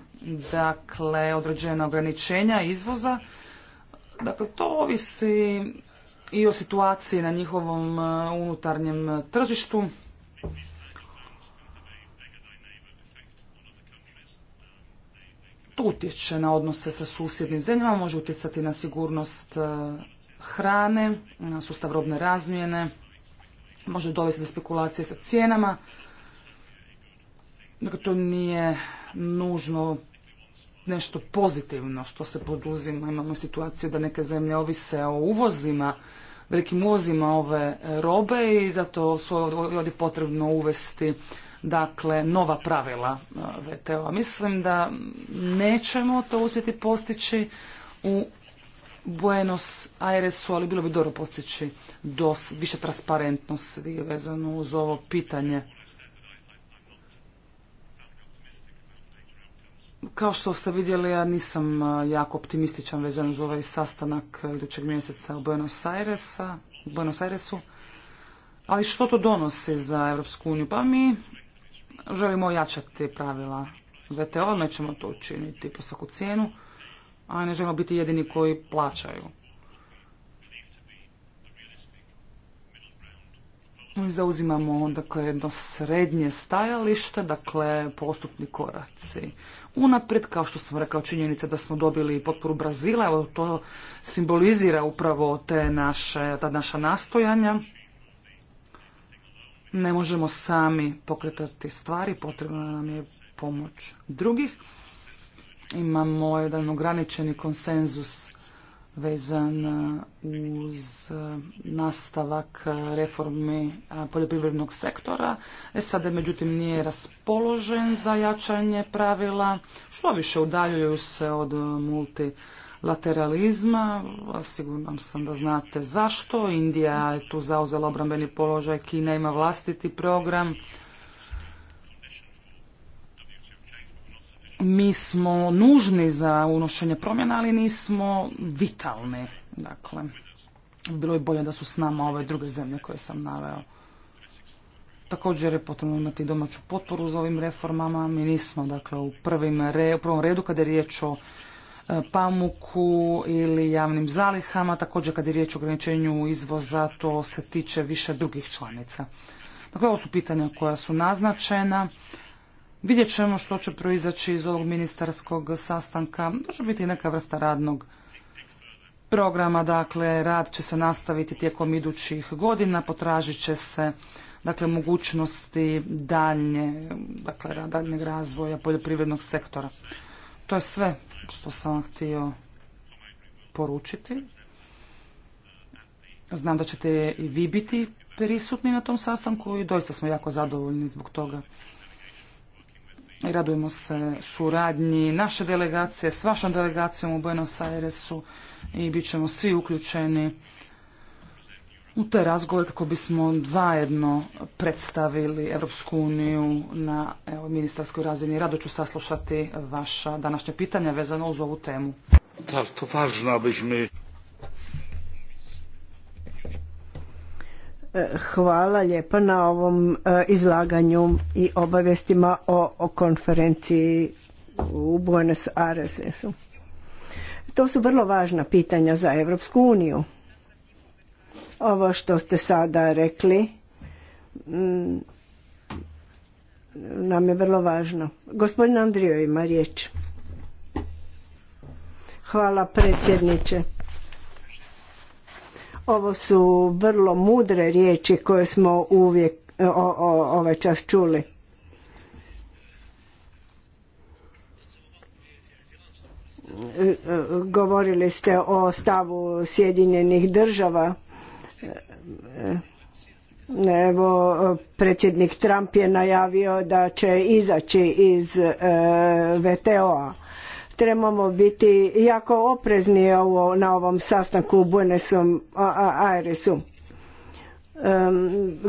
dakle određena ograničenja izvoza. Dakle, to ovisi i o situaciji na njihovom e, unutarnjem tržištu. To utječe na odnose sa susjednim zemljama, može utjecati na sigurnost e, hrane, na sustav robne razmjene, može dovesti do spekulacije sa cijenama. Dakle, to nije nužno nešto pozitivno što se poduzima. Imamo situaciju da neke zemlje ovise o uvozima, velikim uvozima ove robe i zato su ovdje potrebno uvesti dakle nova pravila e, VTO-a. Mislim da nećemo to uspjeti postići u Buenos Airesu, ali bilo bi dobro postići dos, više transparentnosti vezano uz ovo pitanje. Kao što ste vidjeli, ja nisam jako optimističan vezan uz ovaj sastanak idućeg mjeseca u Buenos, u Buenos Airesu. Ali što to donosi za Europsku uniju? Pa mi želimo ojačati pravila VTO, nećemo to učiniti po svaku cijenu, a ne želimo biti jedini koji plaćaju. Zauzimamo kao jedno srednje stajalište, dakle postupni koraci. Unaprijed, kao što sam rekao, činjenica da smo dobili potporu Brazila, evo to simbolizira upravo te naše, ta naša nastojanja. Ne možemo sami pokretati stvari, potrebna nam je pomoć drugih. Imamo jedan ograničeni konsenzus vezan e, uz e, nastavak reformi e, poljoprivrednog sektora. SAD međutim nije raspoložen za jačanje pravila, što više udaljuju se od multilateralizma. Sigurno sam da znate zašto. Indija je tu zauzela obrambeni položaj, Kina ima vlastiti program. mi smo nužni za unošenje promjena, ali nismo vitalni. Dakle, bilo je bolje da su s nama ove druge zemlje koje sam naveo. Također je potrebno imati domaću potporu za ovim reformama. Mi nismo dakle, u, prvim u prvom redu kada je riječ o e, pamuku ili javnim zalihama, također kada je riječ o ograničenju izvoza, to se tiče više drugih članica. Dakle, ovo su pitanja koja su naznačena. Vidjet ćemo što će proizaći iz ovog ministarskog sastanka. To će biti neka vrsta radnog programa, dakle rad će se nastaviti tijekom idućih godina, potražit će se dakle mogućnosti daljnje, dakle daljnjeg razvoja poljoprivrednog sektora. To je sve što sam vam htio poručiti. Znam da ćete i vi biti prisutni na tom sastanku i doista smo jako zadovoljni zbog toga. Radujemo se suradnji naše delegacije s vašom delegacijom u Buenos Airesu i bit ćemo svi uključeni u te razgove kako bismo zajedno predstavili Europsku uniju na evo, ministarskoj razini. Rado ću saslušati vaša današnja pitanja vezano uz ovu temu. to E, hvala lijepa na ovom e, izlaganju i obavijestima o, konferenciji u Buenos Airesu. To su vrlo važna pitanja za Europsku uniju. Ovo što ste sada rekli mm, nam je vrlo važno. Gospodin Andrijo ima riječ. Hvala predsjedniče. Ovo su vrlo mudre riječi koje smo uvijek e, o, ovaj čas čuli. E, e, govorili ste o stavu Sjedinjenih država. Evo, predsjednik Trump je najavio da će izaći iz VTO-a trebamo biti jako oprezni na ovom sastanku u Buenosom Airesu.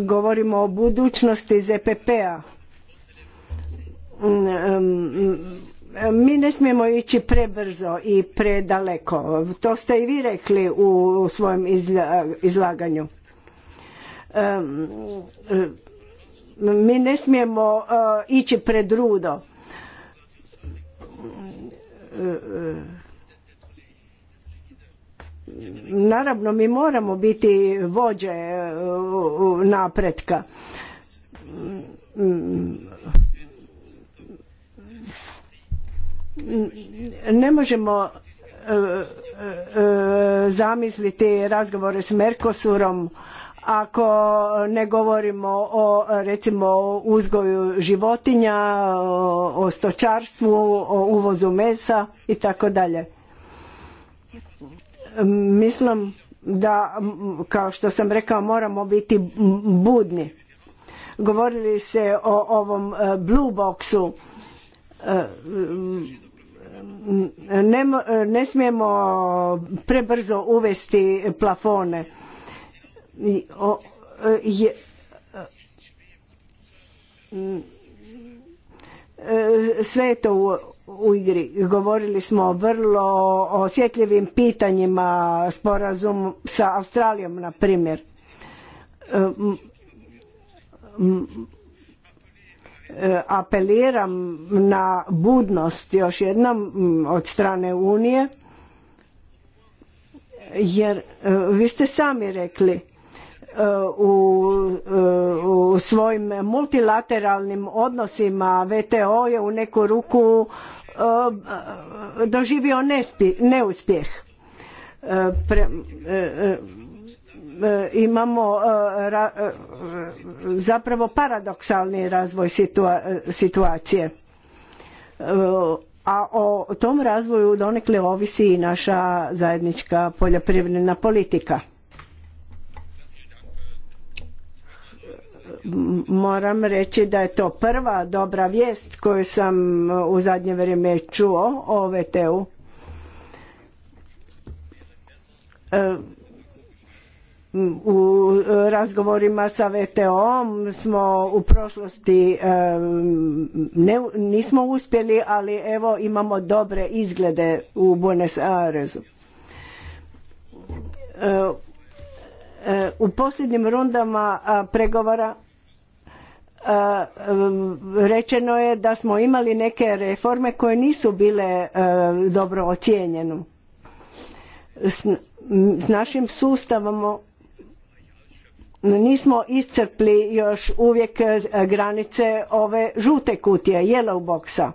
govorimo o budućnosti ZPP-a. Mm, mi ne smijemo ići prebrzo i predaleko. To ste i vi rekli u svojem izlaganju. mi ne smijemo e, ići pred rudo naravno mi moramo biti vođe e, napretka ne možemo e, e, zamisliti razgovore s Merkosurom ako ne govorimo o recimo o uzgoju životinja, o stočarstvu, o uvozu mesa i tako dalje. Mislim da, kao što sam rekao, moramo biti budni. Govorili se o ovom e, blue boxu. E, ne smijemo prebrzo uvesti plafone E, e, sve je to u, igri. Govorili smo o vrlo osjetljivim pitanjima sporazum sa Australijom, na primjer. E, apeliram na budnost još jednom od strane Unije, jer vi ste sami rekli u, e, u svojim multilateralnim odnosima VTO je u neku ruku doživio neuspjeh. imamo zapravo paradoksalni razvoj situacije e, a o tom razvoju donekle ovisi i naša zajednička poljoprivredna politika moram reći da je to prva dobra vijest koju sam e, u zadnje vrijeme čuo o VTU. E, u razgovorima sa VTO-om smo u prošlosti e, ne, nismo uspjeli, ali evo imamo dobre izglede u Buenos Airesu. U posljednjim rundama pregovora E, rečeno je da smo imali neke reforme koje nisu bile e, dobro ocijenjene. S našim sustavom nismo iscrpli još uvijek e, granice ove žute kutije, yellow boxa.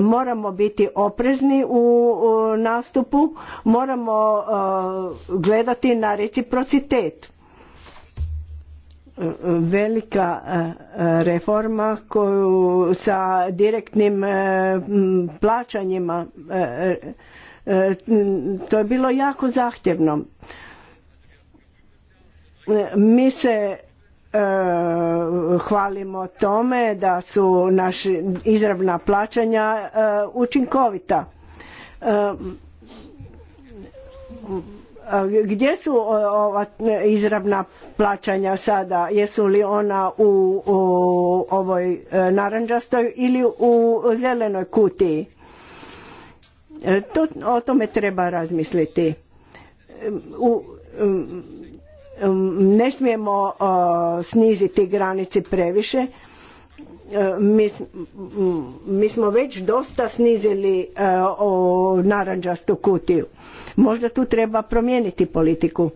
Moramo biti oprezni u nastupu, moramo gledati na reciprocitet velika e, reforma koju sa direktnim e, plaćanjima e, to je bilo jako zahtjevno mi se hvalimo tome da su naši izravna plaćanja učinkovita gdje su ova e, izravna plaćanja sada? Jesu li ona u, ovoj e, naranđastoj ili u zelenoj kutiji? E, to, o tome treba razmisliti. ne smijemo sniziti granici previše mi, smo već dosta snizili e, o naranđastu kutiju. Možda tu treba promijeniti politiku.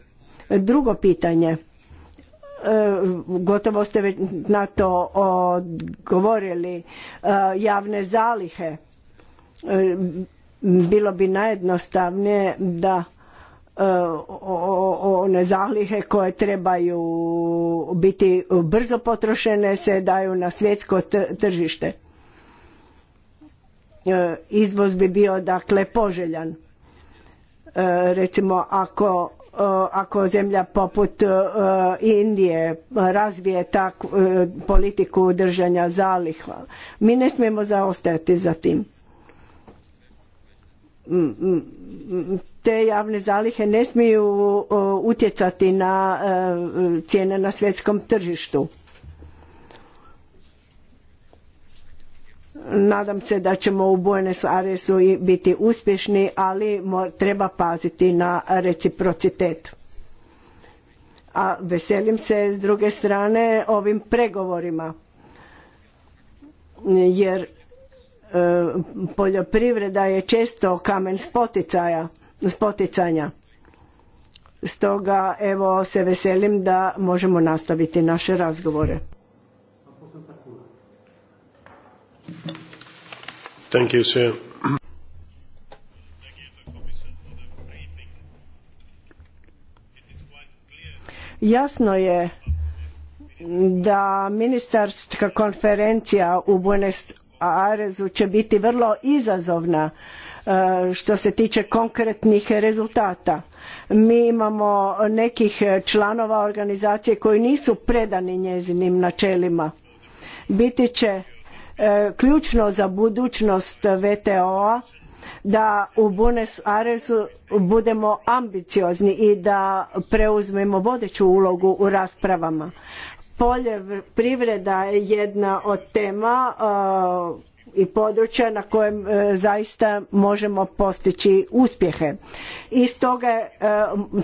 Drugo pitanje, e, gotovo ste već na to govorili, e, javne zalihe. Bilo bi najjednostavnije da E, one zalihe koje trebaju biti brzo potrošene se daju na svjetsko tržište. E, izvoz bi bio dakle poželjan. E, recimo ako, ako zemlja poput Indije razvije takvu politiku držanja zaliha, mi ne smijemo zaostajati za tim te javne zalihe ne smiju utjecati na e, cijene na svjetskom tržištu. Nadam se da ćemo u Buenos Airesu biti uspješni, ali treba paziti na reciprocitet. A veselim se s druge strane ovim pregovorima, jer e, poljoprivreda je često kamen spoticaja poticanja. Stoga evo se veselim da možemo nastaviti naše razgovore. Thank you, sir. Jasno je da ministarska konferencija u Buenos Airesu će biti vrlo izazovna E, što se tiče konkretnih rezultata. Mi imamo nekih članova organizacije koji nisu predani njezinim načelima. Biti će e, ključno za budućnost VTO-a da u Buenos Airesu budemo ambiciozni i da preuzmemo vodeću ulogu u raspravama. Polje privreda je jedna od tema e, i područja na kojem e, zaista možemo postići uspjehe. I stoga e,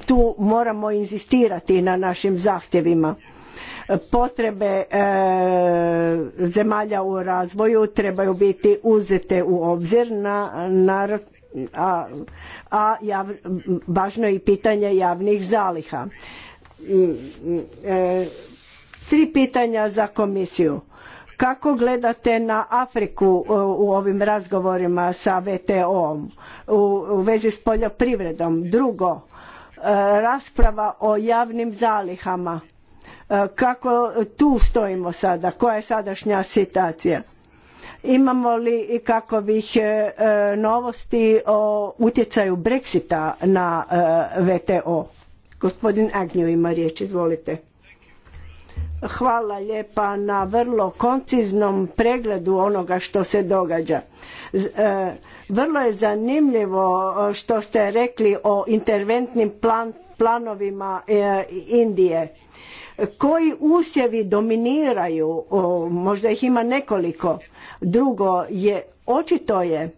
tu moramo inzistirati na našim zahtjevima. Potrebe e, zemalja u razvoju trebaju biti uzete u obzir na, a, važno je i pitanje javnih zaliha. Mm, mm, tri pitanja za komisiju kako gledate na Afriku uh, u ovim razgovorima sa VTO-om u vezi s poljoprivredom? Drugo, uh, rasprava o javnim zalihama. Uh, kako tu stojimo sada? Koja je sadašnja situacija? Imamo li i kakovih novosti o utjecaju Brexita na VTO? Gospodin Agnju ima riječ, izvolite. Hvala lijepa na vrlo konciznom pregledu onoga što se događa. E, vrlo je zanimljivo e, što ste rekli o interventnim planovima e, Indije. Koji usjevi dominiraju, možda ih ima nekoliko. Drugo je, očito je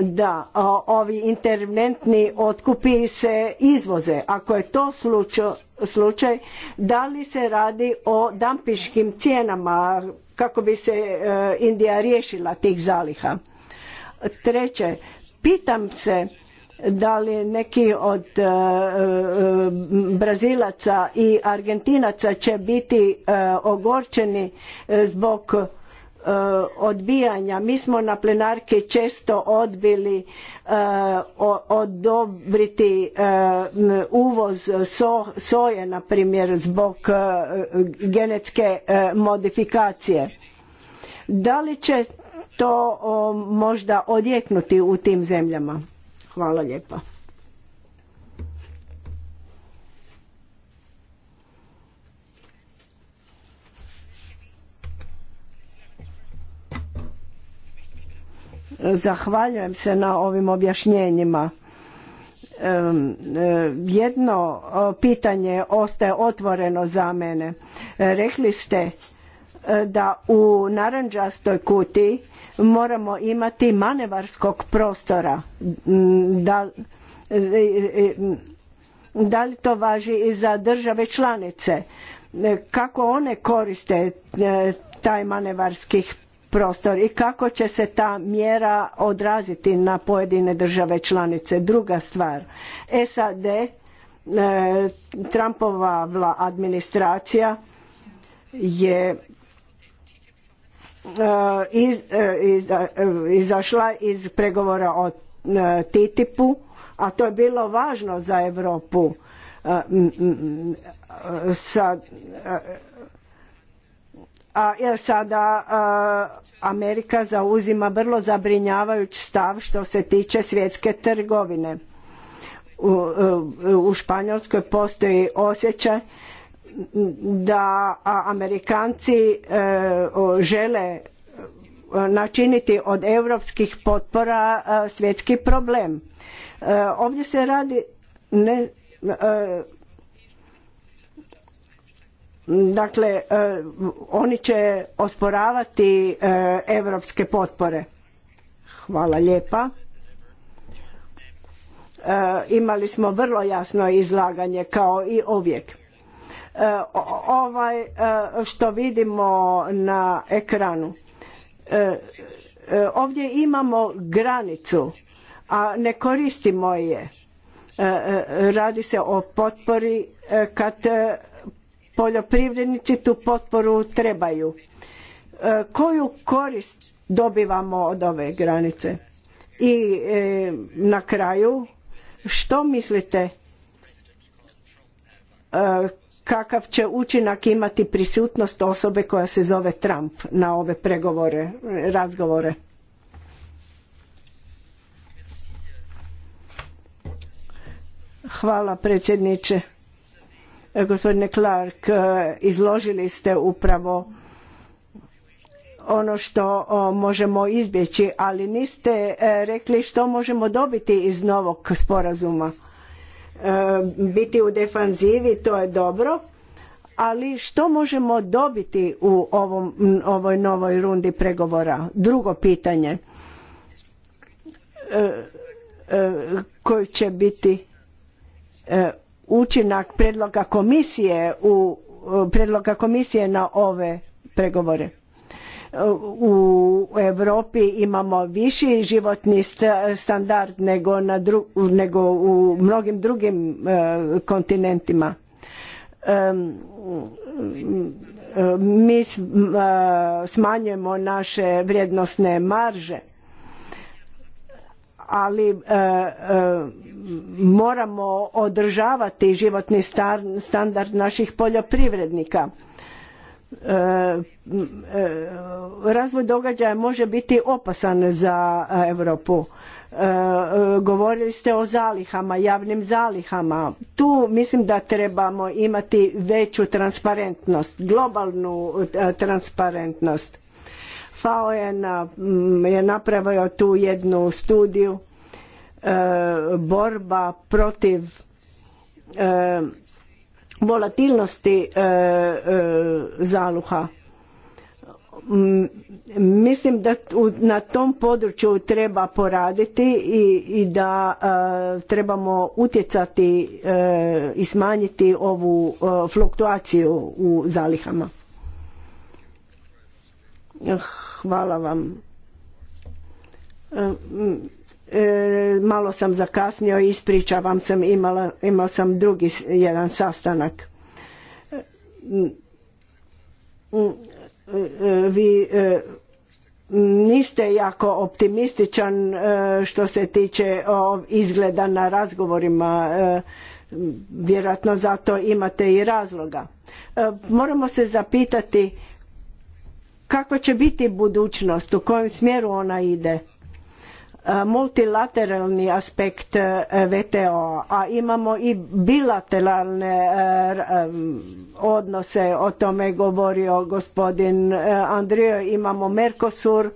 da ovi interventni otkupi se izvoze. Ako je to slučaj, slučaj da li se radi o dampiškim cijenama kako bi se e, Indija riješila tih zaliha. Treće, pitam se da li neki od e, e, Brazilaca i Argentinaca će biti ogorčeni zbog E, odbijanja. Mi smo na plenarki često odbili e, odobriti e, uvoz soje, na primjer, zbog genetske modifikacije. Da li će to možda odjeknuti u tim zemljama? Hvala lijepa. Zahvaljujem se na ovim objašnjenjima. Eh, jedno pitanje ostaje otvoreno za mene. Rekli ste eh, da u naranđastoj kuti moramo imati manevarskog prostora. Da, eh, da li to važi i za države članice? Kako one koriste taj manevarskih prostor i kako će se ta mjera odraziti na pojedine države članice. Druga stvar, SAD, e, Trumpova administracija je e, e, izašla iz pregovora o TTIP-u, a to je bilo važno za Europu. Sa a e, sada Amerika zauzima vrlo zabrinjavajući stav što se tiče svjetske trgovine. U, e, u Španjolskoj postoji osjećaj da Amerikanci e, žele načiniti od europskih potpora svjetski problem. Ovdje se radi ne Dakle, e, oni će osporavati europske potpore. Hvala lijepa. E, imali smo vrlo jasno izlaganje kao i uvijek. E, ovaj što vidimo na ekranu. Ovdje imamo granicu, a ne koristimo je. Radi se o potpori kad Poljoprivrednici tu potporu trebaju. E, koju korist dobivamo od ove granice? I e, na kraju, što mislite e, kakav će učinak imati prisutnost osobe koja se zove Trump na ove pregovore, razgovore? Hvala predsjedniče. E, gospodine Clark, e, izložili ste upravo ono što možemo izbjeći, ali niste e, rekli što možemo dobiti iz novog sporazuma. Biti u defanzivi, to je dobro, ali što možemo dobiti u ovom, ovoj novoj rundi pregovora? Drugo pitanje koju će biti učinak predloga komisije u komisije na ove pregovore u Europi imamo viši životni standard nego, u mnogim drugim e, kontinentima. E, mi e, smanjujemo naše vrijednosne marže ali e, e, moramo održavati životni standard naših poljoprivrednika e, razvoj događaja može biti opasan za europu govorili ste o zalihama javnim zalihama tu mislim da trebamo imati veću transparentnost globalnu transparentnost FAO je, na, mm, je napravio tu jednu studiju e, borba protiv e, volatilnosti e, e zaluha. Mm, mislim da na tom području treba poraditi i, i da trebamo utjecati i smanjiti ovu fluktuaciju u zalihama. Hvala vam. E, e, malo sam zakasnio ispričavam sam, imala, imao sam drugi jedan sastanak. E, vi niste jako optimističan što se tiče izgleda na razgovorima vjerojatno zato imate i razloga moramo se zapitati kakva će biti budućnost, u kojem smjeru ona ide. E, multilateralni aspekt e, VTO, a imamo i bilateralne e, odnose, o tome je govorio gospodin Andrijo, imamo Mercosur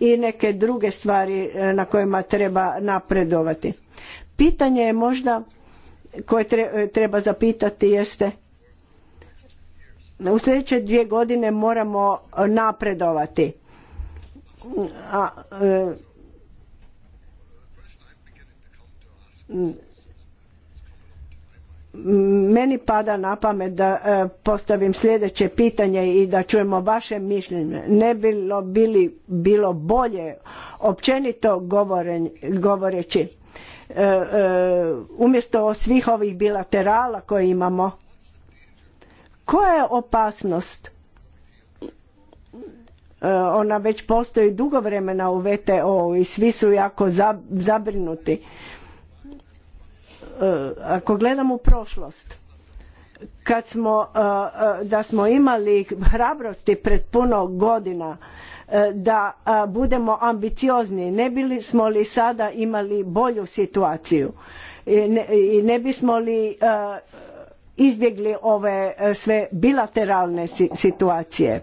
i neke druge stvari na kojima treba napredovati. Pitanje je možda koje treba zapitati jeste u sljedeće dvije godine moramo e, napredovati. A, e, meni pada na pamet da e, postavim sljedeće pitanje i da čujemo vaše mišljenje. Ne bilo bilo bolje općenito govoreći umjesto svih ovih bilaterala koje imamo koja je opasnost? E, ona već postoji dugo vremena u VTO i svi su jako zabrinuti. E, ako gledamo prošlost, kad smo, e, da smo imali hrabrosti pred puno godina da budemo ambiciozni, ne bismo li sada imali bolju situaciju i ne bismo li izbjegli ove e, sve bilateralne situacije.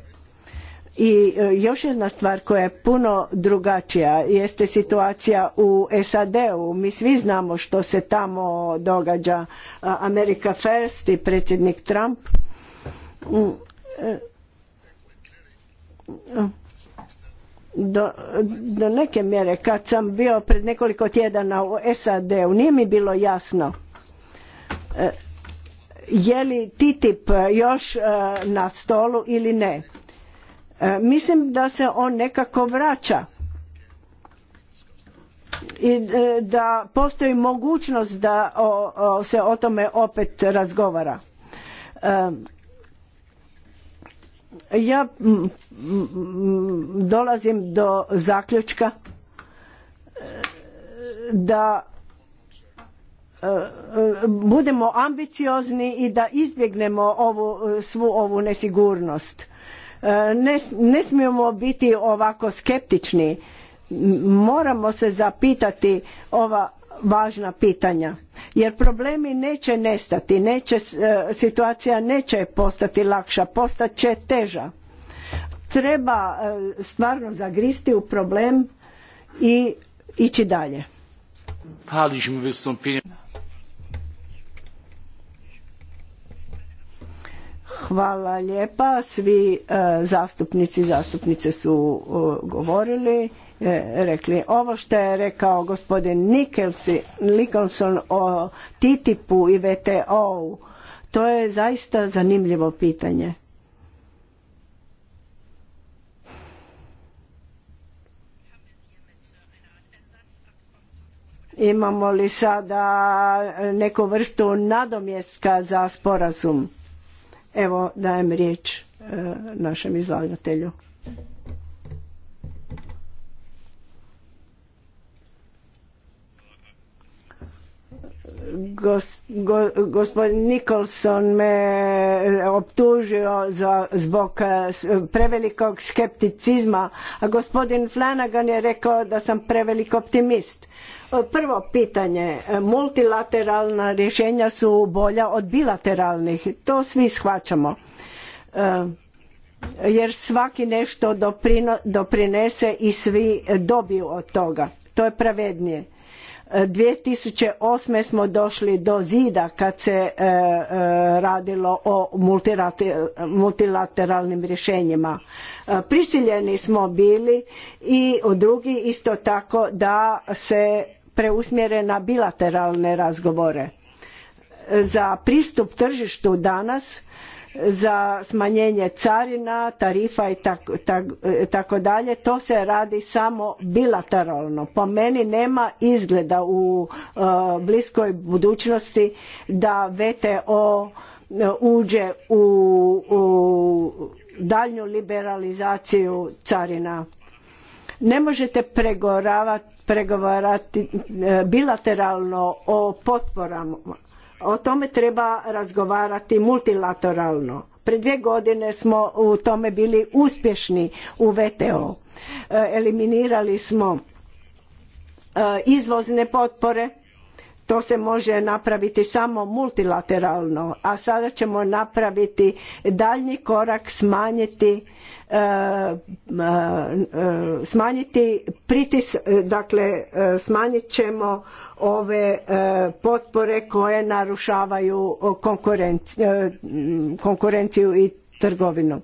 I e, još jedna stvar koja je puno drugačija jeste situacija u SAD-u. Mi svi znamo što se tamo događa. E, America First i predsjednik Trump. Mm, do, do neke mjere kad sam bio pred nekoliko tjedana u SAD-u nije mi bilo jasno je li TTIP e, još e, na stolu ili ne. E, mislim da se on nekako vraća i da postoji mogućnost da se o tome opet razgovara. Ja dolazim do zaključka da budemo ambiciozni i da izbjegnemo ovu, svu ovu nesigurnost. Ne, smijemo biti ovako skeptični. Moramo se zapitati ova važna pitanja jer problemi neće nestati, neće, e, situacija neće postati lakša, postat će teža. Treba e, stvarno zagristi u problem i ići dalje. Hvala lijepa. Svi e, zastupnici i zastupnice su e, govorili, e, rekli ovo što je rekao gospodin Nicholson o TTIP-u i VTO-u. To je zaista zanimljivo pitanje. Imamo li sada neku vrstu nadomjestka za sporazum? Evo dajem riječ e, našem izlagatelju. gospodin Nicholson me optužio za, zbog e, prevelikog skepticizma, a gospodin Flanagan je rekao da sam prevelik optimist. Prvo pitanje, multilateralna rješenja su bolja od bilateralnih, to svi shvaćamo. E, jer svaki nešto doprinese i svi dobiju od toga. To je pravednije. 2008. E, smo došli do zida kad se e, radilo o multilateralnim rješenjima. Prisiljeni smo bili i drugi isto tako da se preusmjere na bilateralne razgovore za pristup tržištu danas za smanjenje carina tarifa i tako, dalje to se radi samo bilateralno po meni nema izgleda u e, bliskoj budućnosti da VTO e, uđe u daljnju liberalizaciju carina ne možete pregovarati e, bilateralno o potporama. O tome treba razgovarati multilateralno. Pre dvije godine smo u tome bili uspješni u VTO. E, eliminirali smo e, izvozne potpore to se može napraviti samo multilateralno, a sada ćemo napraviti daljnji korak smanjiti e, e, e, smanjiti pritis, dakle smanjit ćemo ove potpore koje narušavaju konkurenciju i trgovinu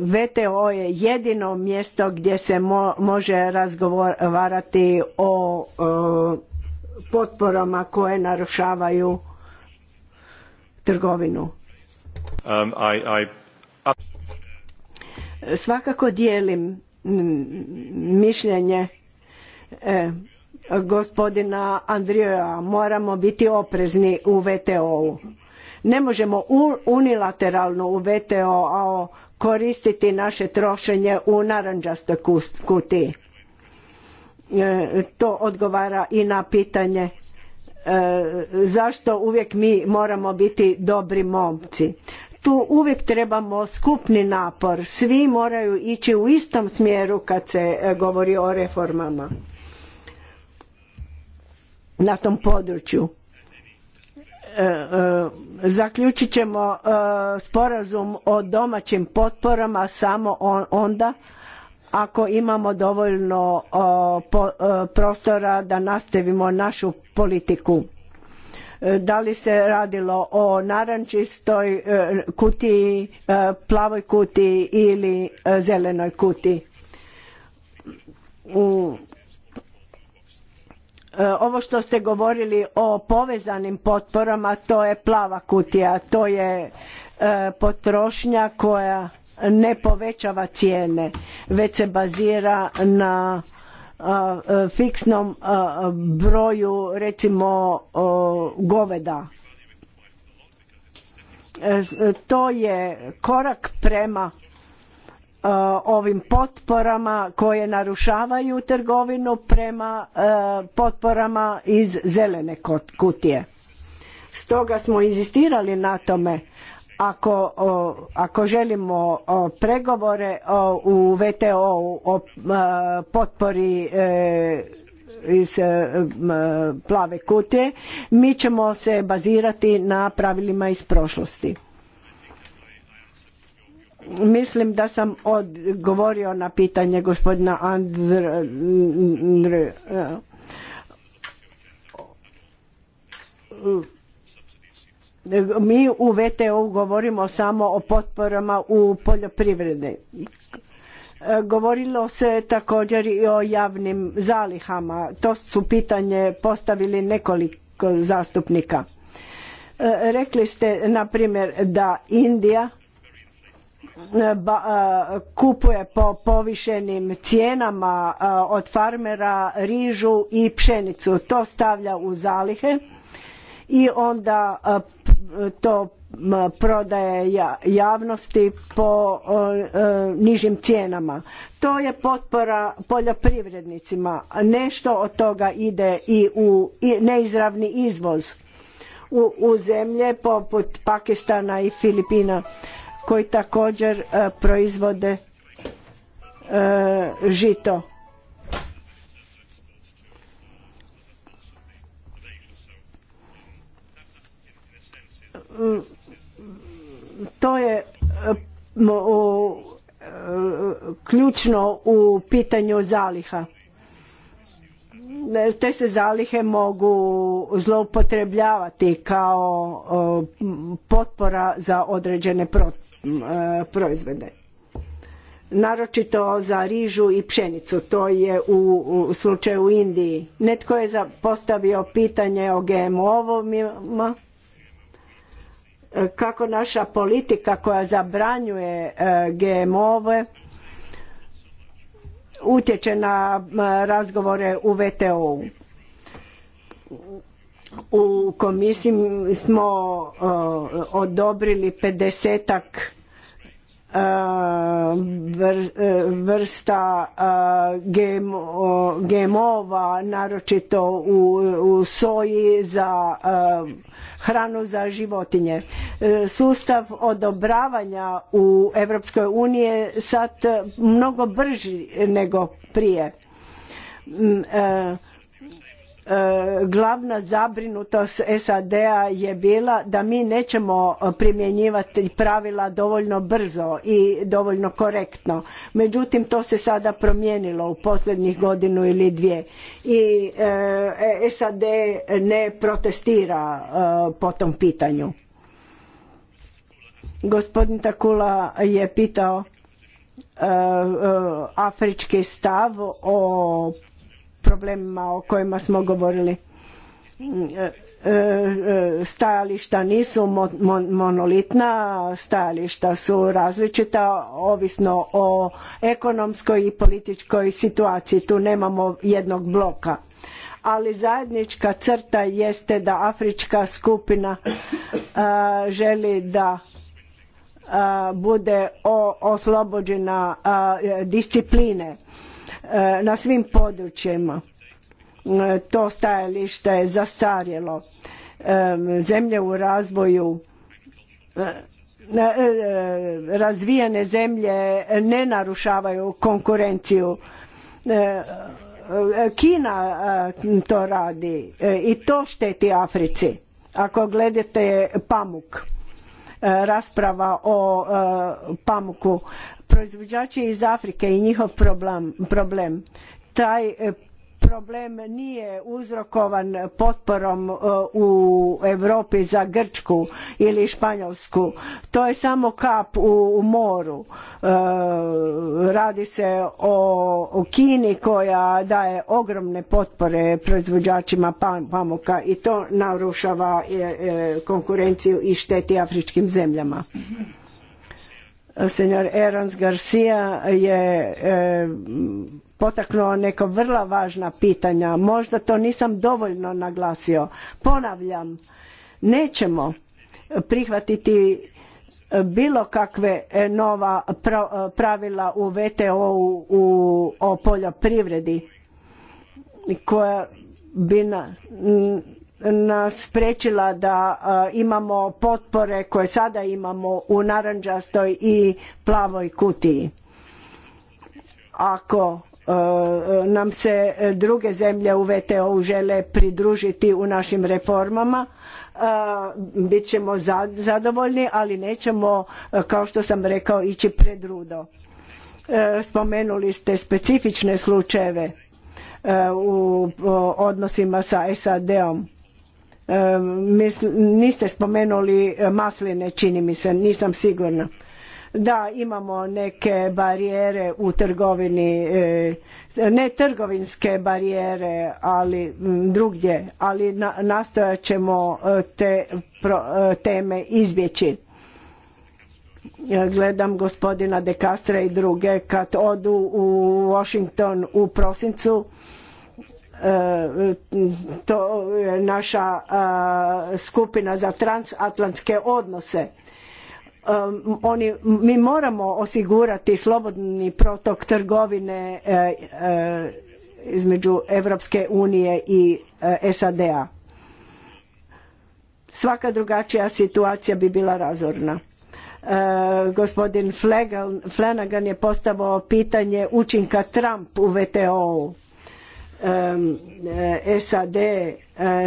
VTO je jedino mjesto gdje se može razgovarati o, potporama koje narušavaju trgovinu. Um, Svakako dijelim mišljenje e, gospodina Andrija. moramo biti oprezni u VTO-u ne možemo unilateralno u VTO koristiti naše trošenje u naranđastoj kutiji. E, to odgovara i na pitanje e, zašto uvijek mi moramo biti dobri momci. Tu uvijek trebamo skupni napor. Svi moraju ići u istom smjeru kad se e, govori o reformama na tom području E, e, zaključit ćemo e, sporazum o domaćim potporama samo onda ako imamo dovoljno prostora da nastavimo našu politiku da li se radilo o narančistoj kutiji, plavoj kutiji ili zelenoj kutiji. U E, ovo što ste govorili o povezanim potporama, to je plava kutija, to je e, potrošnja koja ne povećava cijene, već se bazira na e, fiksnom broju recimo goveda. To je korak prema E, ovim potporama koje narušavaju trgovinu prema e, potporama iz zelene kutije. Stoga smo inzistirali na tome ako, ako želimo pregovore u VTO o e, potpori iz plave kutije, mi ćemo se bazirati na pravilima iz prošlosti. Mislim da sam odgovorio na pitanje gospodina Andr... Mi u VTO govorimo samo o potporama u poljoprivredi. Govorilo se također i o javnim zalihama. To su pitanje postavili nekoliko zastupnika. E, rekli ste, na primjer, da Indija E, kupuje po povišenim cijenama e, od farmera rižu i pšenicu. To stavlja u zalihe i onda e, to prodaje javnosti po nižim cijenama. To je potpora poljoprivrednicima. Nešto od toga ide i u neizravni izvoz u, u zemlje poput Pakistana i Filipina koji također e, proizvode e, žito. To je e, ključno u pitanju zaliha. Te se zalihe mogu zloupotrebljavati kao potpora za određene E, proizvode. Naročito za rižu i pšenicu, to je u, slučaju u Indiji. Netko je postavio pitanje o GMO-ovima, e, kako naša politika koja zabranjuje e, GMO-ove utječe na razgovore u VTO-u. U komisiji smo e, odobrili 50 e, e, vrsta GMO-ova, naročito u soji za hranu za životinje. Sustav odobravanja u EU je sad mnogo brži nego prije glavna zabrinutost SAD-a je bila da mi nećemo primjenjivati pravila dovoljno brzo i dovoljno korektno. Međutim, to se sada promijenilo u posljednjih godinu ili dvije i e, SAD ne protestira e, po tom pitanju. Gospodin Takula je pitao e, afrički stav o problemima o kojima smo govorili. E, e, stajališta nisu monolitna, stajališta su različita, ovisno o ekonomskoj i političkoj situaciji. Tu nemamo jednog bloka ali zajednička crta jeste da afrička skupina e, želi da bude oslobođena discipline E, na svim područjima. E, to stajalište je zastarjelo. E, zemlje u razvoju razvijene zemlje ne narušavaju konkurenciju. Kina to radi i to šteti Africi. Ako gledate pamuk, rasprava o pamuku, Proizvođači iz Afrike i njihov problem, problem. taj e, problem nije uzrokovan potporom e, u Europi za Grčku ili Španjolsku. To je samo kap u moru. E, radi se o Kini koja daje ogromne potpore proizvođačima pamuka i to narušava konkurenciju i šteti afričkim zemljama. Senjor Erons Garcia je e, potaknuo neko vrlo važna pitanja. Možda to nisam dovoljno naglasio. Ponavljam, nećemo prihvatiti bilo kakve e, nova e, pravila u VTO-u o poljoprivredi koja bi nas sprečila da imamo potpore koje sada imamo u naranđastoj i plavoj kutiji. Ako nam se druge zemlje u VTO-u žele pridružiti u našim reformama, bit ćemo zadovoljni, ali nećemo, kao što sam rekao, ići rudo. E, spomenuli ste specifične slučajeve e, u odnosima sa SAD-om niste spomenuli e, masline čini mi se nisam sigurna da imamo neke barijere u trgovini e, ne trgovinske barijere ali drugdje ali nastojat ćemo e, te teme izbjeći gledam gospodina De Castra i druge kad odu u Washington u prosincu E, to je naša e, skupina za transatlantske odnose. E, oni, mi moramo osigurati slobodni protok trgovine između Europske unije i SAD-a. Svaka drugačija situacija bi bila razorna. gospodin Flanagan je postavio pitanje učinka Trump u VTO-u E, SAD e,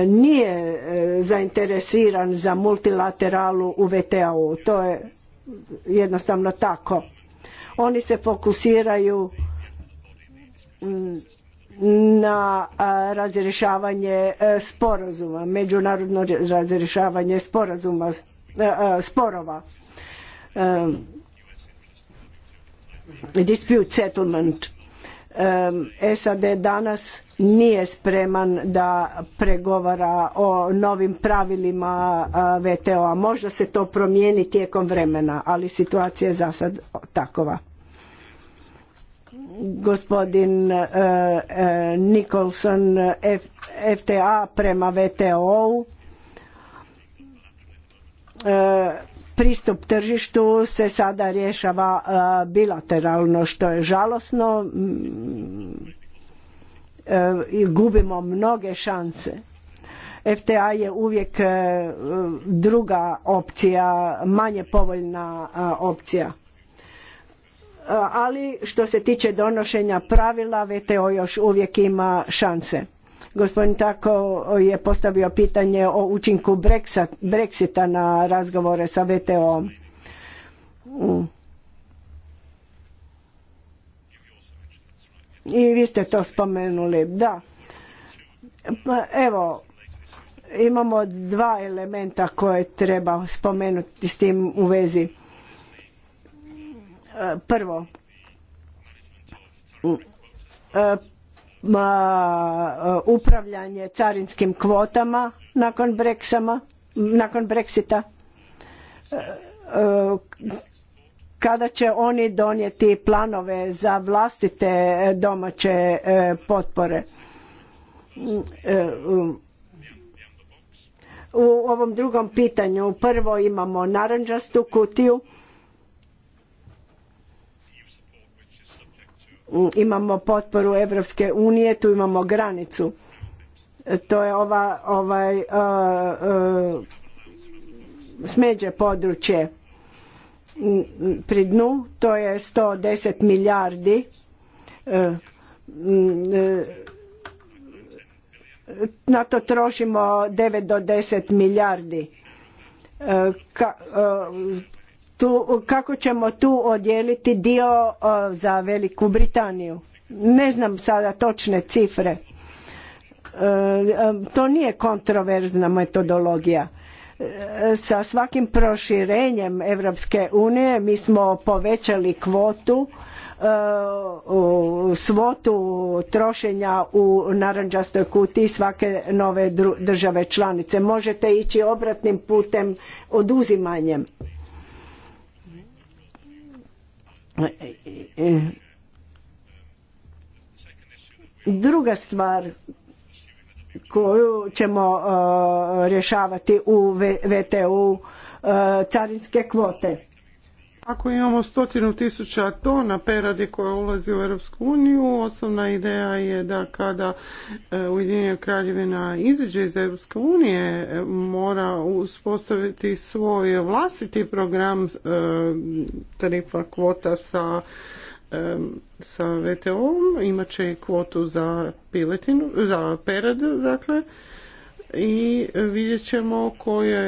nije e, zainteresiran za multilateralu u VTAU. To je jednostavno tako. Oni se fokusiraju mm, na razrješavanje sporazuma, međunarodno razrješavanje sporazuma, sporova. Dispute settlement SAD danas nije spreman da pregovara o novim pravilima VTO-a. Možda se to promijeni tijekom vremena, ali situacija je za sad takova. Gospodin e, e, Nicholson, FTA prema VTO-u e, pristup tržištu se sada rješava e, bilateralno što je žalosno mm, e, i gubimo mnoge šanse. FTA je uvijek e, druga opcija, manje povoljna opcija. Ali što se tiče donošenja pravila, VTO još uvijek ima šanse. Gospodin Tako je postavio pitanje o učinku Brexita na razgovore sa VTO-om. I vi ste to spomenuli, da. Pa, evo, imamo dva elementa koje treba spomenuti s tim u vezi. E, prvo, e, E, upravljanje carinskim kvotama nakon breksama, nakon Brexita e, e, kada će oni donijeti planove za vlastite domaće potpore. U ovom drugom pitanju prvo imamo naranđastu kutiju imamo potporu Evropske unije, tu imamo granicu. E, to je ova, ovaj uh, uh, smeđe područje pri dnu, to je 110 milijardi. Uh, na to trošimo 9 do 10 milijardi. Ka, tu, kako ćemo tu odijeliti dio za Veliku Britaniju. Ne znam sada točne cifre. E, e, to nije kontroverzna metodologija. E, sa svakim proširenjem Evropske unije mi smo povećali kvotu svotu trošenja u naranđastoj kuti svake nove države članice. Možete ići obratnim putem oduzimanjem Druga stvar koju ćemo uh, rješavati u VTU uh, carinske kvote ako imamo stotinu tisuća tona peradi koja ulazi u Europsku uniju, osnovna ideja je da kada e, Ujedinjena kraljevina iziđe iz Europske unije, e, mora uspostaviti svoj vlastiti program e, tarifa kvota sa sa VTO-om, imat će i kvotu za piletinu, za perad, dakle, i vidjet ćemo koja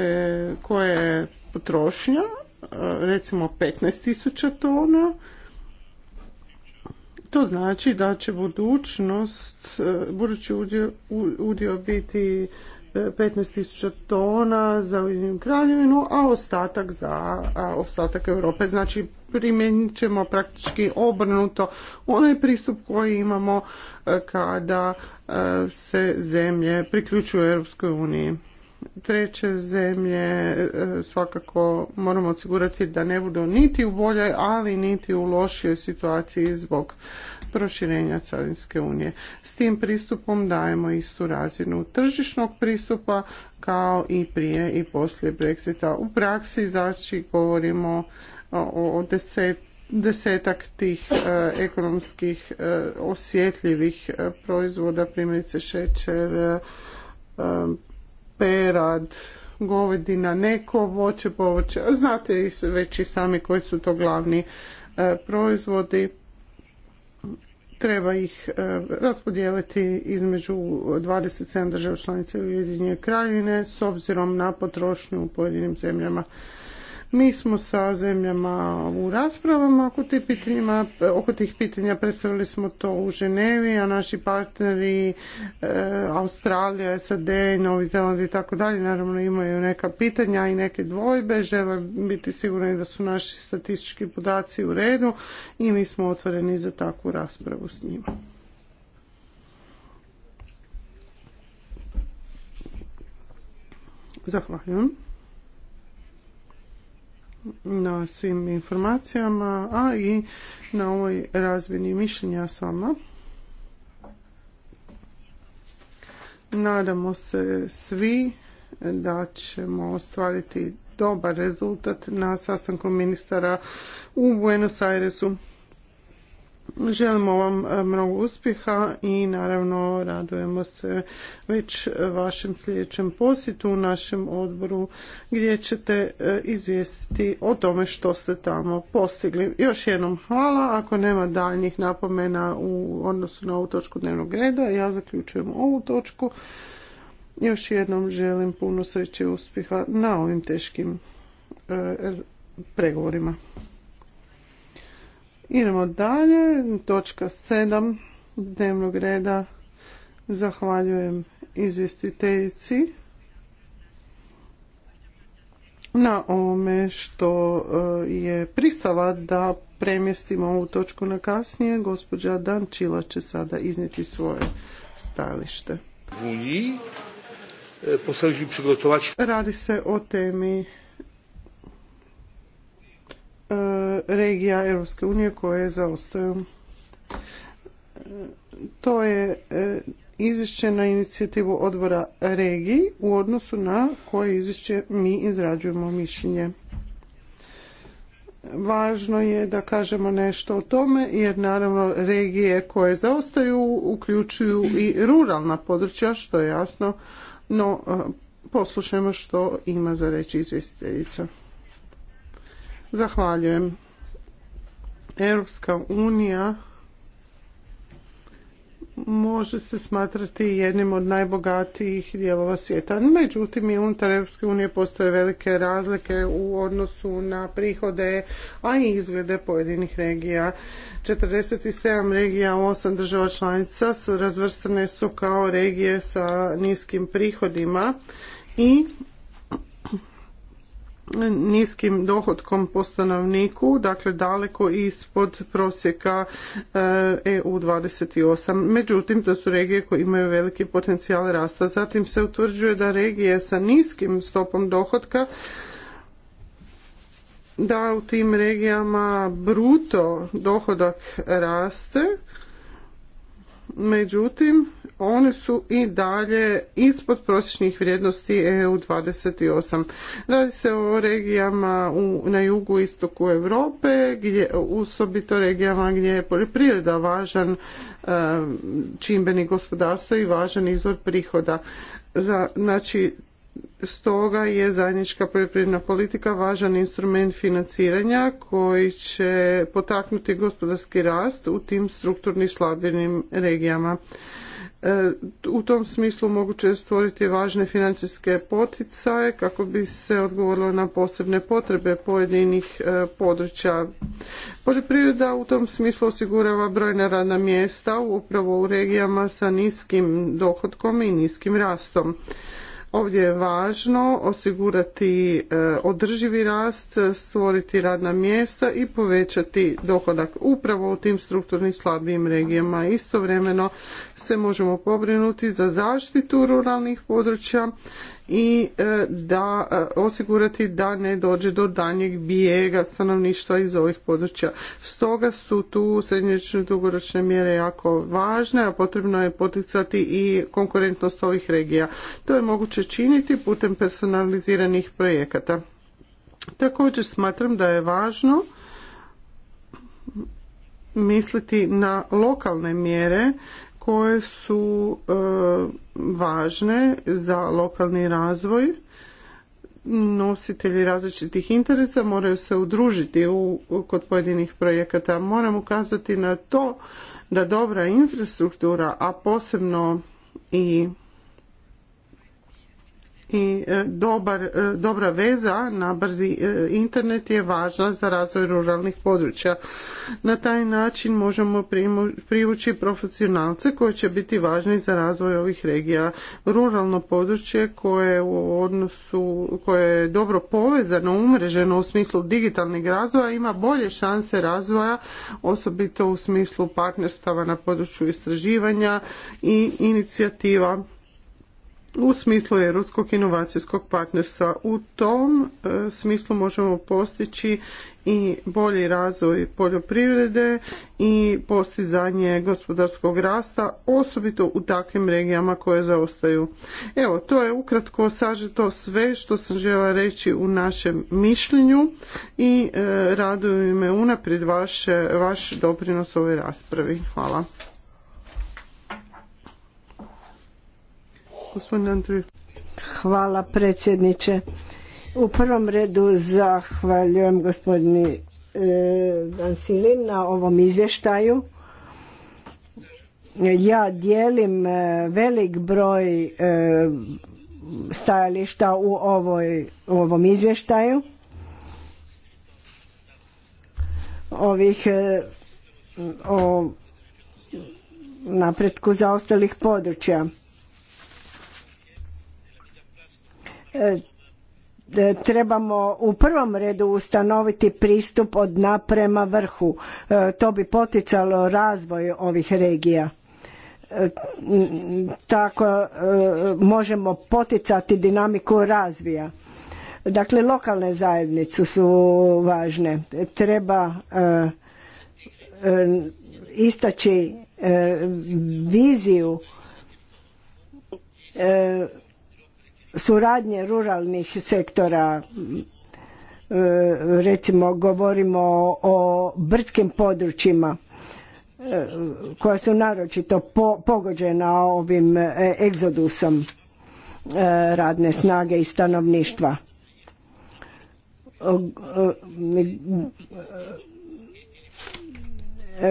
je potrošnja recimo 15.000 tona, to znači da će budućnost, e, budući udio, udio biti 15.000 e, tona za Ujedinjenu kraljevinu, a ostatak za ostatak Europe. Znači primijenit ćemo praktički obrnuto onaj pristup koji imamo e, kada se zemlje priključuju Europskoj uniji treće zemlje e, svakako moramo osigurati da ne budu niti u boljoj, ali niti u lošijoj situaciji zbog proširenja Carinske unije. S tim pristupom dajemo istu razinu tržišnog pristupa kao i prije i poslije Brexita. U praksi znači govorimo o desetak tih e, ekonomskih e, osjetljivih proizvoda, primjerice šećer, perad, govedina, neko voće, povoće. Znate već i sami koji su to glavni e, proizvodi. Treba ih e, raspodijeliti između 27 država članica Ujedinjene kraljevine s obzirom na potrošnju u pojedinim zemljama. Mi smo sa zemljama u raspravama oko tih pitanja, oko tih pitanja predstavili smo to u Ženevi, a naši partneri e, Australija, SAD, Novi Zeland i tako dalje naravno imaju neka pitanja i neke dvojbe, žele biti sigurni da su naši statistički podaci u redu i mi smo otvoreni za takvu raspravu s njima. Zahvaljujem na svim informacijama, a i na ovoj razmjeni mišljenja s vama. Nadamo se svi da ćemo ostvariti dobar rezultat na sastanku ministara u Buenos Airesu. Želimo vam e, mnogo uspjeha i naravno radujemo se već vašem sljedećem posjetu u našem odboru gdje ćete e, izvijestiti o tome što ste tamo postigli. Još jednom hvala, ako nema daljnjih napomena u odnosu na ovu točku dnevnog reda, ja zaključujem ovu točku. Još jednom želim puno sreće i uspjeha na ovim teškim e, pregovorima. Idemo dalje, točka 7 dnevnog reda. Zahvaljujem izvjestiteljici na ovome što e, je pristala da premjestimo ovu točku na kasnije. Gospođa Dančila će sada iznijeti svoje stajalište. E, Radi se o temi E, regija Europske unije koje zaostaju. E, to je e, izvješće na inicijativu odbora regiji u odnosu na koje izvješće mi izrađujemo mišljenje. Važno je da kažemo nešto o tome jer naravno regije koje zaostaju uključuju i ruralna područja što je jasno, no poslušajmo što ima za reći izvjestiteljica. Zahvaljujem. Europska unija može se smatrati jednim od najbogatijih dijelova svijeta. Međutim, i unutar Europske unije postoje velike razlike u odnosu na prihode, a i izglede pojedinih regija. 47 regija u 8 država članica razvrstane su kao regije sa niskim prihodima i niskim dohodkom po stanovniku, dakle daleko ispod prosjeka EU e 28. Međutim, to su regije koje imaju veliki potencijal rasta. Zatim se utvrđuje da regije sa niskim stopom dohotka da u tim regijama bruto dohodak raste, međutim one su i dalje ispod prosječnih vrijednosti EU 28. Radi se o regijama u, na jugu istoku Europe, gdje, osobito regijama gdje je poljoprivreda važan e, čimbenik gospodarstva i važan izvor prihoda. Za, znači, Stoga je zajednička poljoprivredna politika važan instrument financiranja koji će potaknuti gospodarski rast u tim strukturni slabljenim regijama. E, u tom smislu moguće je stvoriti važne financijske poticaje kako bi se odgovorilo na posebne potrebe pojedinih e, područja. Poljoprivreda u tom smislu osigurava brojna radna mjesta upravo u regijama sa niskim dohodkom i niskim rastom. Ovdje je važno osigurati e, održivi rast, stvoriti radna mjesta i povećati dohodak upravo u tim strukturnim slabijim regijama. Istovremeno se možemo pobrinuti za zaštitu ruralnih područja i e, da e, osigurati da ne dođe do danjeg bijega stanovništva iz ovih područja. Stoga su tu srednječne dugoročne mjere jako važne, a potrebno je poticati i konkurentnost ovih regija. To je moguće činiti putem personaliziranih projekata. Također smatram da je važno misliti na lokalne mjere koje su e, važne za lokalni razvoj nositelji različitih interesa moraju se udružiti u, kod pojedinih projekata. Moram ukazati na to da dobra infrastruktura, a posebno i i e, e, dobra veza na brzi e, internet je važna za razvoj ruralnih područja. Na taj način možemo privući profesionalce koji će biti važni za razvoj ovih regija. Ruralno područje koje u odnosu, koje je dobro povezano, umreženo u smislu digitalnih razvoja ima bolje šanse razvoja, osobito u smislu partnerstava na području istraživanja i inicijativa u smislu europskog inovacijskog partnerstva. U tom e, smislu možemo postići i bolji razvoj poljoprivrede i postizanje gospodarskog rasta, osobito u takvim regijama koje zaostaju. Evo, to je ukratko sažeto sve što sam žela reći u našem mišljenju i e, radujem me unaprijed vaš, vaš doprinos ovoj raspravi. Hvala. Hvala predsjedniče. U prvom redu zahvaljujem gospodini Dancilin e, na ovom izvještaju. Ja dijelim e, velik broj e, stajališta u, u ovom izvještaju. Ovih o napretku zaostalih područja. E, trebamo u prvom redu ustanoviti pristup od naprema prema vrhu. E, to bi poticalo razvoj ovih regija. E, tako možemo poticati dinamiku razvija. Dakle, lokalne zajednice su važne. Treba istaći viziju suradnje ruralnih sektora e, recimo govorimo o brdskim područjima e, koja su naročito pogođena ovim e, egzodusom radne snage i stanovništva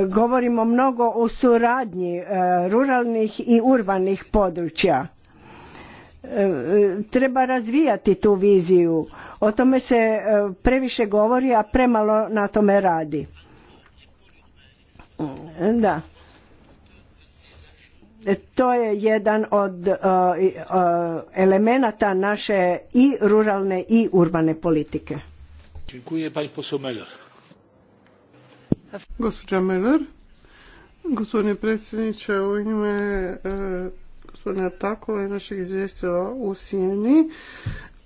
govorimo mnogo o suradnji ruralnih i urbanih područja treba razvijati tu viziju. O tome se e, previše govori, a premalo na tome radi. Da. E, to je jedan od e, elemenata naše i ruralne i urbane politike. Dziękuję pani predsjedniče, u ime gospodina Takova i našeg izvjestila u Sjeni.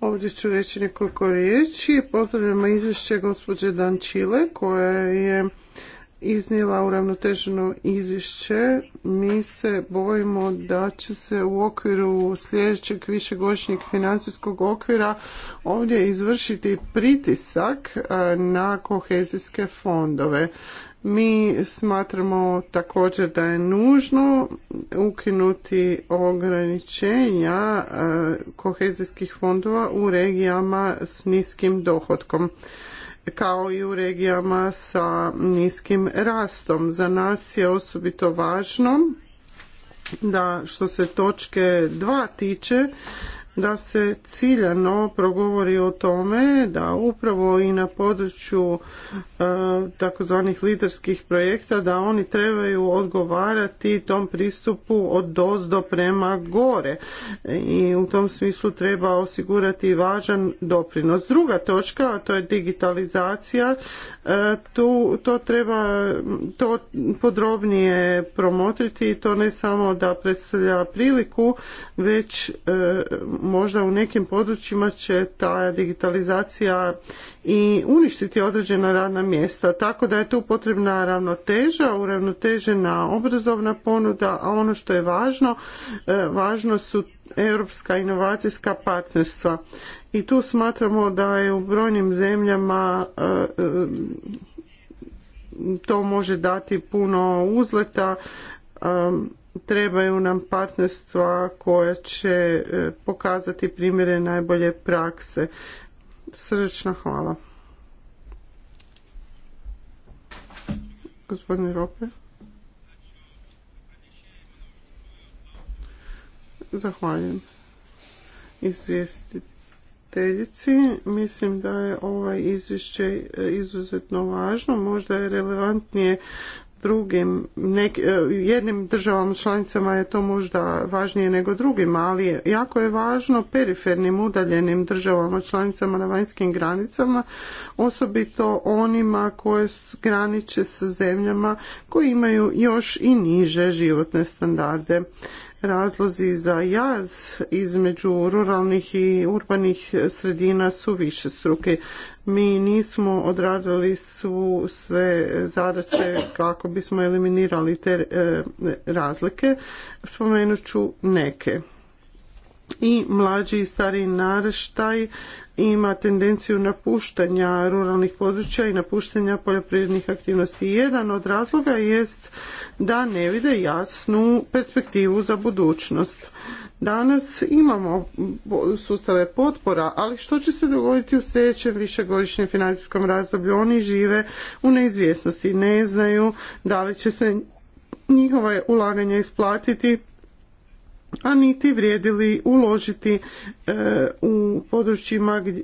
Ovdje ću reći nekoliko riječi. Pozdravljamo izvješće gospođe Dančile koja je iznijela uravnoteženo izvješće. Mi se bojimo da će se u okviru sljedećeg višegodišnjeg financijskog okvira ovdje izvršiti pritisak na kohezijske fondove. Mi smatramo također da je nužno ukinuti ograničenja e, kohezijskih fondova u regijama s niskim dohodkom kao i u regijama sa niskim rastom. Za nas je osobito važno da što se točke dva tiče da se ciljano progovori o tome da upravo i na području e, takozvanih liderskih projekta da oni trebaju odgovarati tom pristupu od dozdo prema gore i u tom smislu treba osigurati važan doprinos. Druga točka, a to je digitalizacija, e, tu, to treba to podrobnije promotriti i to ne samo da predstavlja priliku, već e, možda u nekim područjima će ta digitalizacija i uništiti određena radna mjesta. Tako da je tu potrebna ravnoteža, uravnotežena obrazovna ponuda, a ono što je važno, e, važno su europska inovacijska partnerstva. I tu smatramo da je u brojnim zemljama e, e, to može dati puno uzleta trebaju nam partnerstva koja će e, pokazati primjere najbolje prakse. Srdečno hvala. Gospodine Rope. Zahvaljujem izvjestiteljici. Mislim da je ovaj izvješće e, izuzetno važno. Možda je relevantnije drugim, nek, e, jednim državama članicama je to možda važnije nego drugima, ali jako je važno perifernim udaljenim državama članicama na vanjskim granicama, osobito onima koje graniče sa zemljama koji imaju još i niže životne standarde razlozi za jaz između ruralnih i urbanih sredina su više struke mi nismo odradili svu sve zadaće kako bismo eliminirali te e, razlike. Spomenut ću neke i mlađi i stariji naraštaj ima tendenciju napuštanja ruralnih područja i napuštanja poljoprivrednih aktivnosti. Jedan od razloga jest da ne vide jasnu perspektivu za budućnost. Danas imamo sustave potpora, ali što će se dogoditi u sljedećem višegodišnjem financijskom razdoblju? Oni žive u neizvjesnosti, ne znaju da li će se njihova ulaganja isplatiti a niti vrijedili uložiti e, u područjima e,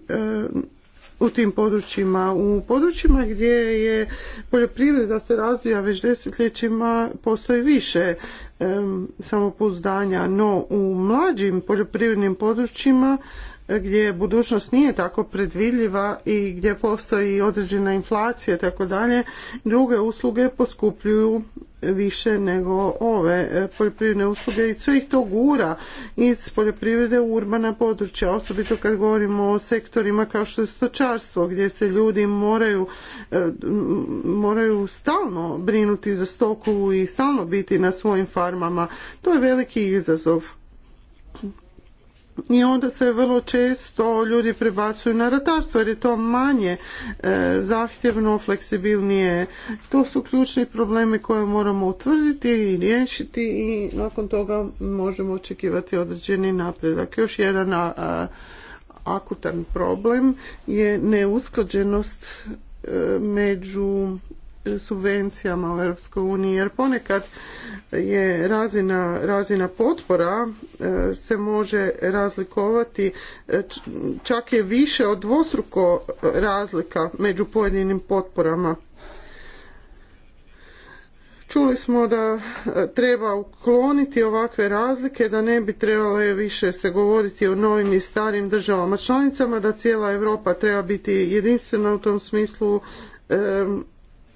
u tim područjima. U područjima gdje je poljoprivreda se razvija već desetljećima postoji više e, samopouzdanja, no u mlađim poljoprivrednim područjima gdje budućnost nije tako predvidljiva i gdje postoji određena inflacija tako dalje, druge usluge poskupljuju više nego ove e, poljoprivredne usluge i sve ih to gura iz poljoprivrede u urbana područja, osobito kad govorimo o sektorima kao što je stočarstvo gdje se ljudi moraju e, moraju stalno brinuti za stoku i stalno biti na svojim farmama. To je veliki izazov i onda se vrlo često ljudi prebacuju na ratarstvo jer je to manje e, zahtjevno, fleksibilnije. To su ključni problemi koje moramo utvrditi i riješiti i nakon toga možemo očekivati određeni napredak. Još jedan akutan problem je neusklađenost e, među subvencijama u Uniji, jer ponekad je razina, razina potpora e, se može razlikovati e, čak je više od dvostruko razlika među pojedinim potporama. Čuli smo da e, treba ukloniti ovakve razlike, da ne bi trebale više se govoriti o novim i starim državama članicama, da cijela Europa treba biti jedinstvena u tom smislu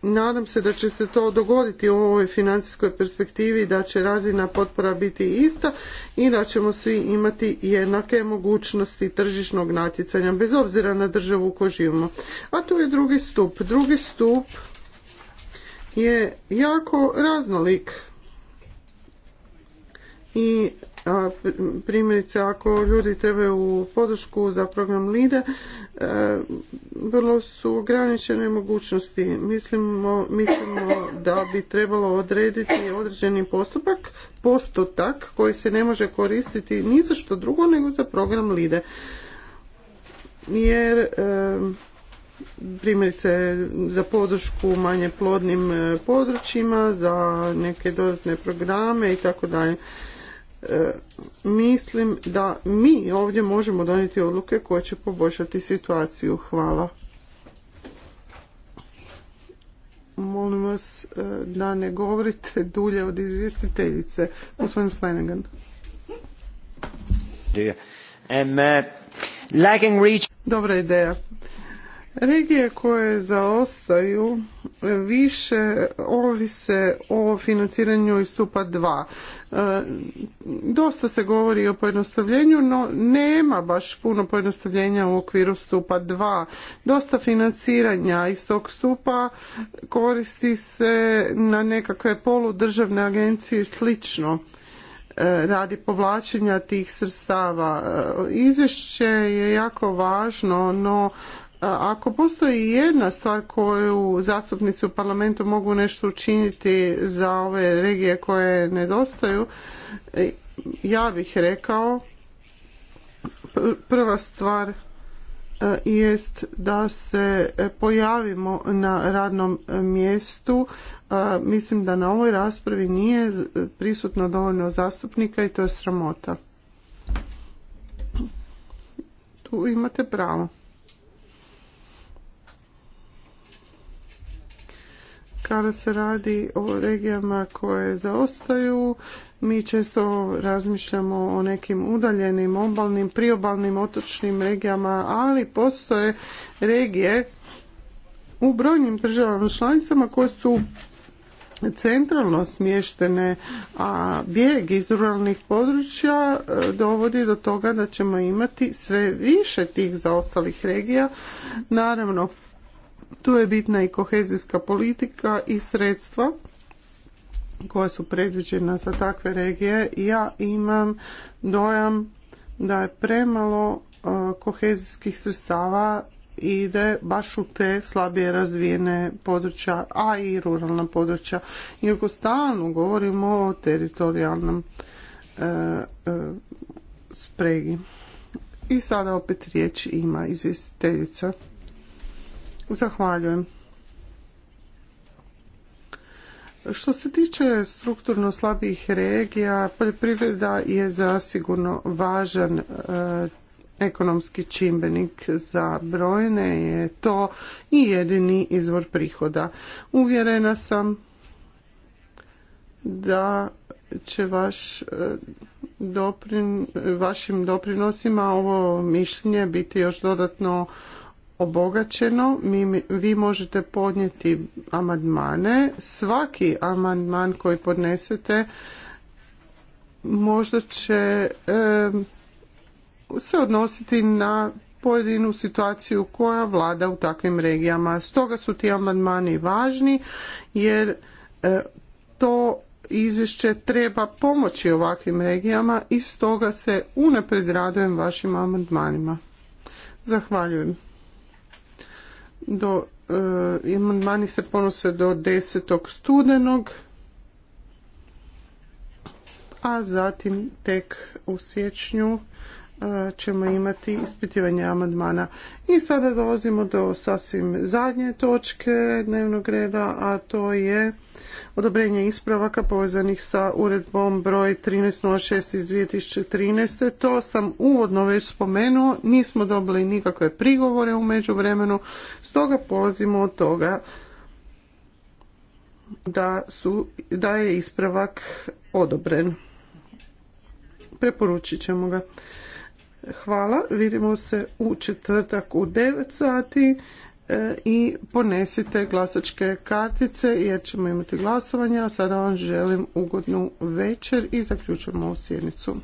nadam se da će se to dogoditi u ovoj financijskoj perspektivi, da će razina potpora biti ista i da ćemo svi imati jednake mogućnosti tržišnog natjecanja, bez obzira na državu u kojoj živimo. A to je drugi stup. Drugi stup je jako raznolik i primjerice, ako ljudi trebaju podršku za program LIDA, e, vrlo su ograničene mogućnosti. Mislimo, mislimo da bi trebalo odrediti određeni postupak, postotak koji se ne može koristiti ni za što drugo nego za program LIDA. Jer e, primjerice za podršku manje plodnim e, područjima, za neke dodatne programe i tako dalje. E, mislim da mi ovdje možemo donijeti odluke koje će poboljšati situaciju. Hvala. Molim vas e, da ne govorite dulje od izvjestiteljice. Gospodin Flanagan. Um, uh, Dobra ideja. Regije koje zaostaju više ovise o financiranju iz stupa 2. E, dosta se govori o pojednostavljenju, no nema baš puno pojednostavljenja u okviru stupa 2. Dosta financiranja iz tog stupa koristi se na nekakve poludržavne agencije slično e, radi povlačenja tih sredstava. E, izvješće je jako važno, no ako postoji jedna stvar koju zastupnici u parlamentu mogu nešto učiniti za ove regije koje nedostaju, ja bih rekao prva stvar e, jest da se pojavimo na radnom mjestu. E, mislim da na ovoj raspravi nije prisutno dovoljno zastupnika i to je sramota. Tu imate pravo. kada se radi o regijama koje zaostaju, mi često razmišljamo o nekim udaljenim, obalnim, priobalnim, otočnim regijama, ali postoje regije u brojnim državama članicama koje su centralno smještene, a bijeg iz ruralnih područja e, dovodi do toga da ćemo imati sve više tih zaostalih regija. Naravno, tu je bitna i kohezijska politika i sredstva koja su predviđena za takve regije. Ja imam dojam da je premalo e, kohezijskih sredstava ide baš u te slabije razvijene područja, a i ruralna područja. Iako stalno govorimo o teritorijalnom e, e, spregi. I sada opet riječ ima izvjestiteljica. Zahvaljujem. Što se tiče strukturno slabijih regija, poljoprivreda je zasigurno važan e, ekonomski čimbenik za brojne je to i jedini izvor prihoda. Uvjerena sam da će vaš e, doprin, vašim doprinosima ovo mišljenje biti još dodatno obogaćeno. Mi, vi možete podnijeti amandmane. Svaki amandman koji podnesete možda će se odnositi na pojedinu situaciju koja vlada u takvim regijama. Stoga su ti amandmani važni jer e, to izvješće treba pomoći ovakvim regijama i stoga se unaprijed radujem vašim amandmanima. Zahvaljujem do e, amandmani se ponose do 10. studenog a zatim tek u siječnju E, ćemo imati ispitivanje amandmana. I sada dolazimo do sasvim zadnje točke dnevnog reda, a to je odobrenje ispravaka povezanih sa uredbom broj 1306 iz 2013. To sam uvodno već spomenuo, nismo dobili nikakve prigovore u međuvremenu, stoga polazimo od toga da, da je ispravak odobren. Preporučit ćemo ga. Hvala, vidimo se u četvrtak u 9 sati e, i ponesite glasačke kartice jer ćemo imati glasovanje, a sada vam želim ugodnu večer i zaključujemo ovu sjednicu.